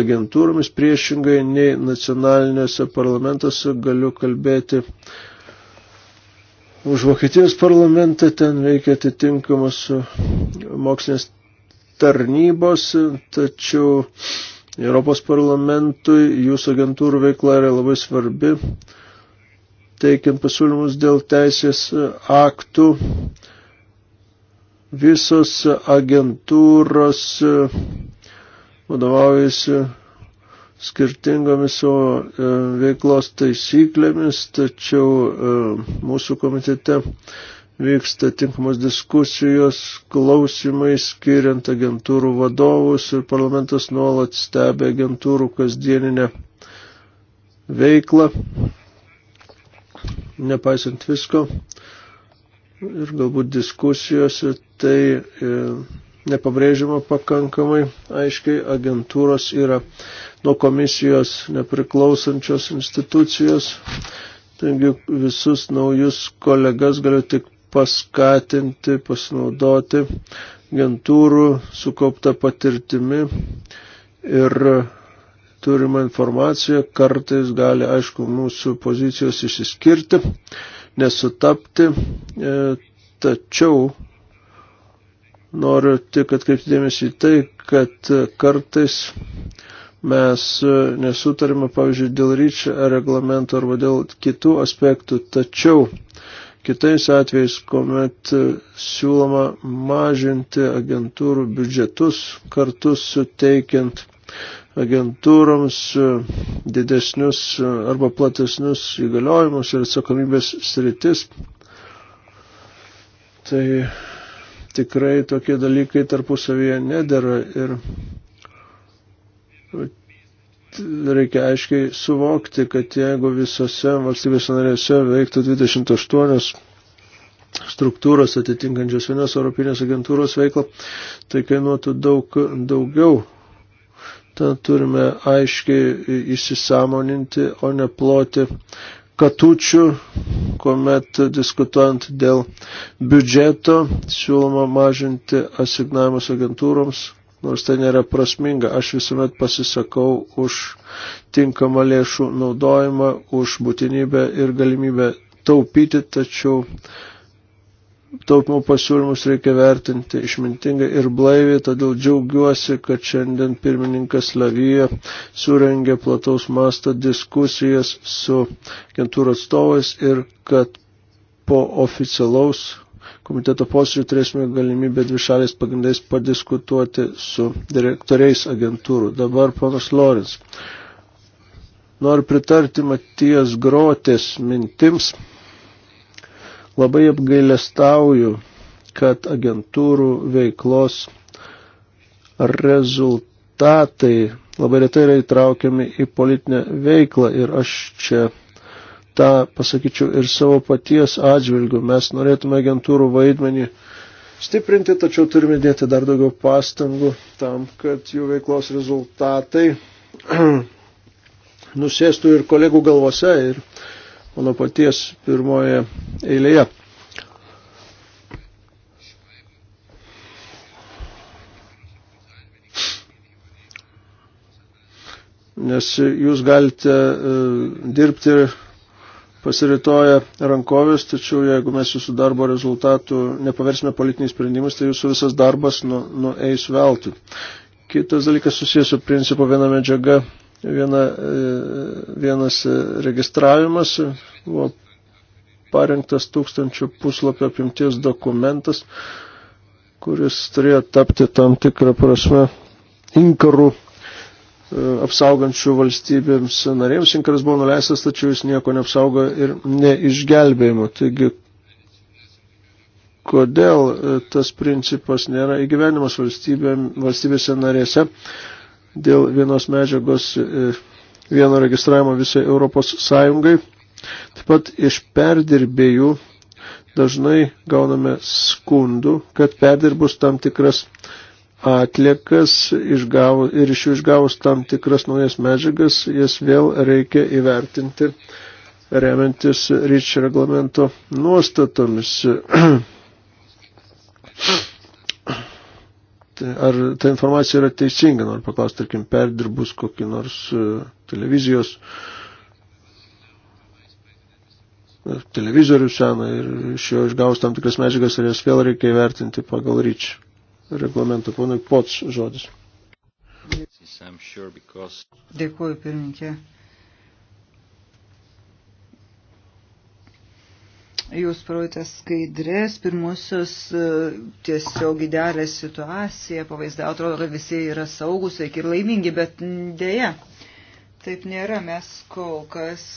agentūromis. Priešingai nei nacionaliniuose parlamentuose galiu kalbėti už Vokietijos parlamentą, ten veikia atitinkamos mokslinės tarnybos, tačiau Europos parlamentui jūsų agentūrų veikla yra labai svarbi, teikiant pasiūlymus dėl teisės aktų Visos agentūros e, vadovaujasi skirtingomis savo e, veiklos taisyklėmis, tačiau e, mūsų komitete vyksta tinkamos diskusijos, klausimai skiriant agentūrų vadovus ir parlamentas nuolat stebi agentūrų kasdieninę veiklą. Nepaisant visko, ir galbūt diskusijose tai e, nepabrėžiama pakankamai aiškiai. Agentūros yra nuo komisijos nepriklausančios institucijos. Taigi visus naujus kolegas galiu tik paskatinti, pasinaudoti agentūrų sukaupta patirtimi ir turima informacija kartais gali, aišku, mūsų pozicijos išsiskirti nesutapti, e, tačiau noriu tik atkreipti dėmesį į tai, kad kartais mes nesutarime, pavyzdžiui, dėl ryčio reglamento arba dėl kitų aspektų, tačiau kitais atvejais, kuomet siūloma mažinti agentūrų biudžetus kartu suteikiant agentūroms e, didesnius e, arba platesnius įgaliojimus ir atsakomybės sritis. Tai tikrai tokie dalykai tarpusavyje nedėra ir reikia aiškiai suvokti, kad jeigu visose valstybės narėse veiktų 28 struktūros atitinkančios vienos Europinės agentūros veiklą, tai kainuotų daug daugiau Tad turime aiškiai įsisamoninti, o ne ploti katučių, kuomet diskutuojant dėl biudžeto siūloma mažinti asignavimus agentūroms, nors tai nėra prasminga. Aš visuomet pasisakau už tinkamą lėšų naudojimą, už būtinybę ir galimybę taupyti, tačiau taupimo pasiūlymus reikia vertinti išmintingai ir blaiviai, todėl džiaugiuosi, kad šiandien pirmininkas Lavija surengė plataus masto diskusijas su agentūrų atstovais ir kad po oficialaus komiteto posėdžių turėsime galimybę dvi šalės pagrindais padiskutuoti su direktoriais agentūrų. Dabar ponas Lorins. Noriu pritarti Matijas Grotės mintims Labai apgailestauju, kad agentūrų veiklos rezultatai labai retai yra įtraukiami į politinę veiklą ir aš čia tą pasakyčiau ir savo paties atžvilgių. Mes norėtume agentūrų vaidmenį stiprinti, tačiau turime dėti dar daugiau pastangų tam, kad jų veiklos rezultatai nusėstų ir kolegų galvose ir mano paties pirmoje eilėje. Nes jūs galite e, dirbti pasiritoję rankovės, tačiau jeigu mes jūsų darbo rezultatų nepaversime politiniais sprendimais, tai jūsų visas darbas nu, nueis nu veltui. Kitas dalykas susijęs su principu viena medžiaga Viena, e, vienas registravimas buvo parengtas tūkstančių puslapio apimties dokumentas, kuris turėjo tapti tam tikrą prasme inkarų e, apsaugančių valstybėms narėms. Inkaras buvo nuleistas, tačiau jis nieko neapsaugo ir neišgelbėjimo. Taigi, kodėl e, tas principas nėra įgyvenimas valstybėse narėse? dėl vienos medžiagos e, vieno registravimo visai Europos Sąjungai. Taip pat iš perdirbėjų dažnai gauname skundų, kad perdirbus tam tikras atliekas išgavo, ir iš jų išgavus tam tikras naujas medžiagas, jas vėl reikia įvertinti remiantis ryč reglamento nuostatomis. ar ta informacija yra teisinga, noriu paklausti, tarkim, perdirbus kokį nors e, televizijos e, televizorių seną ir iš jo išgaus tam tikras medžiagas ir jas vėl reikia įvertinti pagal ryč reglamentą. Ponai, pots žodis. Dėkuoju, pirminkė. Jūs praeitė skaidrės, pirmusios e, tiesiog idealią situaciją, pavaizdavo, atrodo, kad visi yra saugus, sveiki ir laimingi, bet dėja. Taip nėra, mes kol kas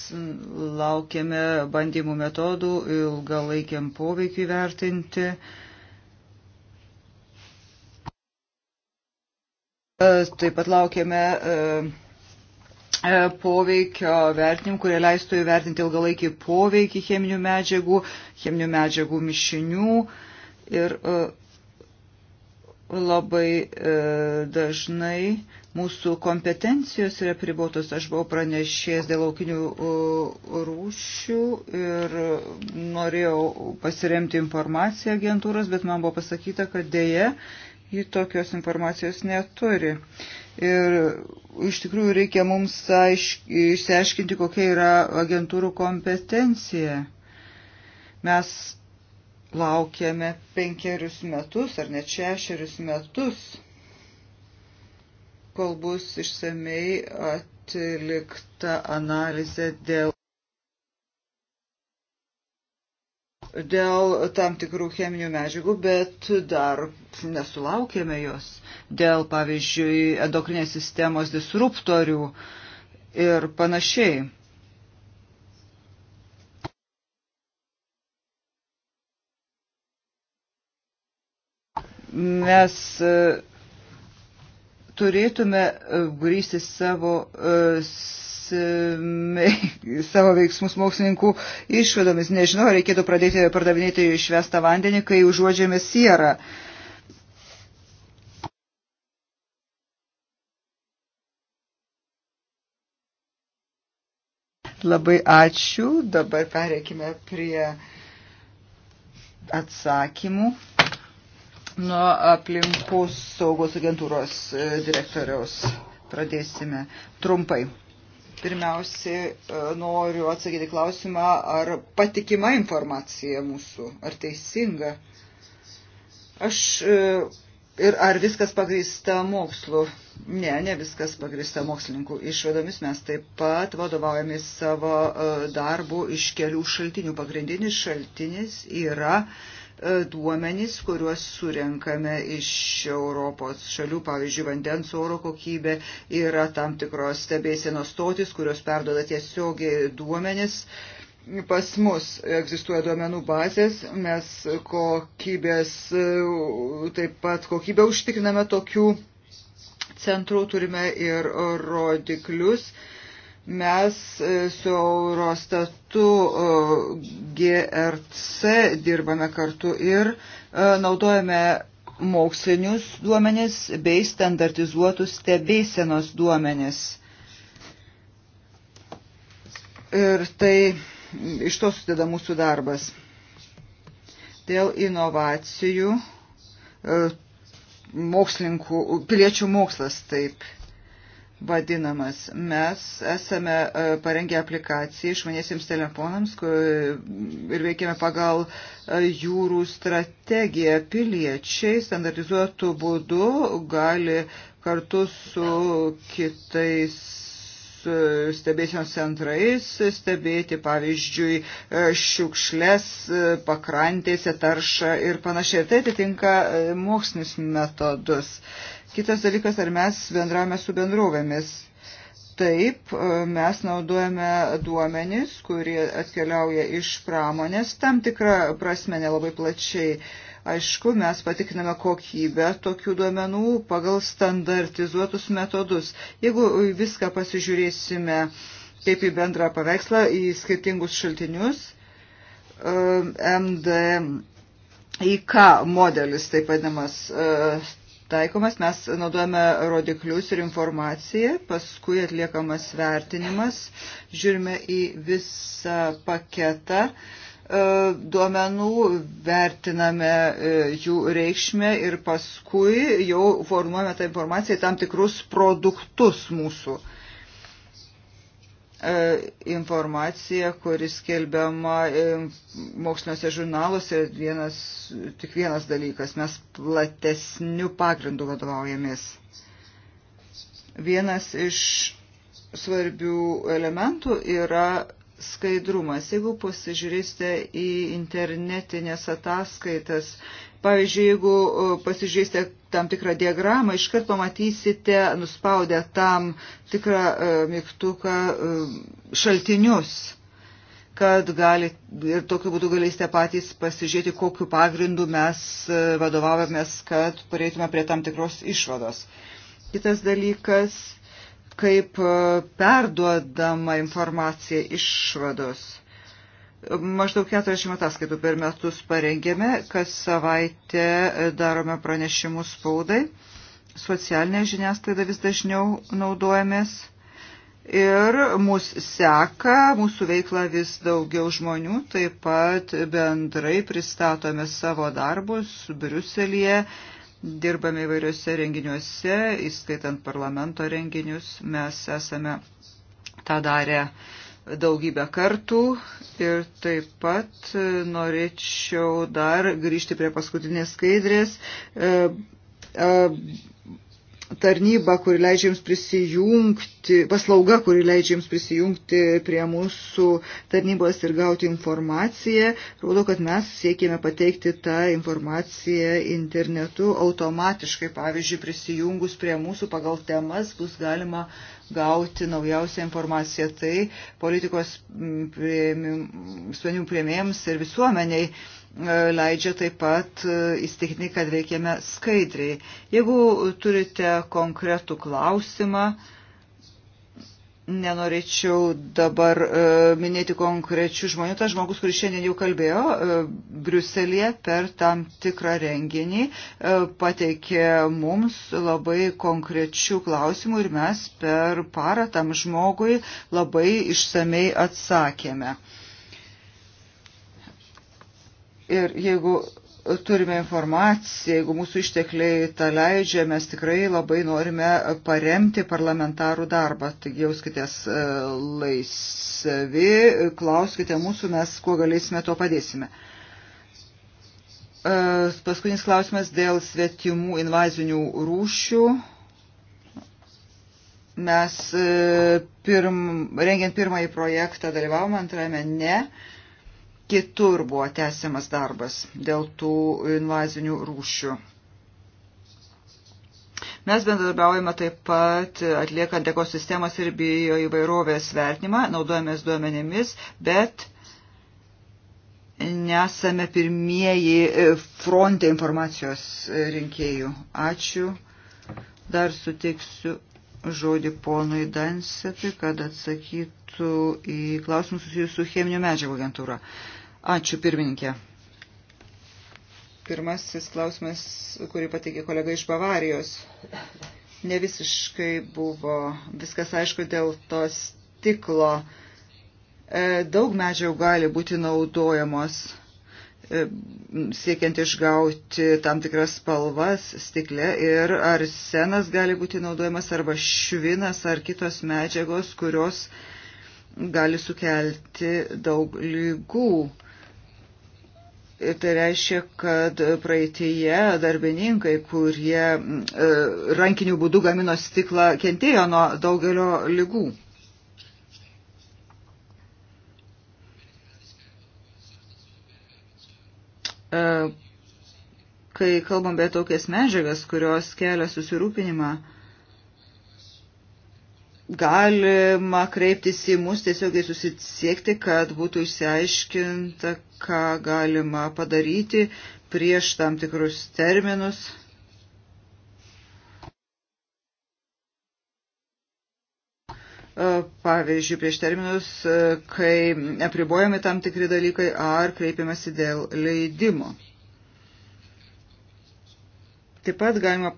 laukiame bandymų metodų ilgalaikiam poveikiu vertinti. E, taip pat laukiame uh, E, poveikio vertinim, kurie leistų įvertinti ilgalaikį poveikį cheminių medžiagų, cheminių medžiagų mišinių ir e, labai e, dažnai mūsų kompetencijos yra pribotos. Aš buvau pranešėjęs dėl laukinių rūšių ir norėjau pasiremti informaciją agentūros, bet man buvo pasakyta, kad dėje ji tokios informacijos neturi. Ir iš tikrųjų reikia mums išsiaiškinti, kokia yra agentūrų kompetencija. Mes laukiame penkerius metus ar net šešerius metus, kol bus išsamei atlikta analizė dėl dėl tam tikrų cheminių medžiagų, bet dar nesulaukėme jos dėl, pavyzdžiui, endokrinės sistemos disruptorių ir panašiai. Mes turėtume e, grįsti savo, e, savo veiksmus mokslininkų išvedomis. Nežinau, reikėtų pradėti pardavinėti išvestą vandenį, kai užuodžiame sierą. Labai ačiū. Dabar pereikime prie atsakymų nuo aplinkos saugos agentūros e, direktoriaus. Pradėsime trumpai. Pirmiausiai e, noriu atsakyti klausimą, ar patikima informacija mūsų, ar teisinga. Aš e, ir ar viskas pagrįsta mokslu. Ne, ne viskas pagrįsta mokslininkų išvadomis. Mes taip pat vadovaujamės savo darbu iš kelių šaltinių. Pagrindinis šaltinis yra uh, E, duomenys, kuriuos surenkame iš Europos šalių, pavyzdžiui, vandens oro kokybė, yra tam tikros stebėsienos stotis, kurios perdoda tiesiogiai duomenys. Pas mus egzistuoja duomenų bazės, mes kokybės, e, taip pat kokybę užtikriname tokių centrų, turime ir rodiklius. Uh, Mes e, su Eurostatu e, GRC dirbame kartu ir e, naudojame mokslinius duomenis bei standartizuotus stebėsenos duomenis. Ir tai iš to susideda mūsų darbas. Dėl inovacijų mokslininkų, piliečių mokslas taip vadinamas. Mes esame e, parengę aplikaciją išmaniesiems telefonams ir veikiame pagal e, jūrų strategiją. Piliečiai standartizuotų būdų gali kartu su kitais e, stebėsienos centrais stebėti, pavyzdžiui, šiukšlės pakrantėse, taršą ir panašiai. Tai atitinka mokslinis metodus. Kitas dalykas, ar mes bendravome su bendrovėmis. Taip, e, mes naudojame duomenis, kurie atkeliauja iš pramonės, tam tikrą prasme nelabai plačiai. Aišku, mes patikriname kokybę tokių duomenų pagal standartizuotus metodus. Jeigu viską pasižiūrėsime kaip į bendrą paveikslą, į skirtingus šaltinius, e, MD. IK modelis, taip vadinamas, e, taikomas. Mes naudojame rodiklius ir informaciją, paskui atliekamas vertinimas, žiūrime į visą paketą e, duomenų, vertiname e, jų reikšmę ir paskui jau formuojame tą informaciją į tam tikrus produktus mūsų. E, informacija, kuris skelbiama e, moksliniuose žurnaluose, vienas, tik vienas dalykas, mes platesnių pagrindų vadovaujamės. Vienas iš svarbių elementų yra skaidrumas. Jeigu pasižiūrėsite į internetinės ataskaitas, Pavyzdžiui, jeigu e, pasižiūrėsite tam tikrą diagramą, iškart pamatysite nuspaudę tam tikrą e, mygtuką e, šaltinius kad gali ir tokiu būdu galėsite patys pasižiūrėti, kokiu pagrindu mes vadovavomės, kad pareitume prie tam tikros išvados. Kitas dalykas, kaip perduodama informacija išvados. Iš Maždaug 40 ataskaitų per metus parengėme, kas savaitę darome pranešimus spaudai, socialinė žiniasklaida vis dažniau naudojamės ir mūsų seka, mūsų veikla vis daugiau žmonių, taip pat bendrai pristatome savo darbus Briuselėje, dirbame įvairiuose renginiuose, įskaitant parlamento renginius, mes esame tą darę daugybę kartų ir taip pat e, norėčiau dar grįžti prie paskutinės skaidrės e, e, tarnyba, kuri leidžia jums prisijungti, paslauga, kuri leidžia jums prisijungti prie mūsų tarnybos ir gauti informaciją. Rodo, kad mes siekėme pateikti tą informaciją internetu automatiškai. Pavyzdžiui, prisijungus prie mūsų pagal temas bus galima gauti naujausią informaciją. Tai politikos sprendimų prieimėjams ir visuomeniai E, leidžia taip pat e, įstikinti, kad veikiame skaidriai. Jeigu turite konkretų klausimą, nenorėčiau dabar e, minėti konkrečių žmonių. Tas žmogus, kuris šiandien jau kalbėjo Briuselėje per tam tikrą renginį, pateikė mums labai konkrečių klausimų ir mes per parą tam žmogui labai išsamei atsakėme. Ir jeigu turime informaciją, jeigu mūsų ištekliai tą leidžia, mes tikrai labai norime paremti parlamentarų darbą. Taigi jauskitės e, laisvi, klauskite mūsų, mes kuo galėsime, to padėsime. E, paskutinis klausimas dėl svetimų invazinių rūšių. Mes e, pirm, rengiant pirmąjį projektą dalyvavome, antrame ne kitur buvo tęsiamas darbas dėl tų invazinių rūšių. Mes bendradarbiaujame taip pat atliekant ekosistemas ir bio įvairovės vertinimą, naudojamės duomenimis, bet nesame pirmieji fronte informacijos rinkėjų. Ačiū. Dar suteiksiu žodį ponui Dansetui, kad atsakytų į klausimus susijusius su cheminių medžiagų agentūra. Uh, Ačiū pirmininkė. Pirmasis klausimas, kurį pateikė kolega iš Bavarijos. Ne visiškai buvo viskas aišku dėl to stiklo. E, daug medžiagų gali būti naudojamos e, siekiant išgauti tam tikras spalvas stikle ir arsenas gali būti naudojamas arba švinas ar kitos medžiagos, kurios gali sukelti daug lygų. Ir tai reiškia, kad praeitėje darbininkai, kurie e, rankiniu būdu gamino stiklą, kentėjo nuo daugelio lygų. E, kai kalbam apie tokias medžiagas, kurios kelia susirūpinimą, galima kreiptis į mus tiesiogiai susisiekti, kad būtų išsiaiškinta, ką galima padaryti prieš tam tikrus terminus. E, pavyzdžiui, prieš terminus, e, kai apribojami tam tikri dalykai ar kreipiamasi dėl leidimo. Taip pat galima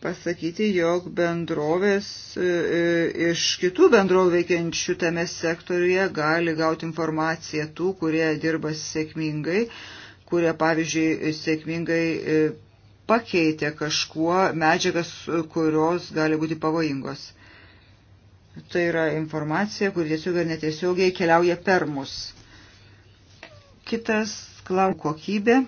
pasakyti, jog bendrovės e, e, iš kitų bendrovų veikiančių tame sektoriuje gali gauti informaciją tų, kurie dirba sėkmingai, kurie, pavyzdžiui, sėkmingai e, pakeitė kažkuo medžiagas, kurios gali būti pavojingos. Tai yra informacija, kuri tiesiog ar netiesiogiai keliauja per mus. Kitas klausimas - kokybė.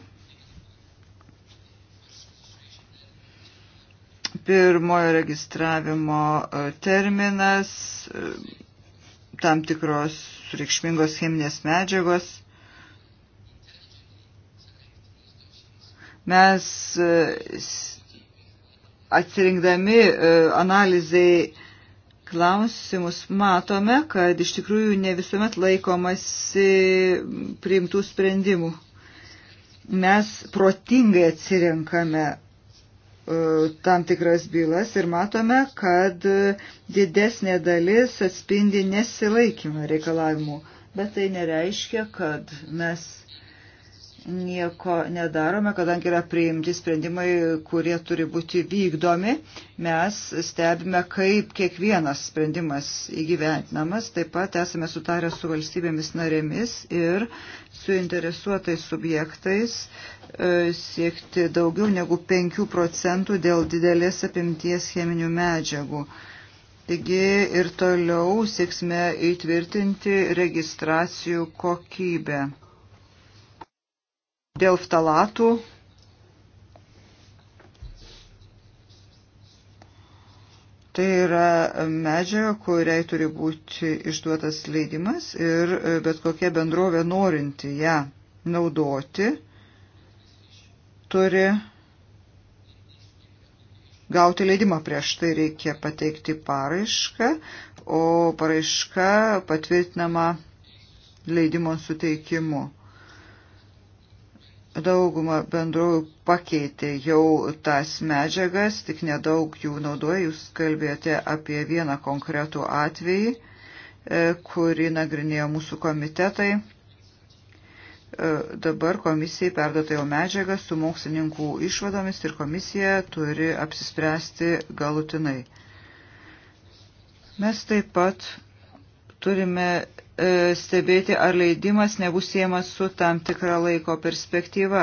pirmojo registravimo e, terminas, e, tam tikros reikšmingos cheminės medžiagos. Mes e, atsirinkdami analizai klausimus matome, kad iš tikrųjų ne visuomet laikomasi priimtų sprendimų. Mes protingai atsirinkame E, tam tikras bylas ir matome, kad didesnė dalis atspindi nesilaikymą reikalavimų. Bet tai nereiškia, kad mes nieko nedarome, kadangi yra priimti sprendimai, kurie turi būti vykdomi. Mes stebime, kaip kiekvienas sprendimas įgyventinamas. Taip pat esame sutarę su valstybėmis narėmis ir su interesuotais subjektais e, siekti daugiau negu 5 procentų dėl didelės apimties cheminių medžiagų. Taigi ir toliau sieksime įtvirtinti registracijų kokybę dėl ftalatų. Tai yra medžiaga, kuriai turi būti išduotas leidimas ir e, bet kokia bendrovė norinti ją naudoti turi gauti leidimą. Prieš tai reikia pateikti paraišką, o paraiška patvirtinama leidimo suteikimu. Dauguma bendrovų pakeitė jau tas medžiagas, tik nedaug jų naudoja. Jūs kalbėjote apie vieną konkretų atvejį, e, kurį nagrinėjo mūsų komitetai. E, dabar komisijai perdota jau medžiaga su mokslininkų išvadomis ir komisija turi apsispręsti galutinai. Mes taip pat turime e, stebėti, ar leidimas nebus siejamas su tam tikra laiko perspektyva.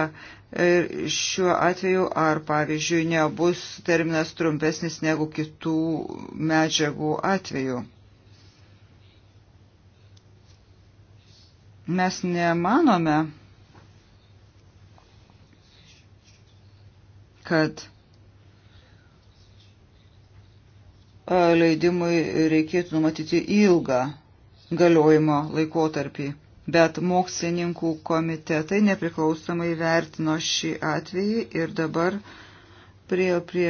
Ir šiuo atveju, ar pavyzdžiui, nebus terminas trumpesnis negu kitų medžiagų atveju. Mes nemanome, kad e, leidimui reikėtų numatyti ilgą galiojimo laikotarpį. Bet mokslininkų komitetai nepriklausomai vertino šį atvejį ir dabar priejo prie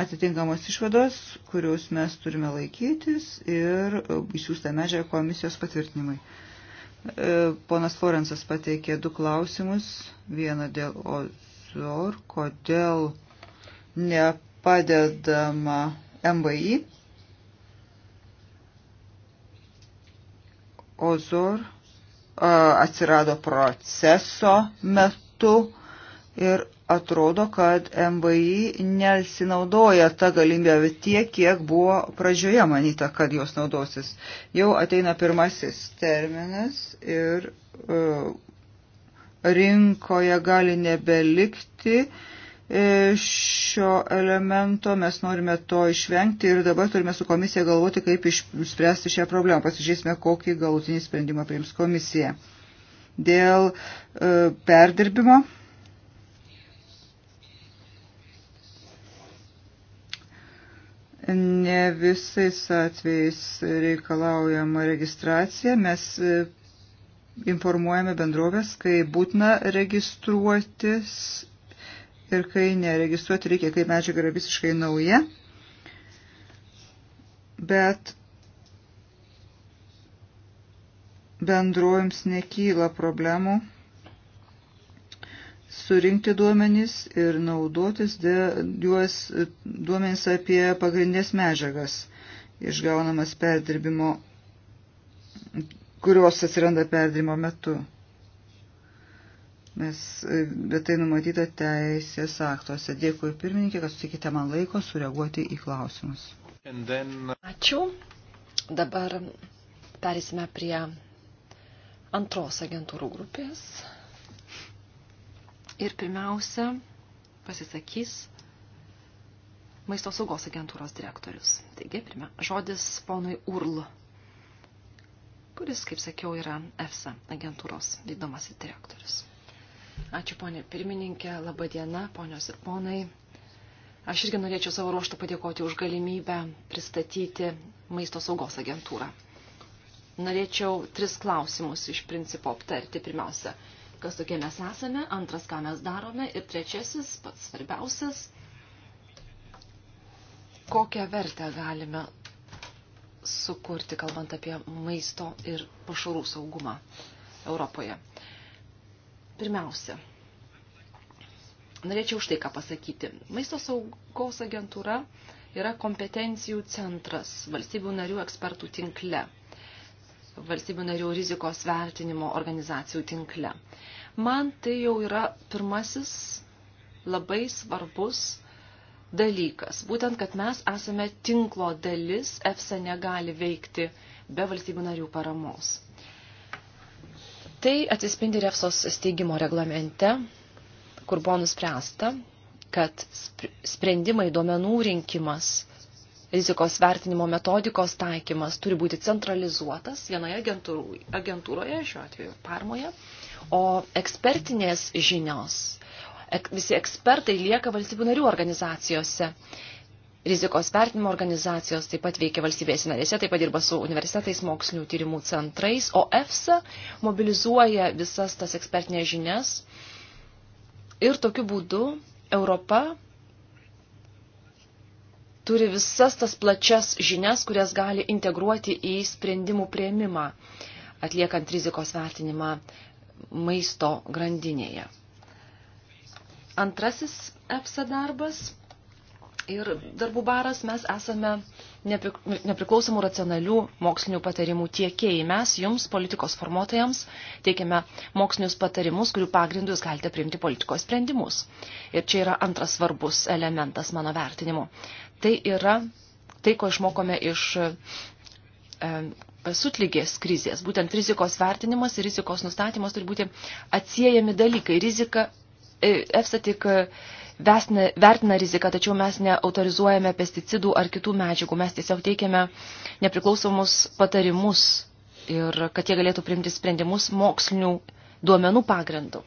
atitinkamos išvados, kurios mes turime laikytis ir įsiųstą medžiagą komisijos patvirtinimui. E, ponas Florensas pateikė du klausimus. Vieną dėl OZOR, kodėl nepadedama MBI Ozur atsirado proceso metu ir atrodo, kad MVI nesinaudoja tą galimybę tiek, kiek buvo pradžioje manyta, kad jos naudosis. Jau ateina pirmasis terminas ir uh, rinkoje gali nebelikti uh, E, šio elemento, mes norime to išvengti ir dabar turime su komisija galvoti, kaip išspręsti šią problemą. Pasižiūrėsime, kokį galutinį sprendimą priims komisija. Dėl e, perdirbimo. Ne visais atvejais reikalaujama registracija. Mes e, informuojame bendrovės, kai būtina registruotis ir kai neregistruoti reikia, kai medžiaga yra visiškai nauja. Bet bendruojams nekyla problemų surinkti duomenys ir naudotis juos e, duomenys apie pagrindinės medžiagas išgaunamas perdirbimo, kurios atsiranda perdirbimo metu. Mes, e, bet tai numatyta teisės aktuose. Dėkui pirmininkė, kad sutikite man laiko sureaguoti į klausimus. Then... Ačiū. Dabar perėsime prie antros agentūrų grupės. Ir pirmiausia, pasisakys maisto saugos agentūros direktorius. Taigi, pirmia, žodis ponui Url, kuris, kaip sakiau, yra EFSA agentūros vykdomasis direktorius. Ačiū, ponė pirmininkė, laba diena, ponios ir ponai. Aš irgi norėčiau savo ruoštų padėkoti už galimybę pristatyti maisto saugos agentūrą. Norėčiau tris klausimus iš principo aptarti. Pirmiausia, kas tokie mes esame, antras, ką mes darome ir trečiasis, pats svarbiausias, kokią vertę galime sukurti, kalbant apie maisto ir pašarų saugumą Europoje. Pirmiausia, norėčiau štai ką pasakyti. Maisto saugos agentūra yra kompetencijų centras valstybių narių ekspertų tinkle, valstybių narių rizikos vertinimo organizacijų tinkle. Man tai jau yra pirmasis labai svarbus dalykas. Būtent, kad mes esame tinklo dalis, EFSA negali veikti be valstybių narių paramos. Tai atsispindi Refsos steigimo reglamente, kur buvo nuspręsta, kad sprendimai duomenų rinkimas, rizikos vertinimo metodikos taikymas turi būti centralizuotas vienoje agentūroje, šiuo atveju Parmoje, o ekspertinės žinios, visi ekspertai lieka valstybių narių organizacijose. Rizikos vertinimo organizacijos taip pat veikia valstybės narėse, taip pat dirba su universitetais, mokslinių tyrimų centrais, o EFSA mobilizuoja visas tas ekspertinės žinias ir tokiu būdu Europa turi visas tas plačias žinias, kurias gali integruoti į sprendimų prieimimą, atliekant rizikos vertinimą maisto grandinėje. Antrasis EFSA darbas ir darbų baras mes esame nepriklausomų racionalių mokslinių patarimų tiekėjai. Mes jums, politikos formuotojams, teikiame mokslinius patarimus, kurių pagrindų jūs galite priimti politikos sprendimus. Ir čia yra antras svarbus elementas mano vertinimu. Tai yra tai, ko išmokome iš e, sutlygės krizės. Būtent rizikos vertinimas ir rizikos nustatymas turi būti atsiejami dalykai. Rizika, e, EFSA tik e, vesna, vertina riziką, tačiau mes neautorizuojame pesticidų ar kitų medžiagų. Mes tiesiog teikiame nepriklausomus patarimus ir kad jie galėtų priimti sprendimus mokslinių duomenų pagrindų.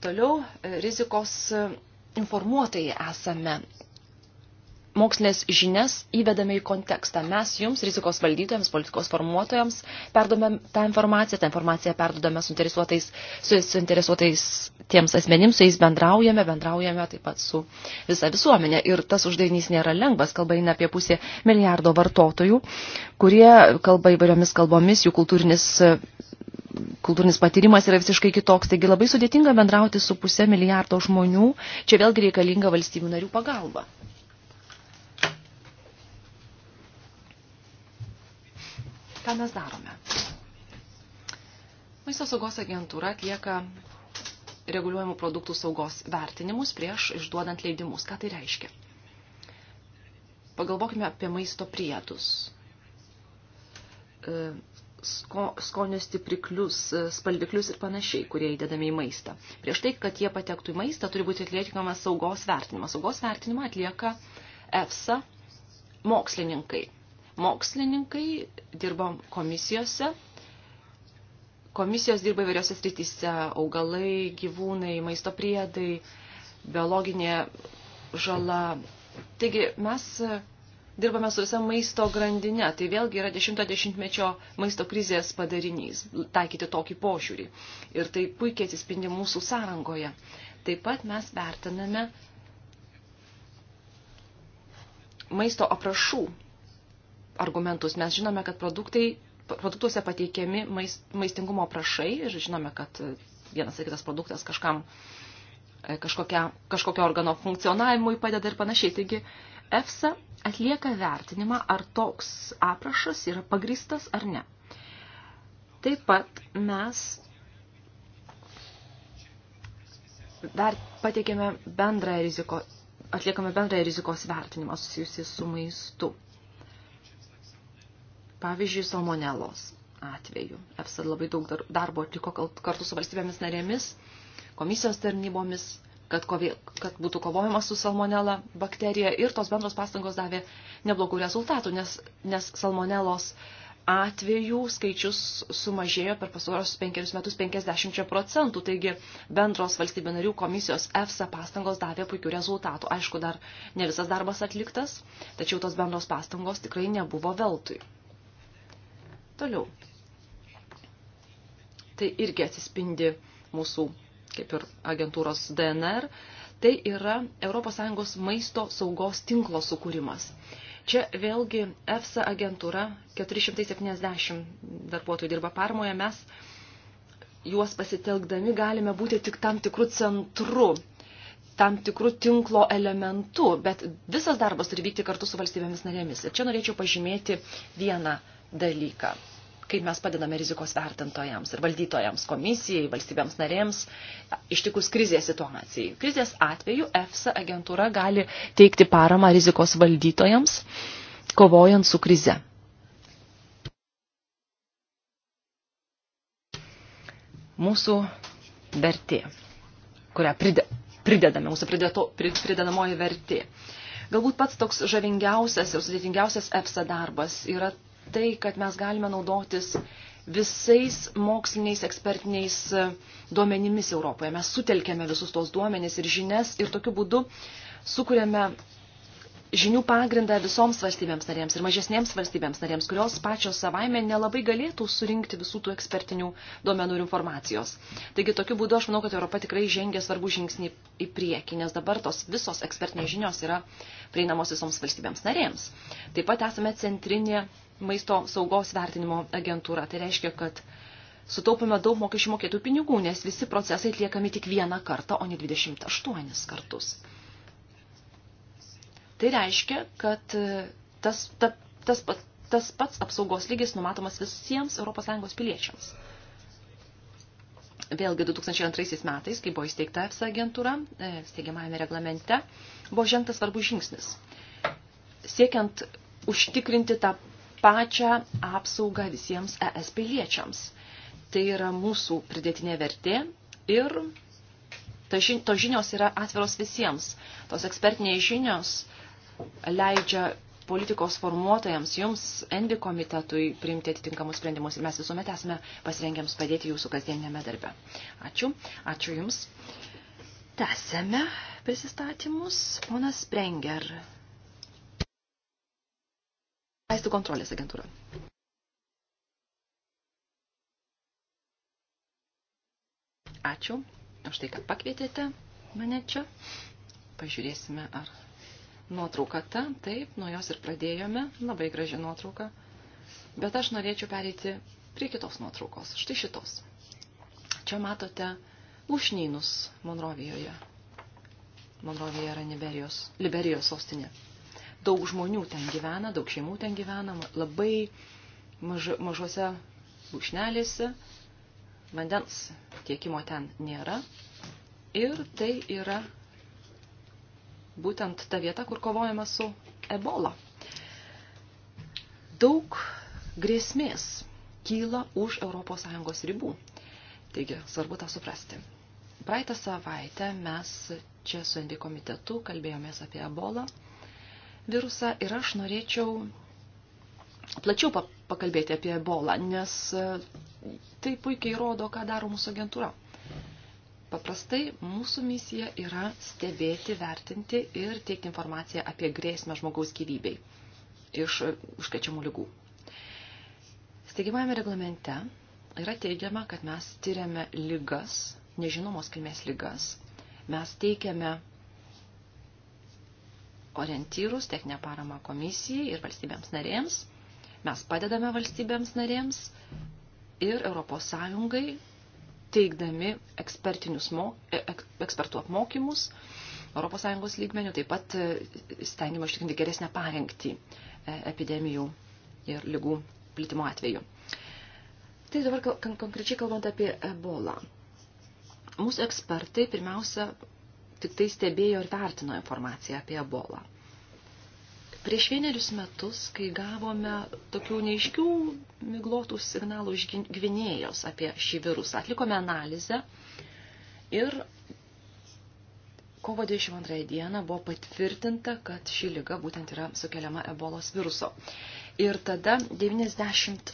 Toliau e, rizikos e, informuotojai esame mokslinės žinias įvedame į kontekstą. Mes jums, rizikos valdytojams, politikos formuotojams, perdome tą informaciją, tą informaciją perdodame suinteresuotais, su, suinteresuotais tiems asmenims, su jais bendraujame, bendraujame taip pat su visa visuomenė. Ir tas uždavinys nėra lengvas, kalba eina apie pusę milijardo vartotojų, kurie kalba įvairiomis kalbomis, jų kultūrinis kultūrinis patyrimas yra visiškai kitoks, taigi labai sudėtinga bendrauti su pusė milijardo žmonių, čia vėlgi reikalinga valstybių narių pagalba. Ką mes darome? Maisto saugos agentūra atlieka reguliuojamų produktų saugos vertinimus prieš išduodant leidimus. Ką tai reiškia? Pagalvokime apie maisto priedus. E, sko, skonio stipriklius, e, spalviklius ir panašiai, kurie įdedami į maistą. Prieš tai, kad jie patektų į maistą, turi būti atliekamas saugos vertinimas. Saugos vertinimą atlieka EFSA mokslininkai mokslininkai, dirbam komisijose. Komisijos dirba įvairiose srityse - augalai, gyvūnai, maisto priedai, biologinė žala. Taigi mes dirbame su visa maisto grandinė. Tai vėlgi yra 10-mečio maisto krizės padarinys - taikyti tokį požiūrį. Ir tai puikiai atsispindi mūsų sąrangoje. Taip pat mes vertiname maisto aprašų argumentus. Mes žinome, kad produktai, produktuose pateikiami maistingumo prašai ir žinome, kad e, vienas ar kitas produktas kažkam e, kažkokia, kažkokio organo funkcionavimui padeda ir panašiai. Taigi EFSA atlieka vertinimą, ar toks aprašas yra pagristas ar ne. Taip pat mes dar pateikėme bendrąją riziko, atliekame bendrąją rizikos vertinimą susijusi su maistu pavyzdžiui, salmonelos atveju. EFSA labai daug darbo atliko kartu su valstybėmis narėmis, komisijos tarnybomis, kad, kovė, kad būtų kovojama su salmonela bakterija ir tos bendros pastangos davė neblogų rezultatų, nes, nes salmonelos atvejų skaičius sumažėjo per pastarosius penkerius metus 50 procentų, taigi bendros valstybė narių komisijos EFSA pastangos davė puikių rezultatų. Aišku, dar ne visas darbas atliktas, tačiau tos bendros pastangos tikrai nebuvo veltui. Toliau. Tai irgi atsispindi mūsų, kaip ir agentūros DNR, tai yra ES maisto saugos tinklo sukūrimas. Čia vėlgi EFSA agentūra, 470 darbuotojų dirba parmoje, mes juos pasitelkdami galime būti tik tam tikrų centrų, tam tikrų tinklo elementų, bet visas darbas turi vykti kartu su valstybėmis narėmis. Ir čia norėčiau pažymėti vieną dalyką, kaip mes padedame rizikos vertintojams ir valdytojams, komisijai, valstybėms narėms ištikus krizės situacijai. Krizės atveju EFSA agentūra gali teikti paramą rizikos valdytojams, kovojant su krize. Mūsų vertė, kurią pride, pridedame, mūsų prideto, pridedamoji vertė. Galbūt pats toks žavingiausias ir sudėtingiausias EFSA darbas yra tai, kad mes galime naudotis visais moksliniais ekspertiniais e, duomenimis Europoje. Mes sutelkėme visus tos duomenis ir žinias ir tokiu būdu sukūrėme žinių pagrindą visoms valstybėms narėms ir mažesnėms valstybėms narėms, kurios pačios savaime nelabai galėtų surinkti visų tų ekspertinių duomenų ir informacijos. Taigi tokiu būdu aš manau, kad Europa tikrai žengia svarbų žingsnį į priekį, nes dabar tos visos ekspertinės žinios yra prieinamos visoms valstybėms narėms. Taip pat esame centrinė maisto saugos vertinimo agentūra. Tai reiškia, kad sutaupime daug mokesčių mokėtų pinigų, nes visi procesai atliekami tik vieną kartą, o ne 28 kartus. Tai reiškia, kad e, tas, ta, tas, pat, tas pats apsaugos lygis numatomas visiems ES piliečiams. Vėlgi 2002 metais, kai buvo įsteigta EFSA agentūra, e, steigiamajame reglamente, buvo žengtas svarbus žingsnis. Siekiant užtikrinti tą pačią apsaugą visiems ES piliečiams. Tai yra mūsų pridėtinė vertė ir to žinios yra atviros visiems. Tos ekspertinės žinios leidžia politikos formuotojams, jums, endi komitetui, priimti atitinkamus sprendimus ir mes visuomet esame pasirengiams padėti jūsų kasdieninėme darbe. Ačiū, ačiū jums. Tęsėme prisistatymus. Ponas Sprenger Vaistų kontrolės agentūra. Ačiū už tai, kad pakvietėte mane čia. Pažiūrėsime, ar nuotrauka ta. Taip, nuo jos ir pradėjome. Labai graži nuotrauka. Bet aš norėčiau pereiti prie kitos nuotraukos. Štai šitos. Čia matote ušnynus Monrovijoje. Monrovija yra Liberijos, Liberijos sostinė daug žmonių ten gyvena, daug šeimų ten gyvena, labai maž, mažose bušnelėse vandens tiekimo ten nėra. Ir tai yra būtent ta vieta, kur kovojama su ebola. Daug grėsmės kyla už ES ribų. Taigi, svarbu tą suprasti. Praeitą savaitę mes čia su ND komitetu kalbėjomės apie ebolą virusą ir aš norėčiau plačiau pakalbėti apie ebolą, nes e, tai puikiai rodo, ką daro mūsų agentūra. Paprastai mūsų misija yra stebėti, vertinti ir teikti informaciją apie grėsmę žmogaus gyvybei iš užkrečiamų lygų. Steigimajame reglamente yra teigiama, kad mes tyriame lygas, nežinomos kilmės lygas, mes teikiame orientyrus, techninę paramą komisijai ir valstybėms narėms. Mes padedame valstybėms narėms ir Europos Sąjungai, teikdami ekspertinius mo, e, ekspertų apmokymus Europos Sąjungos lygmenių, taip pat e, stengiame ištikrinti geresnę parengtį e, epidemijų ir lygų plitimo atveju. Tai dabar konkrečiai kalbant apie ebolą. Mūsų ekspertai pirmiausia tik tai stebėjo ir vertino informaciją apie ebolą. Prieš vienerius metus, kai gavome tokių neiškių miglotų signalų iš Gvinėjos apie šį virusą, atlikome analizę ir kovo 22 dieną buvo patvirtinta, kad ši lyga būtent yra sukeliama ebolos viruso. Ir tada 90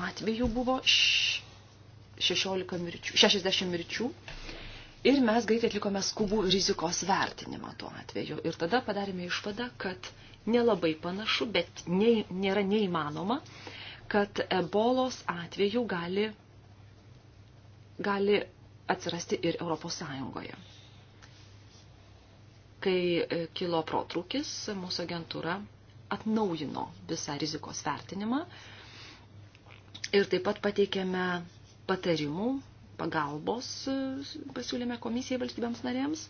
atvejų buvo 16 mirčių, 60 mirčių Ir mes greitai atlikome skubų rizikos vertinimą tuo atveju. Ir tada padarėme išvadą, kad nelabai panašu, bet ne, nėra neįmanoma, kad ebolos atveju gali, gali atsirasti ir Europos Sąjungoje. Kai e, kilo protrūkis, mūsų agentūra atnaujino visą rizikos vertinimą ir taip pat pateikėme patarimų pagalbos e, pasiūlėme komisijai valstybėms narėms.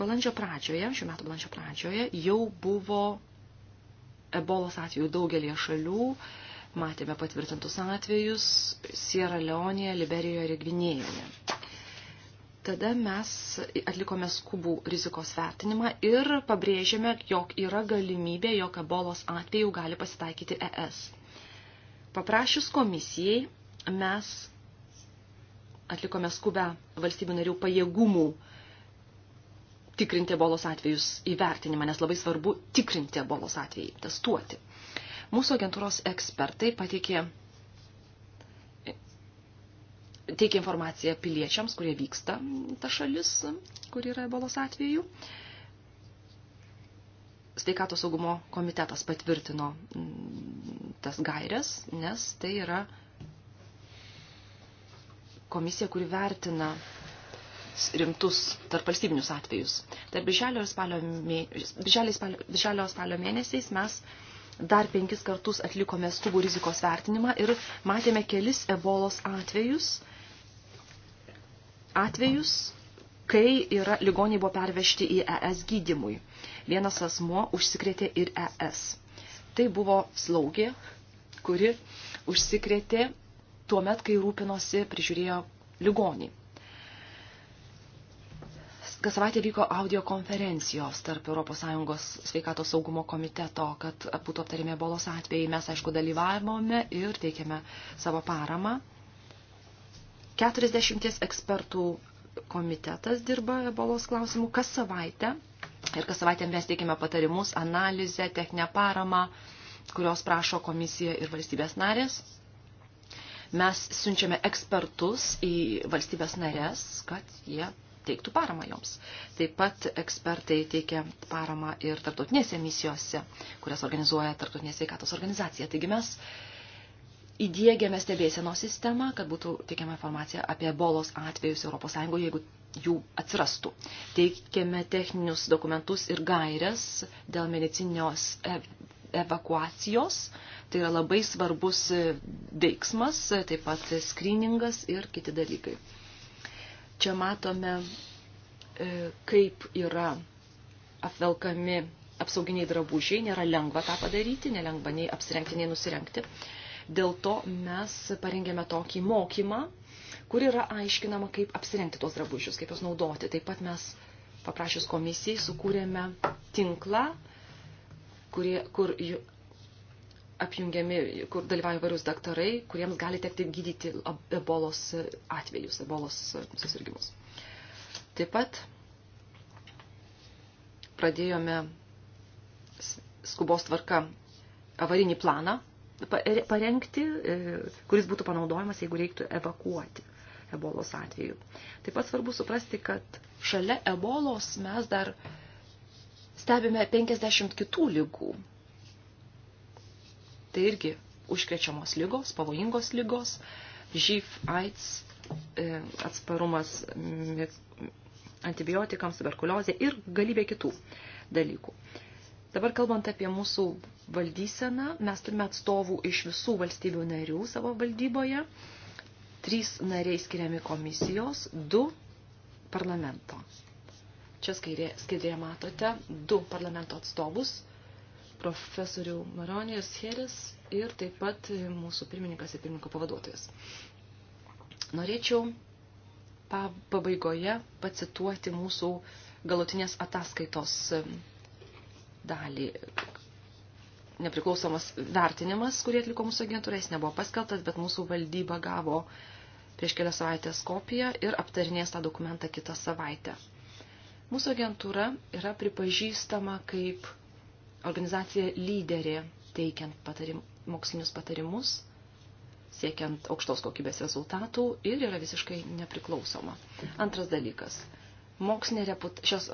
Balandžio pradžioje, šių metų balandžio pradžioje, jau buvo ebolos atvejų daugelie šalių, matėme patvirtintus atvejus Sierra Leonėje, Liberijoje ir Gvinėjoje. Tada mes atlikome skubų rizikos vertinimą ir pabrėžėme, jog yra galimybė, jog ebolos atvejų gali pasitaikyti ES. Paprašius komisijai, mes atlikome skubę valstybių narių pajėgumų tikrinti ebolos atvejus įvertinimą, nes labai svarbu tikrinti ebolos atvejį, testuoti. Mūsų agentūros ekspertai pateikė teikia informaciją piliečiams, kurie vyksta ta šalis, kur yra ebolos atveju. Sveikatos saugumo komitetas patvirtino mm, tas gairias, nes tai yra komisija, kuri vertina rimtus tarp valstybinius atvejus. Tarp birželio ir spalio, mė... birželio, spalio, birželio spalio mėnesiais mes dar penkis kartus atlikome skubų rizikos vertinimą ir matėme kelis ebolos atvejus, atvejus kai yra ligoniai buvo pervežti į ES gydimui. Vienas asmo užsikrėtė ir ES. Tai buvo slaugė, kuri užsikrėtė tuo met, kai rūpinosi, prižiūrėjo ligonį. Kas savaitė vyko audio konferencijos tarp ES sveikatos saugumo komiteto, kad būtų aptarimi ebolos atvejai. Mes, aišku, dalyvavome ir teikėme savo paramą. 40 ekspertų komitetas dirba ebolos klausimų kas savaitę. Ir kas savaitę mes teikiame patarimus, analizę, techninę paramą, kurios prašo komisija ir valstybės narės mes siunčiame ekspertus į valstybės narės, kad jie teiktų paramą joms. Taip pat ekspertai teikia paramą ir tarptautinėse misijose, kurias organizuoja tarptautinė sveikatos organizacija. Taigi mes įdėgėme stebėsienos sistemą, kad būtų teikiama informacija apie bolos atvejus ES, jeigu jų atsirastų. Teikėme techninius dokumentus ir gairias dėl medicinios evakuacijos, Tai yra labai svarbus veiksmas, taip pat skriningas ir kiti dalykai. Čia matome, e, kaip yra apvelkami apsauginiai drabužiai. Nėra lengva tą padaryti, nelengva nei apsirengti, nei nusirengti. Dėl to mes parengėme tokį mokymą, kur yra aiškinama, kaip apsirengti tos drabužius, kaip juos naudoti. Taip pat mes paprašęs komisijai sukūrėme tinklą, kurie, kur apjungiami, kur dalyvauja varus daktarai, kuriems gali tekti gydyti ebolos atvejus, ebolos susirgymus. Taip pat pradėjome skubos tvarka avarinį planą parengti, e, kuris būtų panaudojamas, jeigu reiktų evakuoti ebolos atveju. Taip pat svarbu suprasti, kad šalia ebolos mes dar stebime 50 kitų lygų tai irgi užkrečiamos lygos, pavojingos lygos, živ, AIDS, e, atsparumas mm, antibiotikams, tuberkuliozė ir galybė kitų dalykų. Dabar kalbant apie mūsų valdyseną, mes turime atstovų iš visų valstybių narių savo valdyboje. Trys nariai skiriami komisijos, du parlamento. Čia skaidrėje matote du parlamento atstovus profesorių Maronijos Heris ir taip pat mūsų pirmininkas ir pirmininko pavaduotojas. Norėčiau pabaigoje pacituoti mūsų galutinės ataskaitos dalį. Nepriklausomas vertinimas, kurį atliko mūsų agentūra, jis nebuvo paskeltas, bet mūsų valdyba gavo prieš kelias savaitės kopiją ir aptarinės tą dokumentą kitą savaitę. Mūsų agentūra yra pripažįstama kaip organizacija lyderė teikiant patarim, mokslinius patarimus, siekiant aukštos kokybės rezultatų ir yra visiškai nepriklausoma. Antras dalykas. Mokslinė reput, šios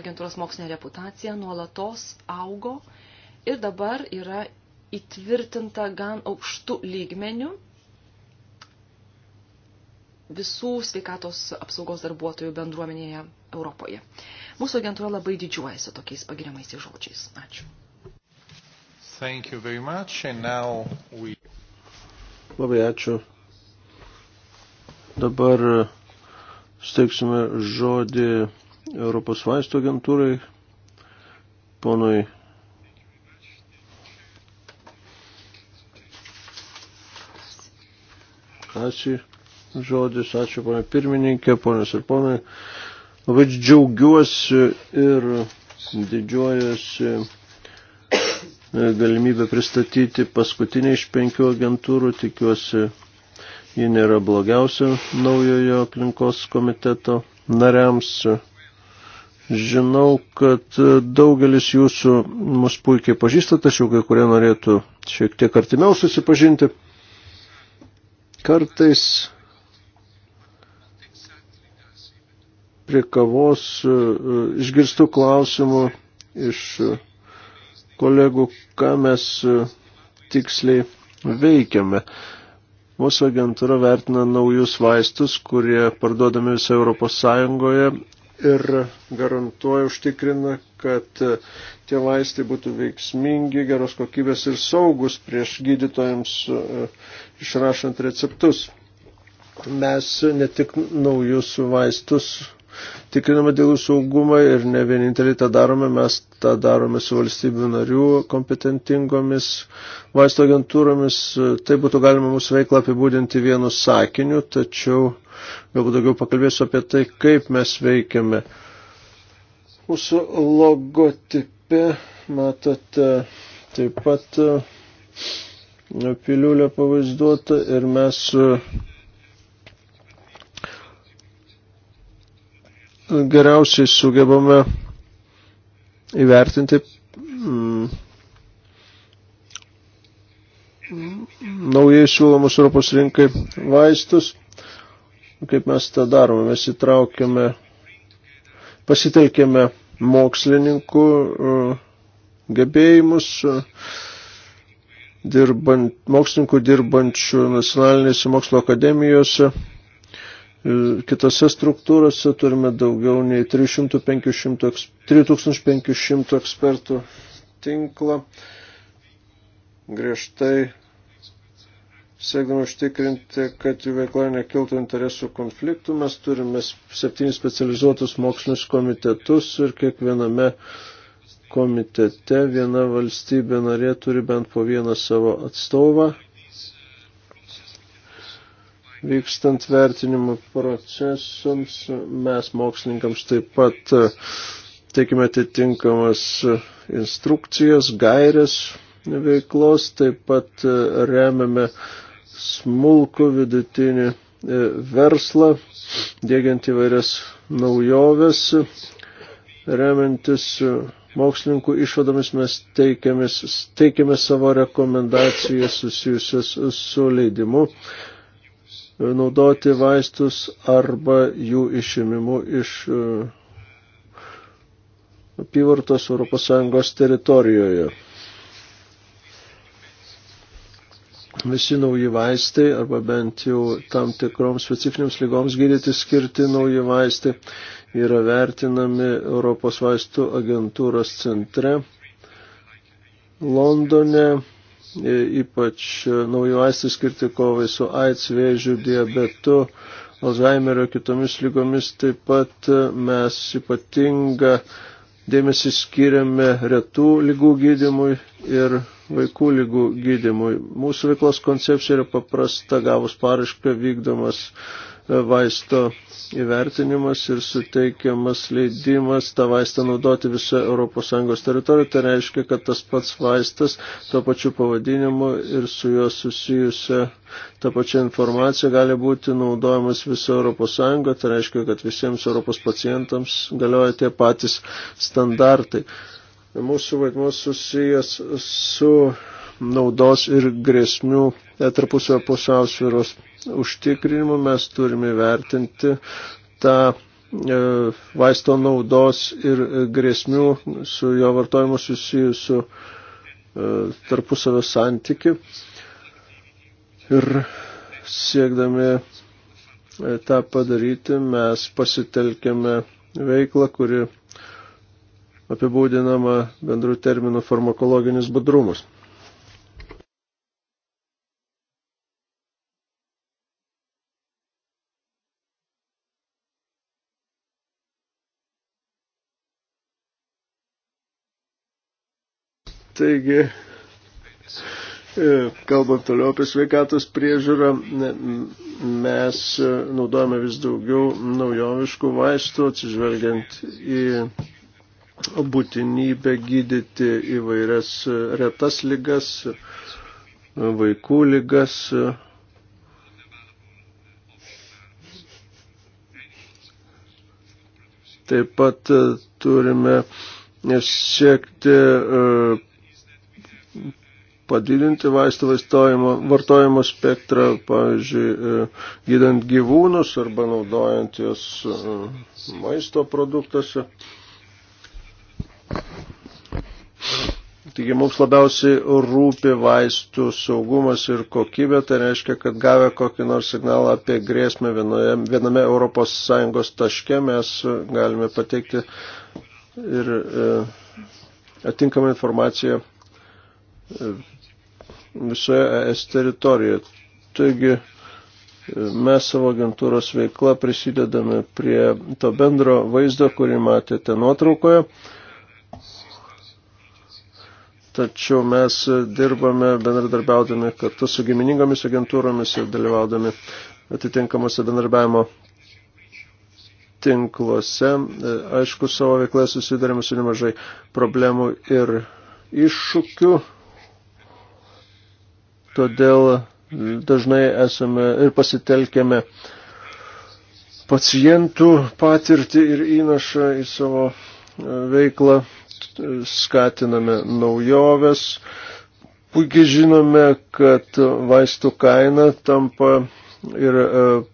agentūros mokslinė reputacija nuolatos augo ir dabar yra įtvirtinta gan aukštų lygmenių visų sveikatos apsaugos darbuotojų bendruomenėje Europoje. Mūsų agentūra labai didžiuojasi tokiais pagiriamais žodžiais. Ačiū. Thank you very much. And now we... Labai ačiū. Dabar e, steiksime žodį Europos vaistų agentūrai, ponui Ačiū žodis, ačiū ponė pirmininkė, ponės ir ponai. Labai džiaugiuosi ir didžiuojasi e, galimybę pristatyti paskutinį iš penkių agentūrų. Tikiuosi, ji nėra blogiausia naujojo aplinkos komiteto nariams. Žinau, kad daugelis jūsų mus puikiai pažįsta, tačiau kai kurie norėtų šiek tiek artimiau susipažinti. Kartais prie kavos e, e, išgirstų klausimų iš e, kolegų, ką mes tiksliai veikiame. Mūsų agentūra vertina naujus vaistus, kurie parduodami visą Europos Sąjungoje ir garantuoja, užtikrina, kad tie vaistai būtų veiksmingi, geros kokybės ir saugus prieš gydytojams išrašant receptus. Mes ne tik naujus vaistus tikrinama dėl jų saugumą ir ne vienintelį tą darome, mes tą darome su valstybių narių kompetentingomis vaisto agentūromis. Tai būtų galima mūsų veiklą apibūdinti vienu sakiniu, tačiau galbūt daugiau pakalbėsiu apie tai, kaip mes veikiame. Mūsų logotipe matote taip pat e, piliulę pavaizduotą ir mes e, geriausiai sugebame įvertinti mm, naujai siūlomus Europos rinkai vaistus. Kaip mes tą darome? Mes įtraukiame, pasitelkėme mokslininkų mm, gebėjimus, dirbant, mokslininkų dirbančių nacionalinėse mokslo akademijose Kitose struktūrose turime daugiau nei 300, 3500 ekspertų tinklą. Griežtai siekdami užtikrinti, kad jų veikla nekiltų interesų konfliktų, mes turime septynis specializuotus mokslinius komitetus ir kiekviename komitete viena valstybė narė turi bent po vieną savo atstovą vykstant vertinimo procesams, mes mokslininkams taip pat e, teikime atitinkamas e, instrukcijas, gairias veiklos, taip pat e, remiame smulkų vidutinį verslą, dėgiant įvairias naujoves, remiantis mokslininkų išvadomis mes teikiame savo rekomendacijas susijusias su leidimu E, naudoti vaistus arba jų išimimu iš e, apyvartos ES teritorijoje. Visi nauji vaistai arba bent jau tam tikroms specifinėms lygoms gydyti skirti nauji vaistai yra vertinami Europos vaistų agentūros centre Londone E, ypač e, naujų vaistų skirti kovai su AIDS, vėžių, diabetu, Alzheimerio kitomis lygomis. Taip pat e, mes ypatingą dėmesį skiriame retų lygų gydimui ir vaikų lygų gydimui. Mūsų veiklos koncepcija yra paprasta, gavus parašką vykdomas vaisto įvertinimas ir suteikiamas leidimas tą vaistą naudoti visoje ES teritorijoje. Tai reiškia, kad tas pats vaistas tuo pačiu pavadinimu ir su juo susijusia ta pačia informacija gali būti naudojamas visoje ES. Tai reiškia, kad visiems Europos pacientams galioja tie patys standartai. Mūsų vaidmuo susijęs su naudos ir grėsmių tarpusio pusiausvyros užtikrinimu mes turime vertinti tą e, vaisto naudos ir grėsmių su jo vartojimu susijusiu e, tarpusavio santyki ir siekdami e, tą padaryti mes pasitelkėme veiklą, kuri apibūdinama bendrų terminų farmakologinis budrumus. Taigi, e, kalbant toliau apie sveikatos priežiūrą, mes e, naudojame vis daugiau naujoviškų vaistų, atsižvelgiant į būtinybę gydyti įvairias e, retas lygas, vaikų lygas. Taip pat turime siekti padidinti vaistų vartojimo spektrą, pavyzdžiui, e, gydant gyvūnus arba naudojant jas e, maisto produktuose. Taigi mums labiausiai rūpi vaistų saugumas ir kokybė, tai reiškia, kad gavę kokį nors signalą apie grėsmę vienoje, viename ES taške mes galime pateikti ir e, atinkamą informaciją visoje ES teritorijoje. Taigi mes savo agentūros veiklą prisidedame prie to bendro vaizdo, kurį matėte nuotraukoje. Tačiau mes dirbame bendradarbiaudami kartu su giminingomis agentūromis ir dalyvaudami atitinkamuose bendradarbiavimo tinkluose. Aišku, savo veiklą susidarėme su nemažai problemų ir iššūkių todėl dažnai esame ir pasitelkėme pacientų patirtį ir įnašą į savo e, veiklą, skatiname naujoves. Puikiai žinome, kad vaistų kaina tampa ir e,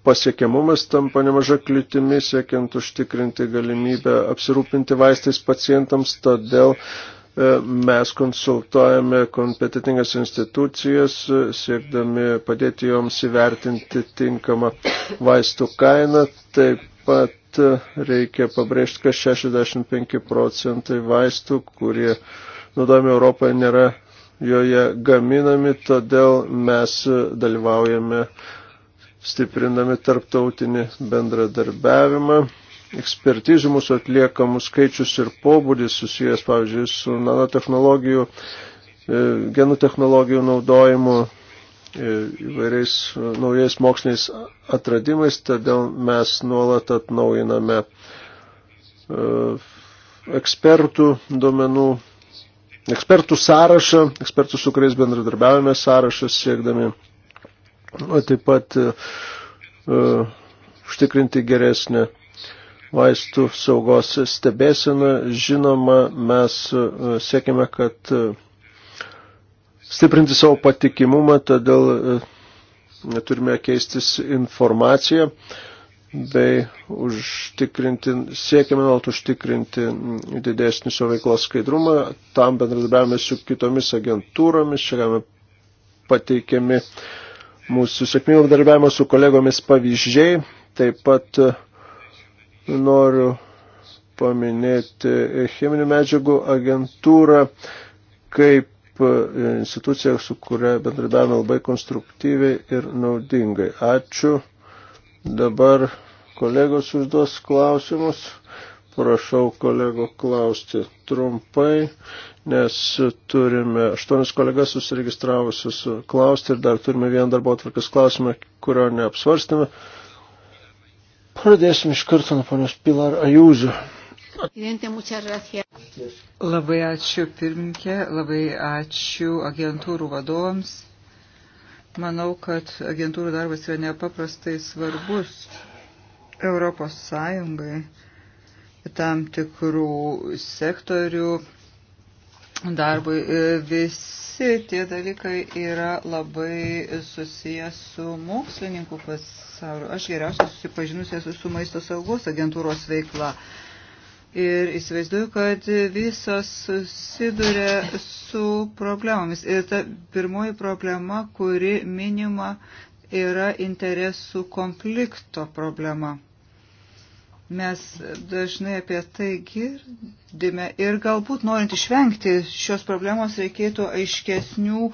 pasiekiamumas tampa nemaža kliūtimi, siekiant užtikrinti galimybę apsirūpinti vaistais pacientams, todėl E, mes konsultuojame kompetitingas institucijas, e, siekdami padėti joms įvertinti tinkamą vaistų kainą. Taip pat e, reikia pabrėžti, kad 65 procentai vaistų, kurie naudojami Europoje, nėra joje gaminami, todėl mes dalyvaujame stiprindami tarptautinį bendradarbiavimą ekspertizių mūsų atliekamų skaičius ir pobūdis susijęs, pavyzdžiui, su nanotehnologijų, e, genų technologijų naudojimu e, įvairiais e, naujais moksliniais atradimais, todėl mes nuolat atnaujiname ekspertų duomenų, ekspertų sąrašą, ekspertų, su kuriais bendradarbiavame sąrašą siekdami, o taip pat užtikrinti geresnę vaistų saugos stebėsena. Žinoma, mes e, siekime, kad e, stiprinti savo patikimumą, todėl e, turime keistis informaciją bei užtikrinti, siekime nuolat užtikrinti didesnį savo veiklos skaidrumą, tam bendradarbiavame su kitomis agentūromis, čia galime pateikiami mūsų sėkmingo bendradarbiavimo su kolegomis pavyzdžiai, taip pat uh, noriu paminėti cheminių medžiagų agentūrą kaip institucija, su kuria bendradavome labai konstruktyviai ir naudingai. Ačiū. Dabar kolegos užduos klausimus. Prašau kolego klausti trumpai, nes turime aštuonis kolegas susiregistravusius klausti ir dar turime vieną darbo atvarkas klausimą, kurio neapsvarstėme. Pradėsim iš karto nuo ponios Pilar Ajūzo. Labai ačiū pirmininkė, labai ačiū agentūrų vadovams. Manau, kad agentūrų darbas yra nepaprastai svarbus Europos Sąjungai tam tikrų sektorių darbui. E, visi tie dalykai yra labai susijęs su mokslininkų pasauliu. Aš geriausiai susipažinusi esu su maisto saugos agentūros veikla. Ir įsivaizduoju, kad visos susiduria su problemomis. Ir ta pirmoji problema, kuri minima, yra interesų konflikto problema. Mes dažnai apie tai girdime ir galbūt norint išvengti šios problemos reikėtų aiškesnių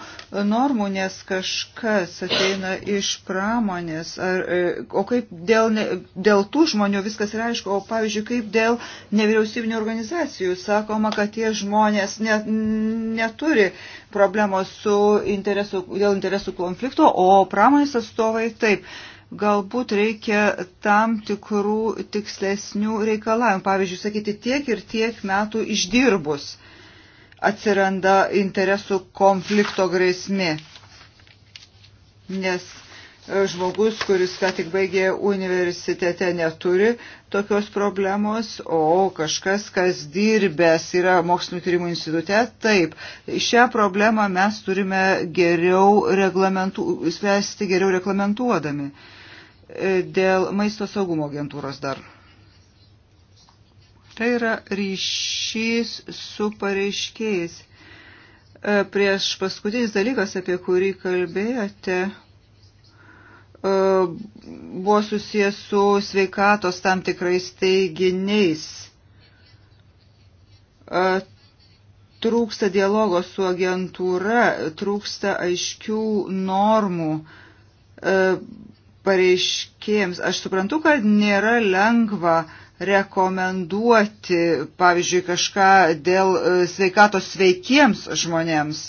normų, nes kažkas ateina iš pramonės. Ar, e, o kaip dėl, dėl tų žmonių viskas yra aišku, o pavyzdžiui, kaip dėl nevyriausybinio organizacijų sakoma, kad tie žmonės net, neturi problemos su interesų, dėl interesų konflikto, o pramonės atstovai taip galbūt reikia tam tikrų tikslesnių reikalavimų. Pavyzdžiui, sakyti tiek ir tiek metų išdirbus atsiranda interesų konflikto grėsmi. Nes e, žmogus, kuris ką tik baigė universitete, neturi tokios problemos, o kažkas, kas dirbęs yra mokslinio tyrimų institute, taip. Šią problemą mes turime geriau reglamentu, spręsti geriau reglamentuodami. Uh, E, dėl maisto saugumo agentūros dar. Tai yra ryšys su pareiškėjais. E, prieš paskutinis dalykas, apie kurį kalbėjote, e, buvo susijęs su sveikatos tam tikrais teiginiais. Trūksta dialogo su agentūra, trūksta aiškių normų pareiškėjams. Aš suprantu, kad nėra lengva rekomenduoti, pavyzdžiui, kažką dėl e, sveikatos sveikiems žmonėms.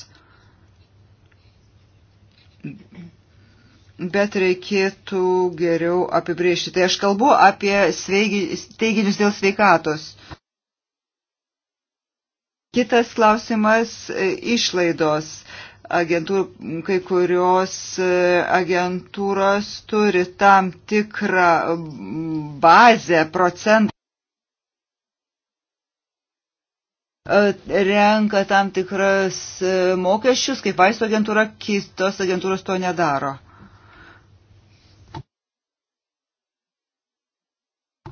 Bet reikėtų geriau apibriežti. Tai aš kalbu apie sveigi, teiginius dėl sveikatos. Kitas klausimas e, - išlaidos agentūrų, kai kurios e, agentūros turi tam tikrą bazę, procentą. E, renka tam tikras e, mokesčius, kaip vaisto agentūra, kitos agentūros to nedaro.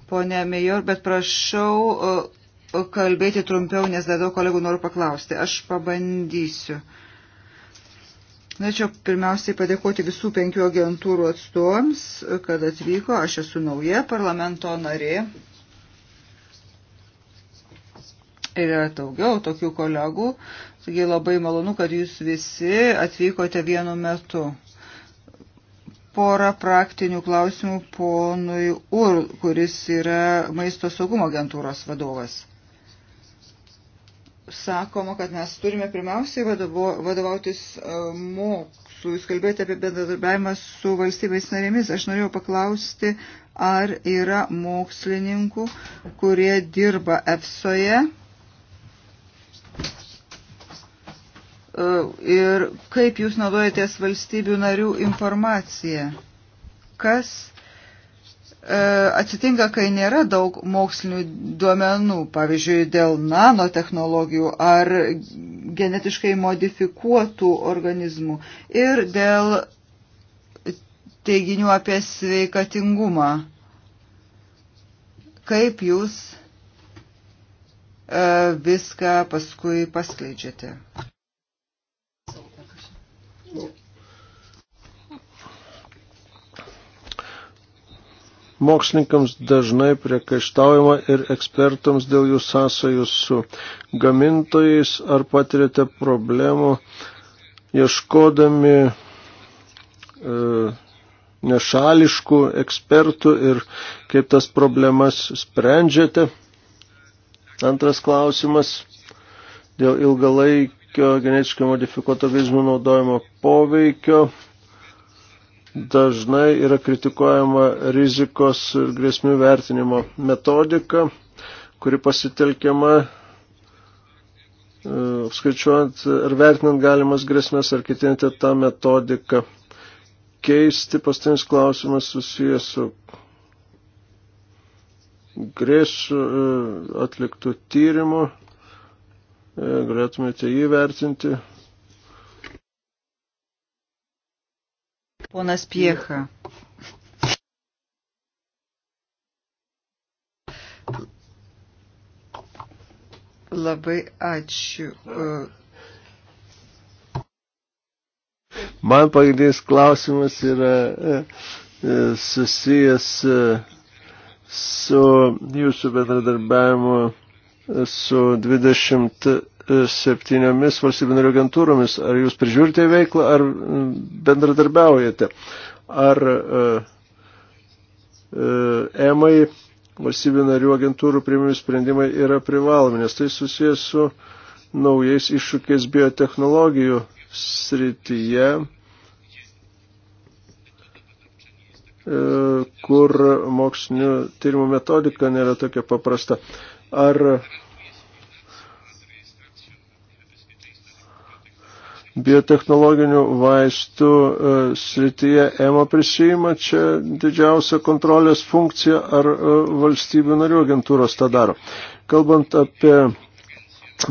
Pone Mejor, bet prašau kalbėti trumpiau, nes dar daug kolegų noriu paklausti. Aš pabandysiu. Uh, Norėčiau pirmiausiai padėkoti visų penkių agentūrų atstovams, kad atvyko. Aš esu nauja parlamento narė. Ir yra daugiau tokių kolegų. Taigi labai malonu, kad jūs visi atvykote vienu metu porą praktinių klausimų ponui UR, kuris yra maisto saugumo agentūros vadovas sakoma, kad mes turime pirmiausiai vadovautis e, mokslu. Jūs kalbėjote apie bendradarbiavimą su valstybės narėmis. Aš norėjau paklausti, ar yra mokslininkų, kurie dirba EFSOje. E, ir kaip jūs naudojatės valstybių narių informaciją? Kas E, atsitinka, kai nėra daug mokslinių duomenų, pavyzdžiui, dėl nanotehnologijų ar genetiškai modifikuotų organizmų ir dėl teiginių apie sveikatingumą. Kaip jūs e, viską paskui paskleidžiate? Thank you. Mokslininkams dažnai priekaištaujama ir ekspertams dėl jų sąsajų su gamintojais ar patirėte problemų ieškodami e, nešališkų ekspertų ir kaip tas problemas sprendžiate. Antras klausimas dėl ilgalaikio genetiškai modifikuoto organizmų naudojimo poveikio dažnai yra kritikuojama rizikos ir grėsmių vertinimo metodika, kuri pasitelkiama e, skaičiuojant ar vertinant galimas grėsmės ar kitinti tą metodiką. Keisti pastinis klausimas susijęs su grėsų e, atliktų tyrimų. E, galėtumėte jį vertinti. Ponas Piecha. Labai ačiū. Man pagrindinis klausimas yra e, e, susijęs e, su jūsų bendradarbiavimu su 20 septyniomis valstybinio agentūromis. Ar jūs prižiūrite veiklą, ar mm, bendradarbiaujate? Ar e, e, EMAI valstybių narių agentūrų priimami sprendimai yra privalomi, nes tai susijęs su naujais iššūkiais biotechnologijų srityje, e, kur mokslinio tyrimų metodika nėra tokia paprasta. Ar biotechnologinių vaistų e, srityje EMA prisijima čia didžiausią kontrolės funkciją ar e, valstybių narių agentūros tą daro. Kalbant apie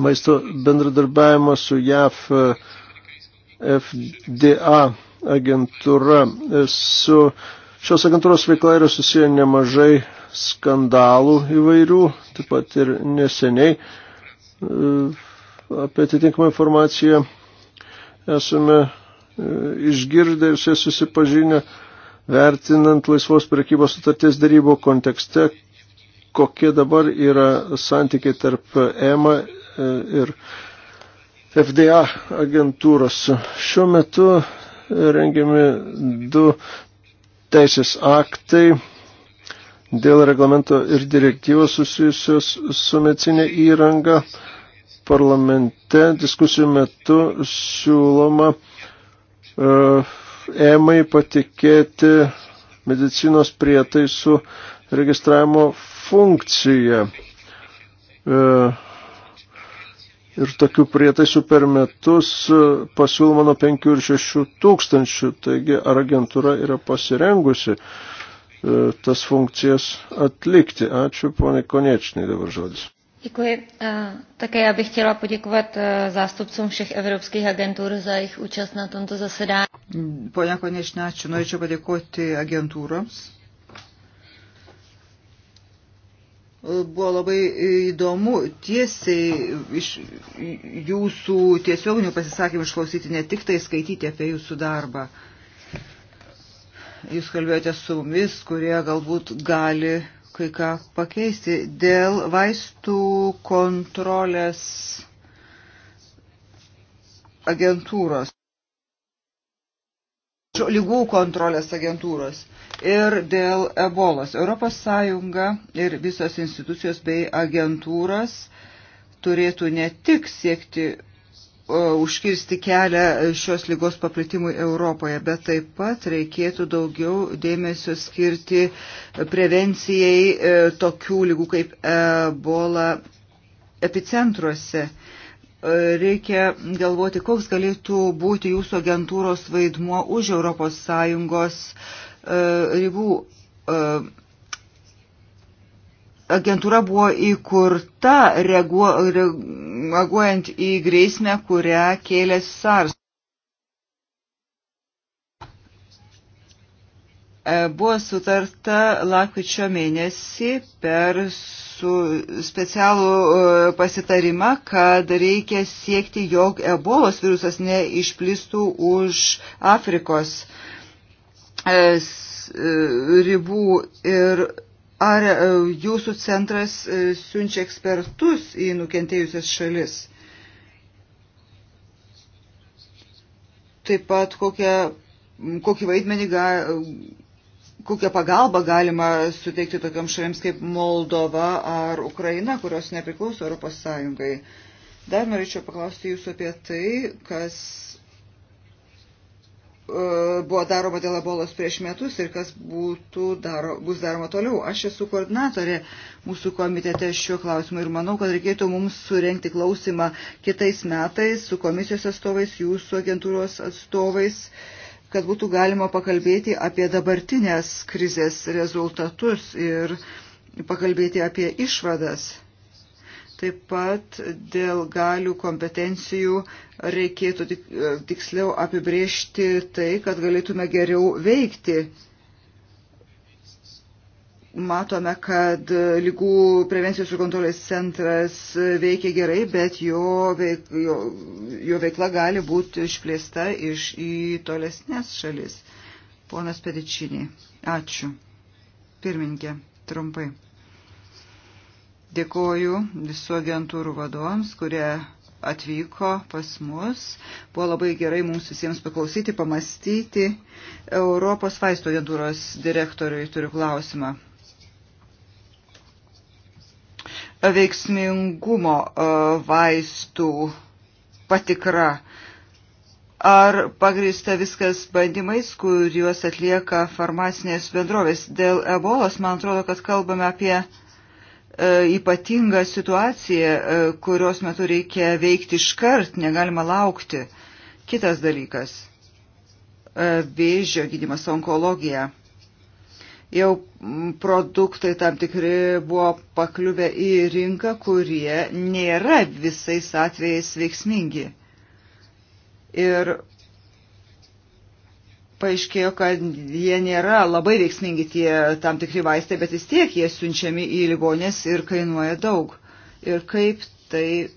maisto bendradarbiavimą su JAF e, FDA agentūra, su šios agentūros veikla yra susiję nemažai skandalų įvairių, taip pat ir neseniai apie atitinkamą informaciją esame e, išgirdę ir su susipažinę, vertinant laisvos prekybos sutarties darybų kontekste, kokie dabar yra santykiai tarp EMA e, ir FDA agentūros. Šiuo metu rengiami du teisės aktai dėl reglamento ir direktyvos susijusios su medicinė įranga parlamente diskusijų metu siūloma ėmai e, patikėti medicinos prietaisų registravimo funkciją. E, ir tokių prietaisų per metus pasiūloma nuo 5 ir 6 tūkstančių, taigi ar agentūra yra pasirengusi e, tas funkcijas atlikti. Ačiū, ponai Konečnai, dabar žodis. Děkuji. E, také já bych chtěla poděkovat e, zástupcům všech evropských agentur za jejich účast na tomto zasedání. Pone Konečne, ačiū. Norėčiau padėkoti agentūroms. Buvo labai įdomu tiesiai iš jūsų tiesioginių pasisakymų išklausyti, ne tik tai skaityti apie jūsų darbą. Jūs kalbėjote su mumis, kurie galbūt gali kai ką pakeisti. Dėl vaistų kontrolės agentūros. Lygų kontrolės agentūros ir dėl ebolos. Europos Sąjunga ir visos institucijos bei agentūros turėtų ne tik siekti užkirsti kelią šios lygos paplitimui Europoje, bet taip pat reikėtų daugiau dėmesio skirti prevencijai e, tokių lygų kaip ebola epicentruose. E, reikia galvoti, koks galėtų būti jūsų agentūros vaidmuo už ES e, ribų agentūra buvo įkurta reaguo, reaguojant į grėsmę, kurią kėlė SARS. E, buvo sutarta lakvičio mėnesį per su specialų e, pasitarimą, kad reikia siekti, jog ebolos virusas neišplistų už Afrikos e, ribų ir Ar e, jūsų centras e, siunčia ekspertus į nukentėjusias šalis? Taip pat kokią, kokį vaidmenį, ga, kokią pagalbą galima suteikti tokiam šalims kaip Moldova ar Ukraina, kurios nepriklauso Europos Sąjungai. Dar norėčiau paklausti jūsų apie tai, kas buvo daroma dėl abolos prieš metus ir kas būtų daro, bus daroma toliau. Aš esu koordinatorė mūsų komitete šiuo klausimu ir manau, kad reikėtų mums surenkti klausimą kitais metais su komisijos atstovais, jūsų agentūros atstovais, kad būtų galima pakalbėti apie dabartinės krizės rezultatus ir pakalbėti apie išvadas. Taip pat dėl galių kompetencijų reikėtų tik, e, tiksliau apibriežti tai, kad galėtume geriau veikti. Matome, kad lygų prevencijos ir kontrolės centras veikia gerai, bet jo, veik, jo, jo veikla gali būti išplėsta iš į tolesnės šalis. Ponas Pedičinį, ačiū. Pirmininkė, trumpai. Dėkoju visų agentūrų vadovams, kurie atvyko pas mus. Buvo labai gerai mums visiems paklausyti, pamastyti. Europos vaisto agentūros direktoriui turiu klausimą. Veiksmingumo e, vaistų patikra. Ar pagrįsta viskas bandymais, kuriuos atlieka farmacinės bendrovės? Dėl ebolos, man atrodo, kad kalbame apie E, ypatinga situacija, e, kurios metu reikia veikti iškart, negalima laukti. Kitas dalykas e, - vėžio gydimas onkologija. Jau produktai tam tikri buvo pakliuvę į rinką, kurie nėra visais atvejais veiksmingi. Ir paaiškėjo, kad jie nėra labai veiksmingi tie tam tikri vaistai, bet vis tiek jie siunčiami į ligonės ir kainuoja daug. Ir kaip tai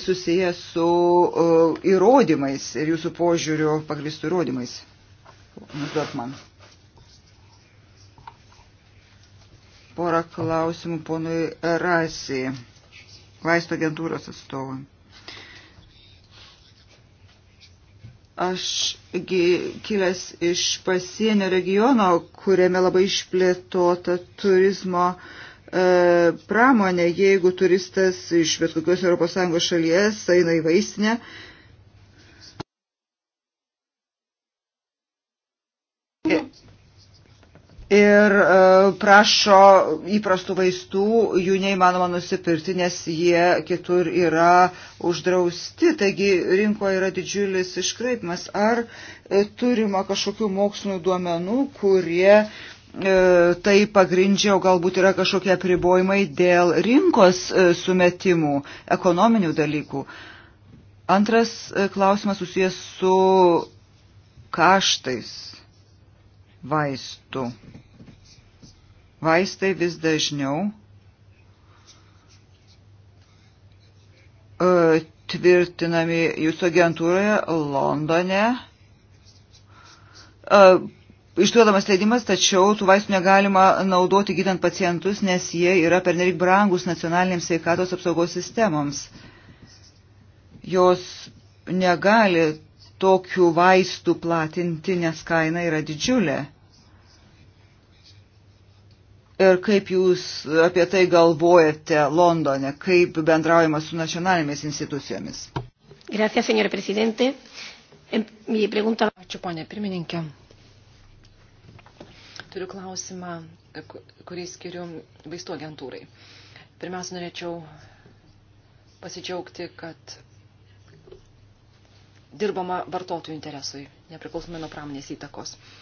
susiję su uh, įrodymais ir jūsų požiūriu pagristų įrodymais. Dortman. Porą klausimų ponui Rasi, vaisto agentūros atstovui. Aš kilęs iš pasienio regiono, kuriame labai išplėtota turizmo e, pramonė. Jeigu turistas iš bet kokios ES šalies eina į vaistinę, ir e, prašo įprastų vaistų, jų neįmanoma nusipirkti, nes jie kitur yra uždrausti, taigi rinkoje yra didžiulis iškraipimas. Ar e, turima kažkokių mokslinių duomenų, kurie e, tai pagrindžiau, galbūt yra kažkokie apribojimai dėl rinkos sumetimų, ekonominių dalykų. Antras klausimas susijęs su kaštais vaistų. Vaistai vis dažniau e, tvirtinami jūsų agentūroje Londone. E, išduodamas leidimas, tačiau tų vaistų negalima naudoti gydant pacientus, nes jie yra pernelyg brangus nacionalinėms sveikatos apsaugos sistemoms. Jos negali tokių vaistų platinti, nes kaina yra didžiulė ir kaip jūs apie tai galvojate Londone, kaip bendraujama su nacionalinėmis institucijomis. Gracias, señor presidente. Mi pregunta... Ačiū, ponė pirmininkė. Turiu klausimą, kurį skiriu vaistų agentūrai. Pirmiausia, norėčiau pasidžiaugti, kad dirbama vartotojų interesui, nepriklausomai nuo pramonės įtakos. Uh,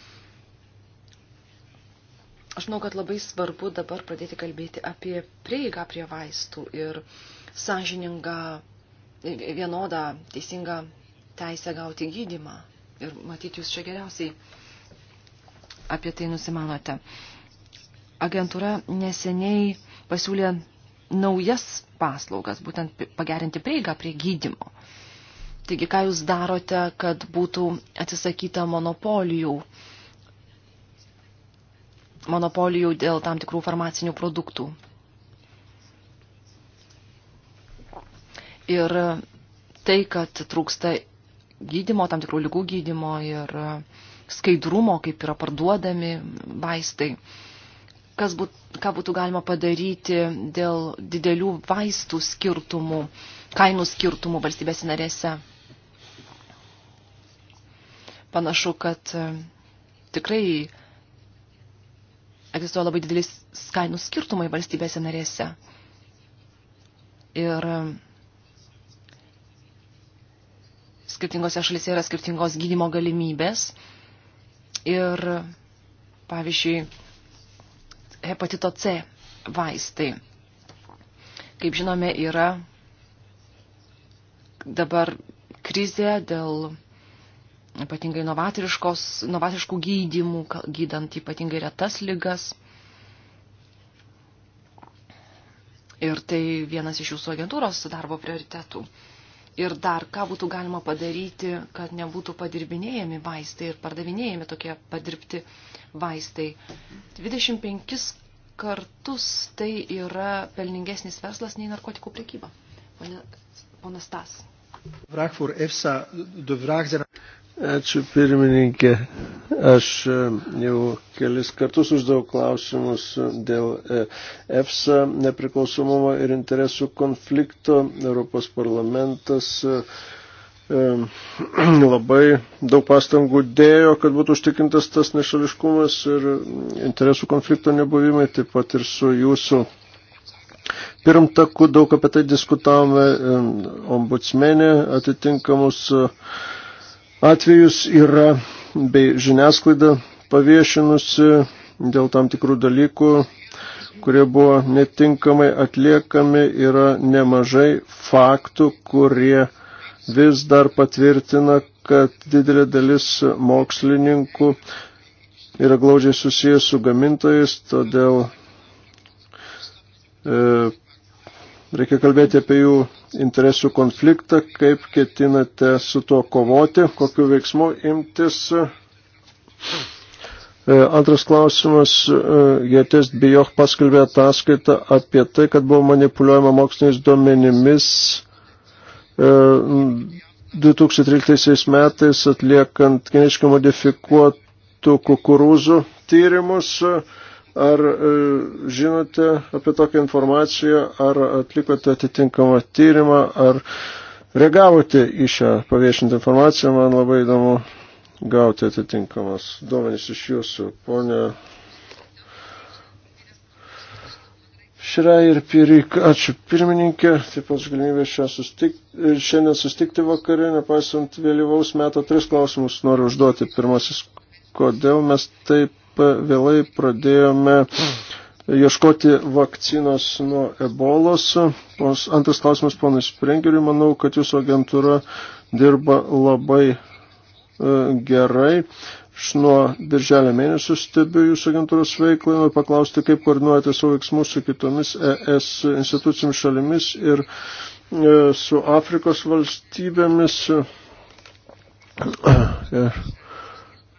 Aš manau, kad labai svarbu dabar pradėti kalbėti apie prieigą prie vaistų ir sąžiningą, vienodą, teisingą teisę gauti gydimą. Ir matyti jūs čia geriausiai apie tai nusimanote. Agentūra neseniai pasiūlė naujas paslaugas, būtent pagerinti prieigą prie gydimo. Taigi, ką jūs darote, kad būtų atsisakyta monopolijų monopolijų dėl tam tikrų farmacinių produktų. Ir tai, kad trūksta gydimo, tam tikrų lygų gydimo ir skaidrumo, kaip yra parduodami vaistai. Kas būt, ką būtų galima padaryti dėl didelių vaistų skirtumų, kainų skirtumų valstybės narėse. Panašu, kad tikrai egzistuoja labai didelis kainų skirtumai valstybėse narėse. Ir skirtingose šalise yra skirtingos gydimo galimybės. Ir, pavyzdžiui, hepatito C vaistai, kaip žinome, yra dabar krizė dėl ypatingai novatoriškų gydimų, gydant ypatingai retas lygas. Ir tai vienas iš jūsų agentūros darbo prioritetų. Ir dar ką būtų galima padaryti, kad nebūtų padirbinėjami vaistai ir pardavinėjami tokie padirbti vaistai. 25 kartus tai yra pelningesnis verslas nei narkotikų prekyba. Ponas Tas. Ačiū pirmininkė. Aš e, jau kelis kartus uždavau klausimus dėl e, EFSA nepriklausomumo ir interesų konflikto. Europos parlamentas e, labai daug pastangų dėjo, kad būtų užtikrintas tas nešališkumas ir interesų konflikto nebuvimai, taip pat ir su jūsų pirmtaku daug apie tai diskutavome, ombudsmenė atitinkamus atvejus yra bei žiniasklaida paviešinusi dėl tam tikrų dalykų, kurie buvo netinkamai atliekami, yra nemažai faktų, kurie vis dar patvirtina, kad didelė dalis mokslininkų yra glaudžiai susijęs su gamintojais, todėl e, Reikia kalbėti apie jų interesų konfliktą, kaip ketinate su tuo kovoti, kokiu veiksmu imtis. E, antras klausimas, Jėtis e, Bijoch paskelbė ataskaitą apie tai, kad buvo manipuliuojama moksliniais duomenimis 2013 e, metais atliekant kiniškai modifikuotų kukurūzų tyrimus. Ar e, žinote apie tokią informaciją, ar atlikote atitinkamą tyrimą, ar reagavote į šią paviešintą informaciją? Man labai įdomu gauti atitinkamas duomenys iš jūsų, ponė. Širai ir Pirik, ačiū pirmininkė, taip pat galimybė sustik, šiandien sustikti vakarė, nepaisant vėlyvaus meto, tris klausimus noriu užduoti. Pirmasis, kodėl mes taip vėlai pradėjome ieškoti vakcinos nuo ebolos. Antras klausimas, ponas Sprengeriui, manau, kad jūsų agentūra dirba labai e, gerai. Aš nuo birželio mėnesio stebiu jūsų agentūros veiklą ir paklausti, kaip koordinuojate savo veiksmus su kitomis ES institucijomis šalimis ir e, su Afrikos valstybėmis. Ir e,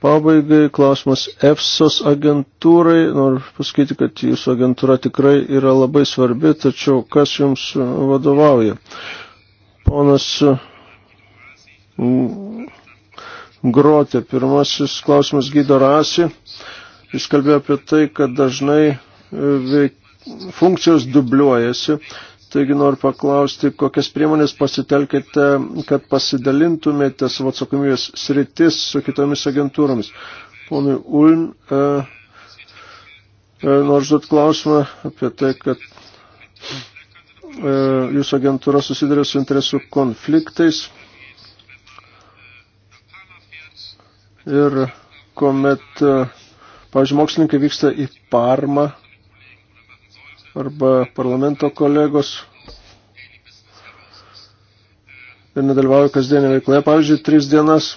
Pabaigai klausimas EFSOS agentūrai. Noriu pasakyti, kad jūsų agentūra tikrai yra labai svarbi, tačiau kas jums vadovauja? Ponas mm, Grotė, pirmasis klausimas Gydo Rasi. Jis kalbėjo apie tai, kad dažnai e, funkcijos dubliuojasi Taigi noriu paklausti, kokias priemonės pasitelkite, kad pasidalintumėte savo atsakomybės sritis su kitomis agentūromis. Ponui Uln, e, e, noriu žduoti klausimą apie tai, kad e, jūsų agentūra susiduria su interesų konfliktais. Ir kuomet, e, pavyzdžiui, mokslininkai vyksta į Parmą arba parlamento kolegos ir nedalyvauju kasdienė veikloje. Pavyzdžiui, tris dienas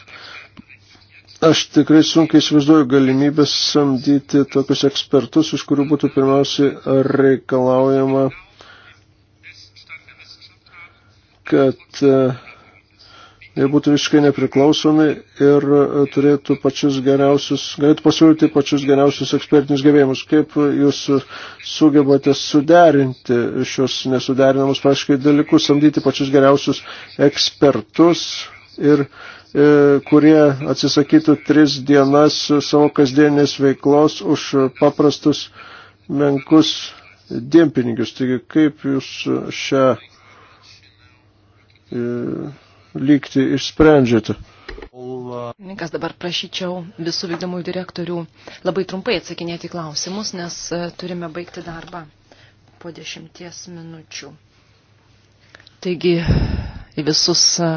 aš tikrai sunkiai įsivaizduoju galimybės samdyti tokius ekspertus, iš kurių būtų pirmiausiai reikalaujama, kad uh, jie būtų visiškai nepriklausomi ir e, turėtų pačius geriausius, galėtų pasiūlyti pačius geriausius ekspertinius gebėjimus. Kaip jūs sugebate suderinti šios nesuderinamus praškai dalykus, samdyti pačius geriausius ekspertus ir e, kurie atsisakytų tris dienas savo kasdienės veiklos už paprastus menkus dėmpinigius. Taigi kaip jūs šią e, lygti išsprendžiate? Kas dabar prašyčiau visų vykdomųjų direktorių labai trumpai atsakinėti klausimus, nes e, turime baigti darbą po dešimties minučių. Taigi į visus e,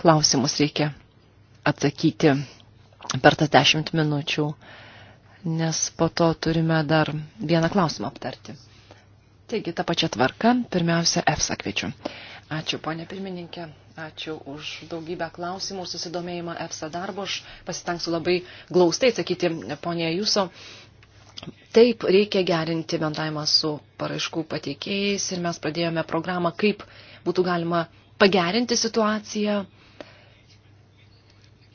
klausimus reikia atsakyti per tas dešimt minučių, nes po to turime dar vieną klausimą aptarti. Taigi tą pačią tvarką, pirmiausia, EFSA kviečiu. Ačiū, ponė pirmininkė. Ačiū už daugybę klausimų, susidomėjimą EFSA darbo. Aš pasitengsiu labai glaustai atsakyti, ponė Jūso. Taip, reikia gerinti bendravimą su paraiškų pateikėjais ir mes pradėjome programą, kaip būtų galima pagerinti situaciją,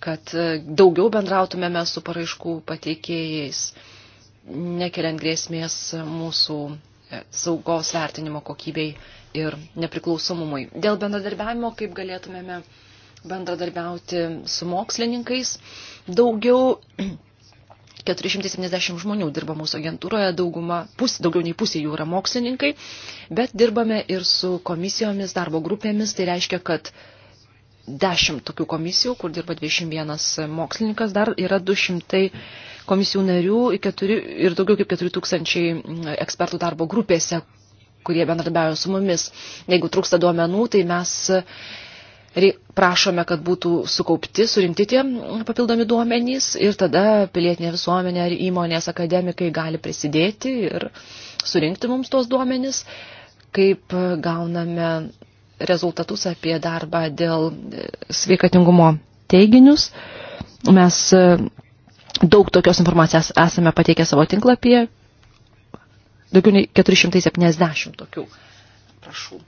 kad daugiau bendrautumėme su paraiškų pateikėjais, nekeliant grėsmės mūsų E, saugos vertinimo kokybei ir nepriklausomumui. Dėl bendradarbiavimo, kaip galėtumėme bendradarbiauti su mokslininkais, daugiau 470 žmonių dirba mūsų agentūroje, dauguma, pus, daugiau nei pusė jų yra mokslininkai, bet dirbame ir su komisijomis, darbo grupėmis, tai reiškia, kad 10 tokių komisijų, kur dirba 21 mokslininkas, dar yra 200 komisijų narių keturi, ir daugiau kaip 4 tūkstančiai ekspertų darbo grupėse, kurie bendradarbiavo su mumis. Jeigu trūksta duomenų, tai mes e, prašome, kad būtų sukaupti, surinkti tie papildomi duomenys ir tada pilietinė visuomenė ar įmonės akademikai gali prisidėti ir surinkti mums tuos duomenys, kaip e, gauname rezultatus, apie darbą dėl e, sveikatingumo teiginius. Mes e, daug tokios informacijos esame pateikę savo tinklapyje. Daugiau nei 470 tokių. Prašau.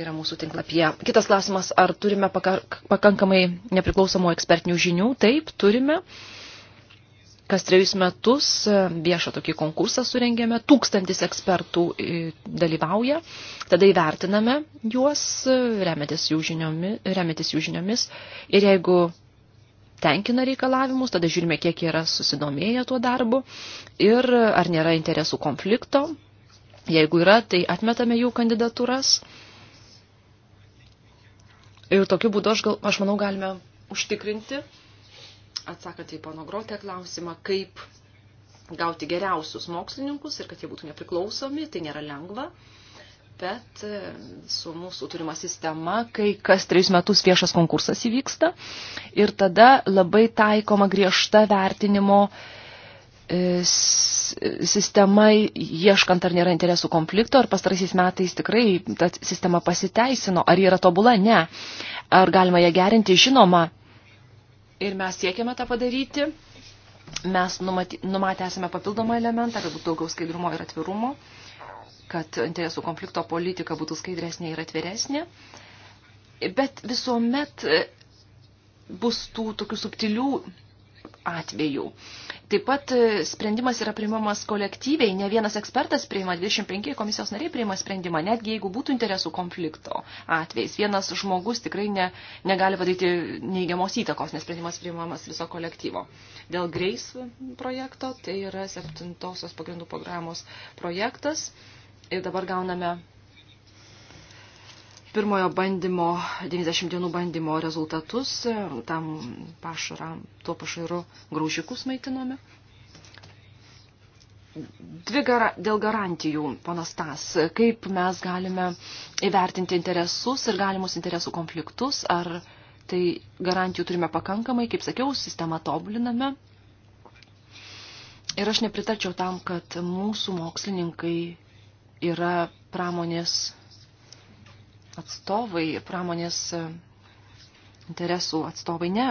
Yra mūsų tinklapyje. Kitas klausimas, ar turime pakankamai nepriklausomų ekspertinių žinių? Taip, turime. Uh, Kas trejus metus e, viešą tokį konkursą surengėme, tūkstantis ekspertų e, dalyvauja, tada įvertiname juos, e, remiantis jų, žiniomi, remiantis jų žiniomis ir jeigu tenkina reikalavimus, tada žiūrime, kiek yra susidomėję tuo darbu ir ar nėra interesų konflikto. Jeigu yra, tai atmetame jų kandidatūras. Ir tokiu būdu aš, gal, aš manau galime užtikrinti atsakant į pono Grotę klausimą, kaip gauti geriausius mokslininkus ir kad jie būtų nepriklausomi, tai nėra lengva. Bet e, su mūsų turima sistema, kai kas trejus metus viešas konkursas įvyksta ir tada labai taikoma griežta vertinimo e, sistema ieškant, ar nėra interesų konflikto, ar pastaraisiais metais tikrai ta sistema pasiteisino, ar yra tobula, ne. Ar galima ją gerinti, žinoma, ir mes siekiame tą padaryti. Mes numatė, numatę esame papildomą elementą, kad būtų daugiau skaidrumo ir atvirumo, kad interesų konflikto politika būtų skaidresnė ir atviresnė. Bet visuomet bus tų tokių subtilių atvejų. Taip pat e, sprendimas yra priimamas kolektyviai, ne vienas ekspertas priima, 25 komisijos nariai priima sprendimą, netgi jeigu būtų interesų konflikto atvejais. Vienas žmogus tikrai ne, negali padaryti neįgiamos įtakos, nes sprendimas priimamas viso kolektyvo. Dėl Greis projekto, tai yra septintosios pagrindų programos projektas ir dabar gauname pirmojo bandymo, 90 dienų bandymo rezultatus, e, tam pašarą, tuo pašaru graužikus maitinome. Dvi gara, dėl garantijų, ponas Tas, kaip mes galime įvertinti interesus ir galimus interesų konfliktus, ar tai garantijų turime pakankamai, kaip sakiau, sistemą tobuliname. Ir aš nepritarčiau tam, kad mūsų mokslininkai yra pramonės atstovai, pramonės e, interesų atstovai. Ne,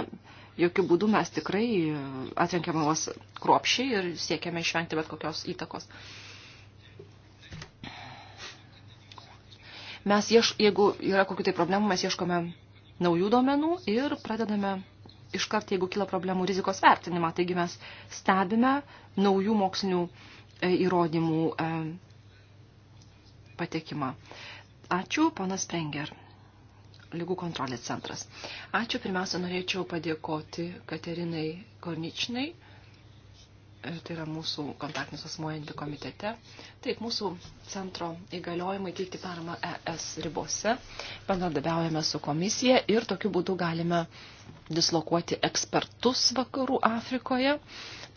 jokių būdų mes tikrai e, atrenkiame juos kruopšiai ir siekiame išvengti bet kokios įtakos. Mes, ieš, jeigu yra kokių tai problemų, mes ieškome naujų domenų ir pradedame iškart, jeigu kyla problemų, rizikos vertinimą. Taigi mes stebime naujų mokslinių e, įrodymų patekimą. Ačiū, ponas Prenger, lygų kontrolės centras. Ačiū, pirmiausia, norėčiau padėkoti Katerinai Korničnai, e, tai yra mūsų kontaktinis asmuo komitete. Taip, mūsų centro įgaliojimai teikti paramą ES ribose, bendradabiaujame su komisija ir tokiu būdu galime dislokuoti ekspertus vakarų Afrikoje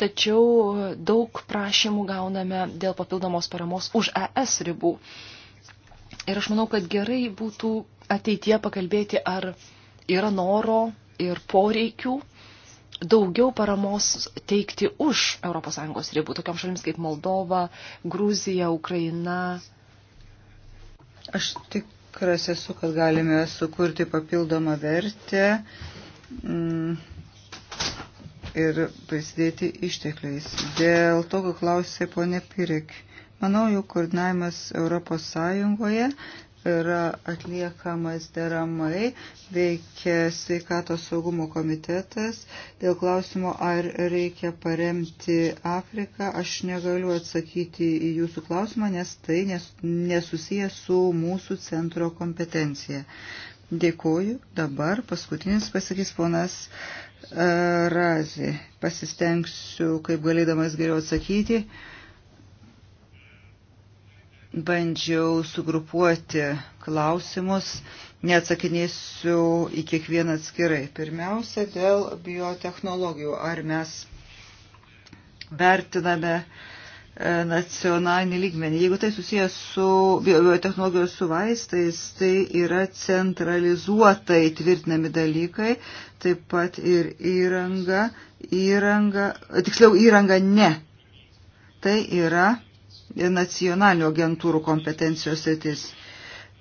tačiau daug prašymų gauname dėl papildomos paramos už ES ribų. Ir aš manau, kad gerai būtų ateitie pakalbėti, ar yra noro ir poreikių daugiau paramos teikti už ES ribų, tokiam šalims kaip Moldova, Gruzija, Ukraina. Aš tikras esu, kad galime sukurti papildomą vertę mm, ir prisidėti ištekliais. Dėl to, ką klausė ponė Pirik. Manau, jų koordinavimas Europos Sąjungoje yra atliekamas deramai, veikia sveikatos saugumo komitetas. Dėl klausimo, ar reikia paremti Afriką, aš negaliu atsakyti į jūsų klausimą, nes tai nesusijęs su mūsų centro kompetencija. Dėkuoju. Dabar paskutinis pasakys ponas e, Razi. Pasistengsiu, kaip galėdamas geriau atsakyti. Uh, bandžiau sugrupuoti klausimus, neatsakinėsiu į kiekvieną atskirai. Pirmiausia, dėl biotehnologijų. Ar mes vertiname e, nacionalinį lygmenį. Jeigu tai susijęs su biotehnologijos su vaistais, tai yra centralizuotai tvirtinami dalykai, taip pat ir įranga, įranga, tiksliau įranga ne. Tai yra nacionalinių agentūrų kompetencijos sritis.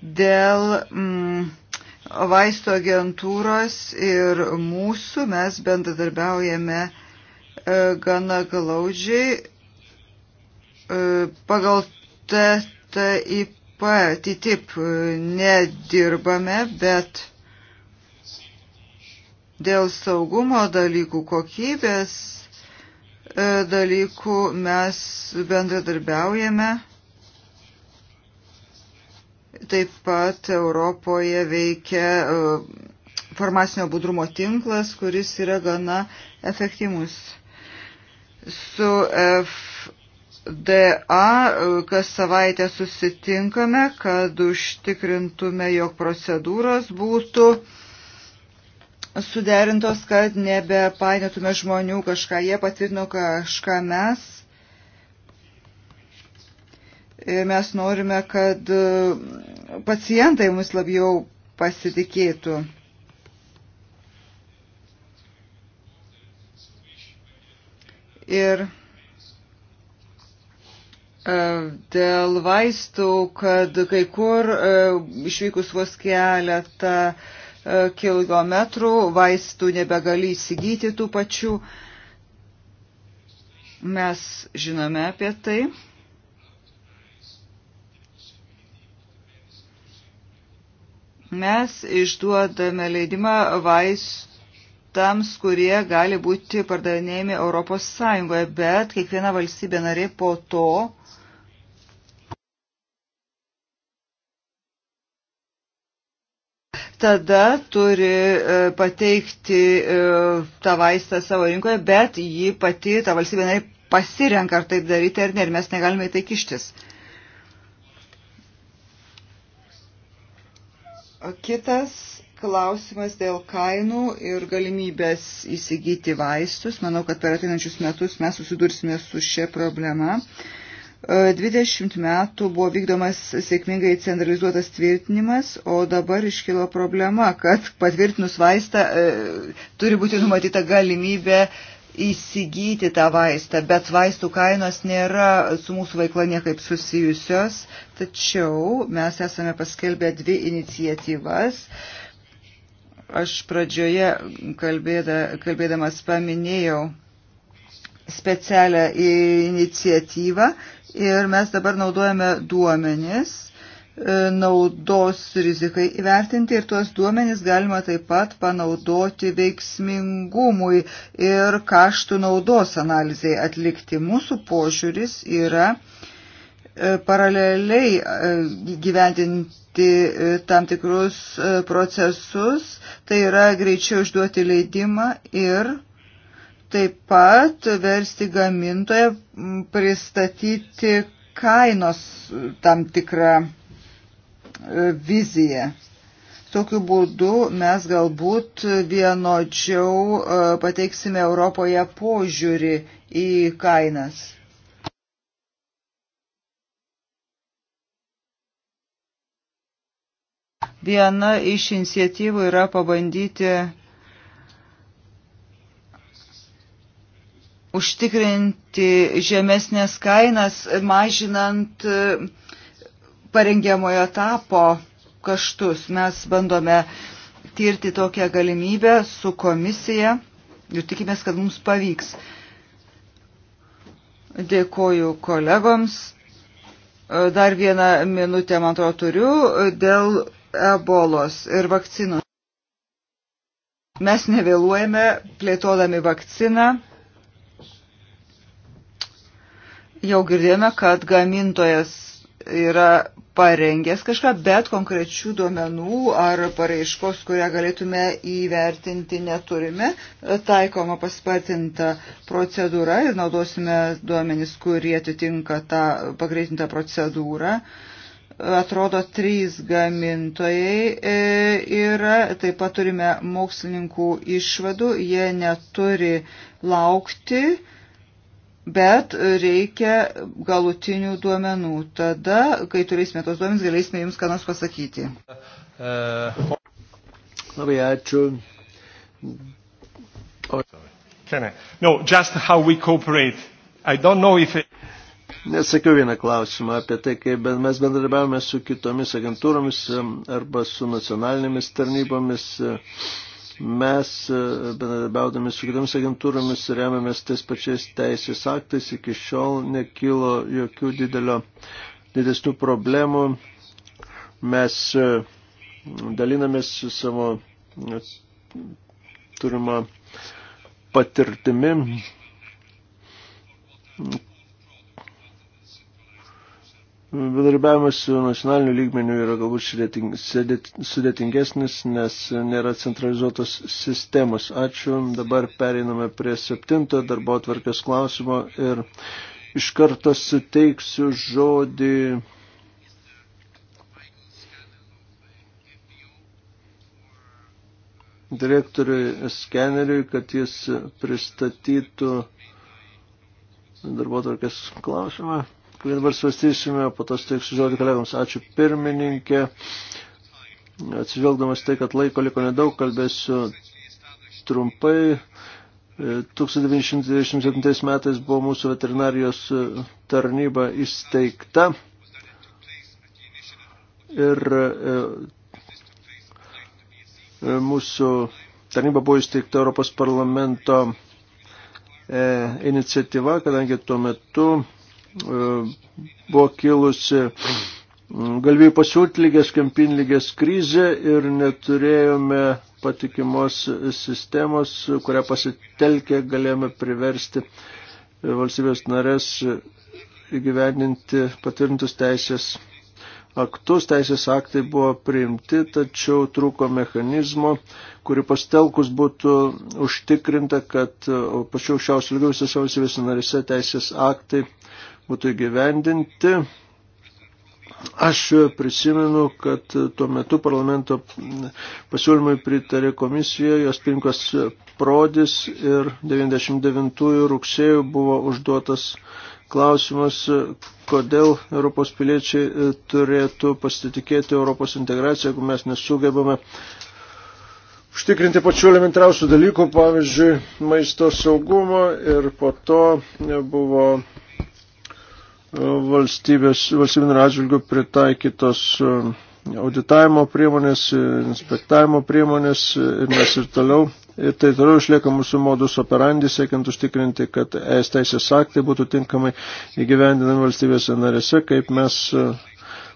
Dėl mm, vaisto agentūros ir mūsų mes bendradarbiaujame e, gana glaudžiai e, pagal TTIP, TTIP e, nedirbame, bet dėl saugumo dalykų kokybės E, dalykų mes bendradarbiaujame. Taip pat Europoje veikia e, farmacinio budrumo tinklas, kuris yra gana efektyvus. Su FDA e, kas savaitę susitinkame, kad užtikrintume, jog procedūros būtų uh, suderintos, kad nebepainėtume žmonių kažką. Jie patvirtino kažką mes. Ir mes norime, kad e, pacientai mus labiau pasitikėtų. Ir e, dėl vaistų, kad kai kur e, išvykus vos keletą E, kilometrų, vaistų nebegali įsigyti tų pačių. Mes žinome apie tai. Mes išduodame leidimą vaistams, kurie gali būti pardavinėjami Europos Sąjungoje, bet kiekviena valstybė narė po to tada turi e, pateikti e, tą vaistą savo rinkoje, bet ji pati, ta valstybė nariai, pasirenka ar taip daryti ar ne, ir mes negalime į tai kištis. Kitas klausimas dėl kainų ir galimybės įsigyti vaistus. Manau, kad per ateinančius metus mes susidursime su šia problema. Uh, 20 e, metų buvo vykdomas sėkmingai centralizuotas tvirtinimas, o dabar iškilo problema, kad patvirtinus vaistą e, turi būti numatyta galimybė įsigyti tą vaistą, bet vaistų kainos nėra su mūsų veikla niekaip susijusios, tačiau mes esame paskelbę dvi inicijatyvas. Aš pradžioje kalbėda, kalbėdamas paminėjau specialią iniciatyvą ir mes dabar naudojame duomenis e, naudos rizikai įvertinti ir tuos duomenys galima taip pat panaudoti veiksmingumui ir kaštų naudos analizai atlikti. Mūsų požiūris yra e, paraleliai e, gyventinti tam tikrus procesus, tai yra greičiau išduoti leidimą ir taip pat versti gamintoje pristatyti kainos tam tikrą e, viziją. Tokiu būdu mes galbūt vienodžiau e, pateiksime Europoje požiūrį į kainas. Viena iš iniciatyvų yra pabandyti užtikrinti žemesnės kainas, mažinant e, parengiamojo etapo kaštus. Mes bandome tirti tokią galimybę su komisija ir tikimės, kad mums pavyks. Dėkoju kolegoms. E, dar vieną minutę, man atrodo, turiu dėl ebolos ir vakcinų. Mes nevėluojame plėtodami vakciną. jau girdėjome, kad gamintojas yra parengęs kažką, bet konkrečių duomenų ar pareiškos, kurią galėtume įvertinti, neturime. Taikoma paspartinta procedūra ir naudosime duomenys, kurie atitinka tą pagreitintą procedūrą. Atrodo, trys gamintojai e, yra, taip pat turime mokslininkų išvadų, jie neturi laukti bet reikia galutinių duomenų. Tada, kai turėsime tos duomenys, galėsime jums ką nors pasakyti. Uh, labai ačiū. O... No, just how we cooperate. I don't know if it... Nesakiau vieną klausimą apie tai, kaip mes bendradarbiavome su kitomis agentūromis arba su nacionalinėmis tarnybomis. Uh, Mes, e, bendradarbiaudami su kitomis agentūromis, remiamės tais pačiais teisės aktais, iki šiol nekilo jokių didelio, didesnių problemų. Mes e, dalinamės savo e, turimą patirtimi, Bendarbiavimas su nacionaliniu lygmeniu yra galbūt sudėtingesnis, nes nėra centralizuotos sistemos. Ačiū. Dabar pereiname prie septinto darbo atvarkės klausimo ir iš karto suteiksiu žodį. direktoriui skeneriui, kad jis pristatytų darbo tvarkės klausimą kurį dabar svarstysime, po to steiksiu žodį kolegams. Ačiū pirmininkė. Atsižvelgdamas tai, kad laiko liko nedaug, kalbėsiu trumpai. 1927 e, metais buvo mūsų veterinarijos e, tarnyba įsteigta ir e, mūsų tarnyba buvo įsteigta Europos parlamento iniciatyva, kadangi tuo metu E, buvo kilusi mm, galvijų pasiūtlygės, kempinlygės krizė ir neturėjome patikimos sistemos, kurią pasitelkę galėjome priversti valstybės narės įgyvendinti patvirtintus teisės aktus. Teisės aktai buvo priimti, tačiau trūko mechanizmo, kuri pastelkus būtų užtikrinta, kad pačiu aukščiausiu lygiu visose valstybės narėse teisės aktai būtų įgyvendinti. Aš prisimenu, kad tuo metu parlamento pasiūlymui pritarė komisija, jos pinkas Prodis ir 99 rugsėjų buvo užduotas klausimas, kodėl Europos piliečiai e, turėtų pasitikėti Europos integraciją, jeigu mes nesugebame užtikrinti pačių elementariausių dalykų, pavyzdžiui, maisto saugumo ir po to buvo valstybės, valstybinio atžvilgių pritaikytos e, auditavimo priemonės, e, inspektavimo priemonės e, ir mes ir toliau. Ir tai toliau išlieka mūsų modus operandi, siekiant užtikrinti, kad es teisės aktai būtų tinkamai įgyvendinami valstybėse narėse, kaip mes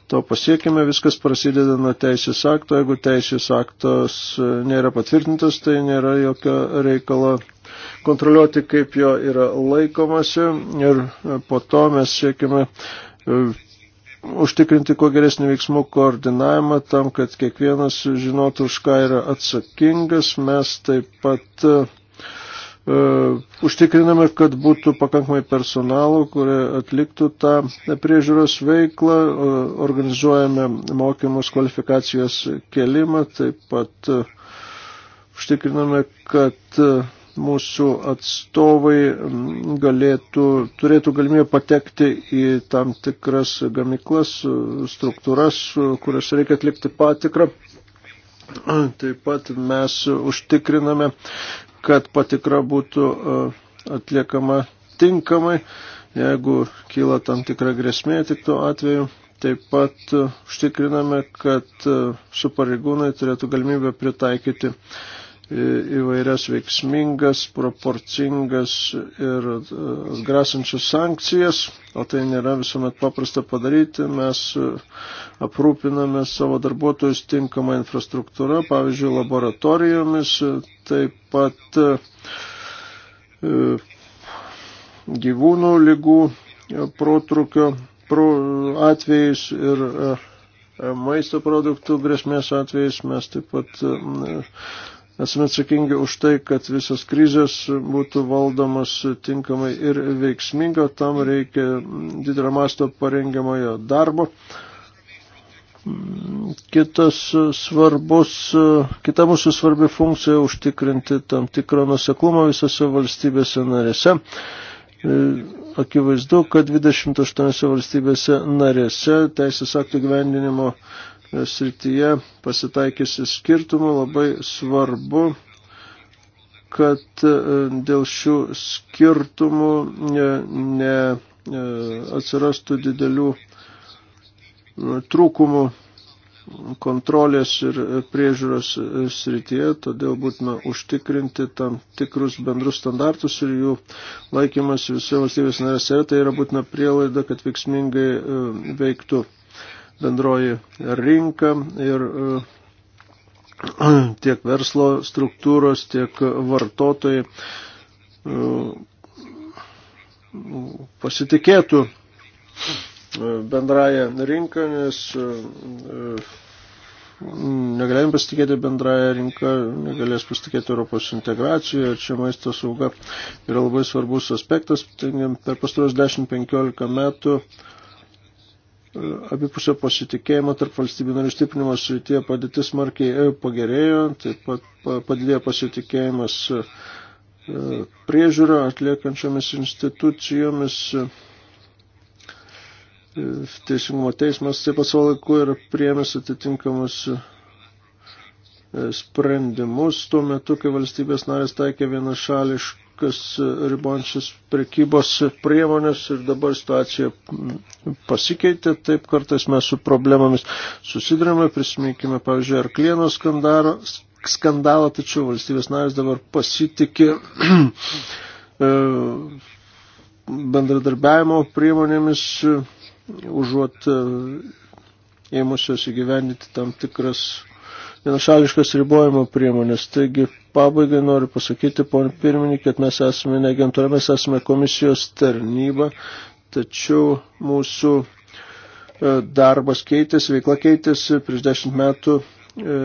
to pasiekime, viskas prasideda nuo teisės akto. Jeigu teisės aktos e, nėra patvirtintas, tai nėra jokio reikalo kontroliuoti, kaip jo yra laikomasi. Ir e, po to mes siekime e, užtikrinti kuo geresnį veiksmų koordinavimą tam, kad kiekvienas žinotų, už ką yra atsakingas. Mes taip pat E, užtikriname, kad būtų pakankamai personalo, kurie atliktų tą priežiūros veiklą, e, organizuojame mokymus kvalifikacijos kelimą, taip pat e, užtikriname, kad mūsų atstovai galėtų, turėtų galimybę patekti į tam tikras gamyklas, struktūras, kurias reikia atlikti patikrą. Taip pat mes užtikriname, kad patikra būtų e, atliekama tinkamai, jeigu kyla tam tikra grėsmė tik tuo atveju. Taip pat e, užtikriname, kad su e, pareigūnai turėtų galimybę pritaikyti įvairias veiksmingas, proporcingas ir atgrasančias e, sankcijas, o tai nėra visuomet paprasta padaryti. Mes e, aprūpiname savo darbuotojus tinkamą infrastruktūrą, pavyzdžiui, laboratorijomis, e, taip pat gyvūnų lygų protrukio atvejais ir maisto produktų grėsmės atvejais mes taip pat Esame atsakingi už tai, kad visos krizės būtų valdomas tinkamai ir veiksmingo, tam reikia didelio masto parengiamojo darbo. Kitas svarbus, kita mūsų svarbi funkcija užtikrinti tam tikrą nuseklumą visose valstybėse narėse. Akivaizdu, kad 28 valstybėse narėse teisės aktų gyvendinimo srityje pasitaikysių skirtumų, labai svarbu, kad e, dėl šių skirtumų neatsirastų ne e, didelių e, trūkumų kontrolės ir priežiūros srityje, todėl būtina užtikrinti tam tikrus bendrus standartus ir jų laikymas visose valstybės narėse. Tai yra būtina prielaida, kad veiksmingai veiktų bendroji rinka ir e, tiek verslo struktūros, tiek vartotojai e, pasitikėtų e, bendrają rinką, nes negalėjom pasitikėti bendrają rinką, negalės pasitikėti Europos integraciją, čia maisto sauga yra labai svarbus aspektas. Per pastaros 10-15 metų uh, abipusio pasitikėjimo tarp valstybių narių stiprinimo srityje padėtis smarkiai e, pagerėjo, taip pat padidėjo pasitikėjimas e, priežiūrą atliekančiomis institucijomis. E, Teisingumo teismas taip pat savo laiku ir priemės atitinkamus sprendimus tuo metu, kai valstybės narės taikė vienašališkai taikas ribojančias prekybos priemonės ir dabar situacija pasikeitė, taip kartais mes su problemomis susidurime, prisiminkime, pavyzdžiui, ar klieno skandalo, skandalą, tačiau valstybės narės dabar pasitikė e, bendradarbiavimo priemonėmis, užuot e, ėmusios įgyvendyti tam tikras vienašališkas ribojimo priemonės. Taigi, pabaigai noriu pasakyti, ponė pirmininkė, kad mes esame ne agentūra, mes esame komisijos tarnyba, tačiau mūsų e, darbas keitėsi, veikla keitėsi, prieš dešimt metų e,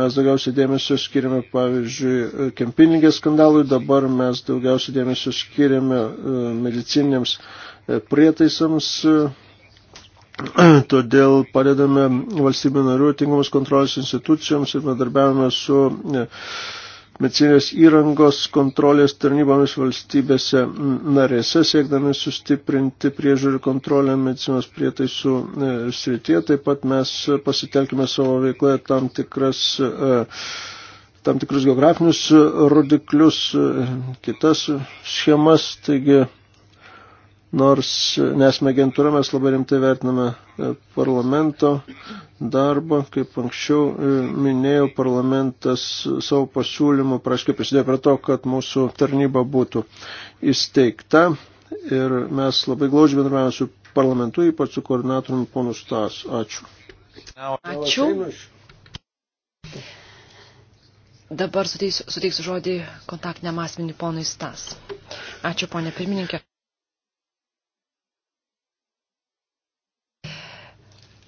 mes daugiausiai dėmesio skiriame, pavyzdžiui, kempiningės skandalui, dabar mes daugiausiai dėmesio skiriame e, medicinėms prietaisams Todėl padedame valstybių narių tinkamos kontrolės institucijoms ir bendarbiavame su e, medicinės įrangos kontrolės tarnybomis valstybėse narėse, siekdami sustiprinti priežiūrį kontrolę medicinos prietaisų e, srityje. Taip pat mes pasitelkime savo veikloje tam tikras e, tam tikrus geografinius rodiklius, kitas schemas, taigi nors nesame agentūra, mes labai rimtai vertiname e, parlamento darbą. Kaip anksčiau e, minėjau, parlamentas savo pasiūlymų praškai prisidėjo prie to, kad mūsų tarnyba būtų įsteigta ir mes labai glaudžiai bendravome su parlamentu, ypač su koordinatoriumi ponu Stas. Ačiū. Ačiū. Dabar suteiksiu, suteiksiu žodį kontaktiniam asmeniui ponui Stas. Ačiū, ponė pirmininkė.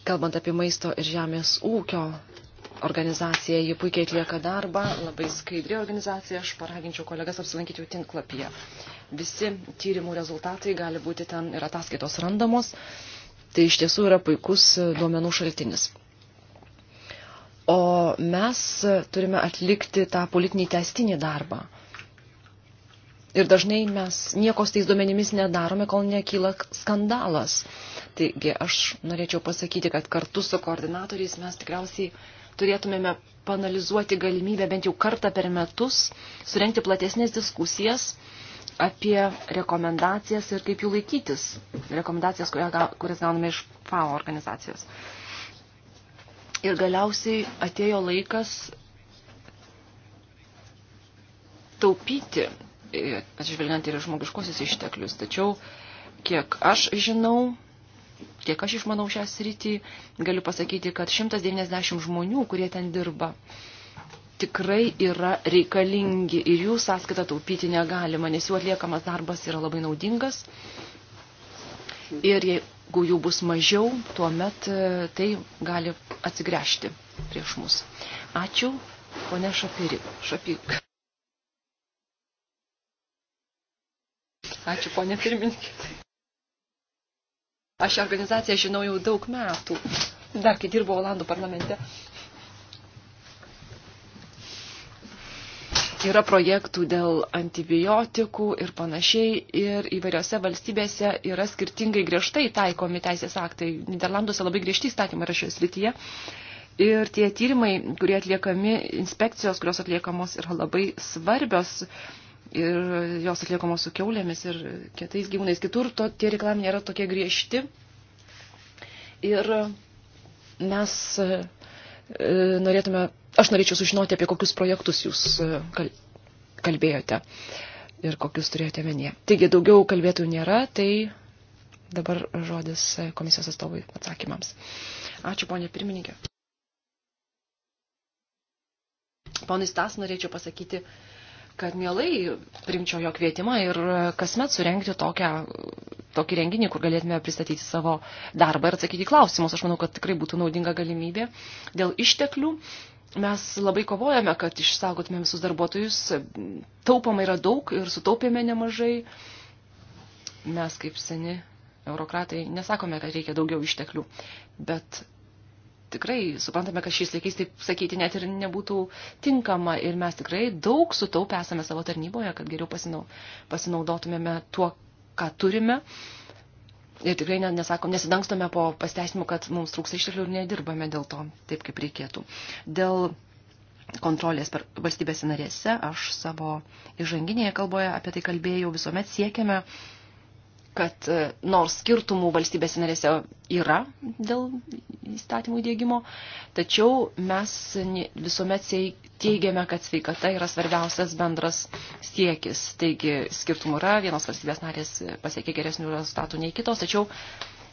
Kalbant apie maisto ir žemės ūkio organizacija, ji puikiai atlieka darbą, labai skaidri organizacija, aš paraginčiau kolegas apsilankyti jų tinklapyje. Visi tyrimų rezultatai gali būti ten ir ataskaitos randamos, tai iš tiesų yra puikus duomenų šaltinis. O mes turime atlikti tą politinį testinį darbą, Ir dažnai mes nieko tais duomenimis nedarome, kol nekyla skandalas. Taigi aš norėčiau pasakyti, kad kartu su koordinatoriais mes tikriausiai turėtumėme panalizuoti galimybę bent jau kartą per metus surenkti platesnės diskusijas apie rekomendacijas ir kaip jų laikytis. Rekomendacijas, kurias gauname iš FAO organizacijos. Ir galiausiai atėjo laikas taupyti atsižvelgiant ir žmogiškosius išteklius. Tačiau, kiek aš žinau, kiek aš išmanau šią sritį, galiu pasakyti, kad 190 žmonių, kurie ten dirba, tikrai yra reikalingi ir jų sąskaitą taupyti negalima, nes jų atliekamas darbas yra labai naudingas. Ir jeigu jų bus mažiau, tuomet e, tai gali atsigręžti prieš mus. Ačiū, ponė Šapiri. Šapik. Ačiū, ponė pirmininkė. Aš organizaciją žinau jau daug metų, dar kai dirbau Olandų parlamente. Yra projektų dėl antibiotikų ir panašiai, ir įvairiose valstybėse yra skirtingai griežtai taikomi teisės aktai. Niderlanduose labai griežti įstatymai yra šioje srityje. Ir tie tyrimai, kurie atliekami inspekcijos, kurios atliekamos, yra labai svarbios ir jos atliekamos su keulėmis ir kitais gyvūnais. Kitur to, tie reikalavimai nėra tokie griežti. Ir mes e, norėtume, aš norėčiau sužinoti, apie kokius projektus jūs e, kal, kalbėjote ir kokius turėjote menyje. Taigi daugiau kalbėtų nėra, tai dabar žodis e, komisijos atstovui atsakymams. Ačiū, ponė pirmininkė. Ponui Stas norėčiau pasakyti, uh, kad mielai primčiau jo kvietimą ir e, kasmet surenkti tokią, tokį renginį, kur galėtume pristatyti savo darbą ir atsakyti klausimus. Aš manau, kad tikrai būtų naudinga galimybė dėl išteklių. Mes labai kovojame, kad išsaugotume visus darbuotojus. Taupama yra daug ir sutaupėme nemažai. Mes kaip seni eurokratai nesakome, kad reikia daugiau išteklių, bet tikrai suprantame, kad šiais laikais taip sakyti net ir nebūtų tinkama ir mes tikrai daug sutaupę esame savo tarnyboje, kad geriau pasinau, pasinaudotumėme tuo, ką turime. Ir tikrai nesakom, nesidangstome po pasteisimu, kad mums trūksta išteklių ir nedirbame dėl to taip, kaip reikėtų. Dėl kontrolės per valstybėse narėse aš savo įžanginėje kalboje apie tai kalbėjau, visuomet siekiame uh, kad e, nors skirtumų valstybės narėse yra dėl įstatymų įdėgymo, tačiau mes visuomet teigiame, kad sveikata yra svarbiausias bendras siekis. Taigi skirtumų yra, vienos valstybės narės pasiekė geresnių rezultatų nei kitos, tačiau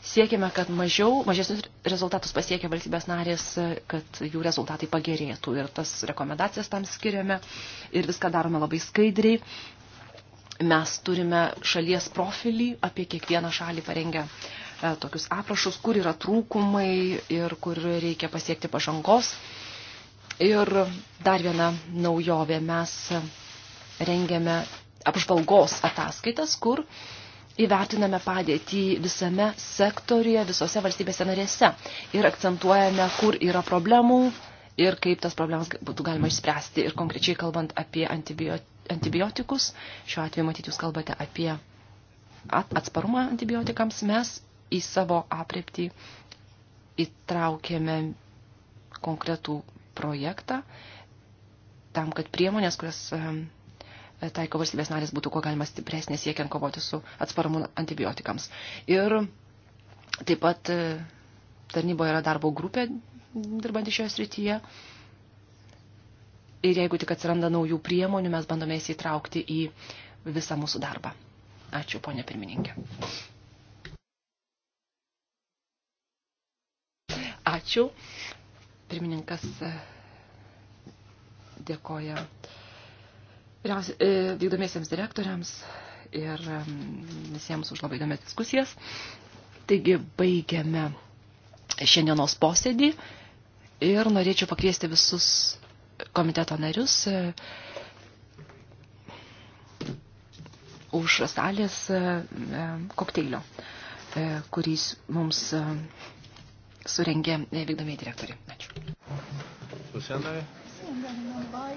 siekiame, kad mažiau, mažesnius rezultatus pasiekia valstybės narės, kad jų rezultatai pagerėtų. Ir tas rekomendacijas tam skiriame ir viską darome labai skaidriai Mes turime šalies profilį, apie kiekvieną šalį parengę e, tokius aprašus, kur yra trūkumai ir kur reikia pasiekti pažangos. Ir dar viena naujovė, mes rengiame apžvalgos ataskaitas, kur įvertiname padėtį visame sektorija, visose valstybėse narėse ir akcentuojame, kur yra problemų, ir kaip tas problemas būtų galima išspręsti. Ir konkrečiai kalbant apie antibiotikus, šiuo atveju matyt jūs kalbate apie atsparumą antibiotikams, mes į savo apreptį įtraukėme konkretų projektą tam, kad priemonės, kurias ehm, taiko valstybės narės būtų kuo galima stipresnė siekiant kovoti su atsparumu antibiotikams. Ir taip pat ehm, tarnyboje yra darbo grupė dirbantys šioje srityje. Ir jeigu tik atsiranda naujų priemonių, mes bandome įsitraukti į visą mūsų darbą. Ačiū, ponė pirmininkė. Ačiū. Pirmininkas e, dėkoja e, vykdomiesiems direktoriams ir visiems už labai įdomias diskusijas. Taigi baigiame šiandienos posėdį ir norėčiau pakviesti visus komiteto narius e, už salės e, e, kokteilio, kurį mums surengė vykdomieji direktoriai. Ačiū. Susienai.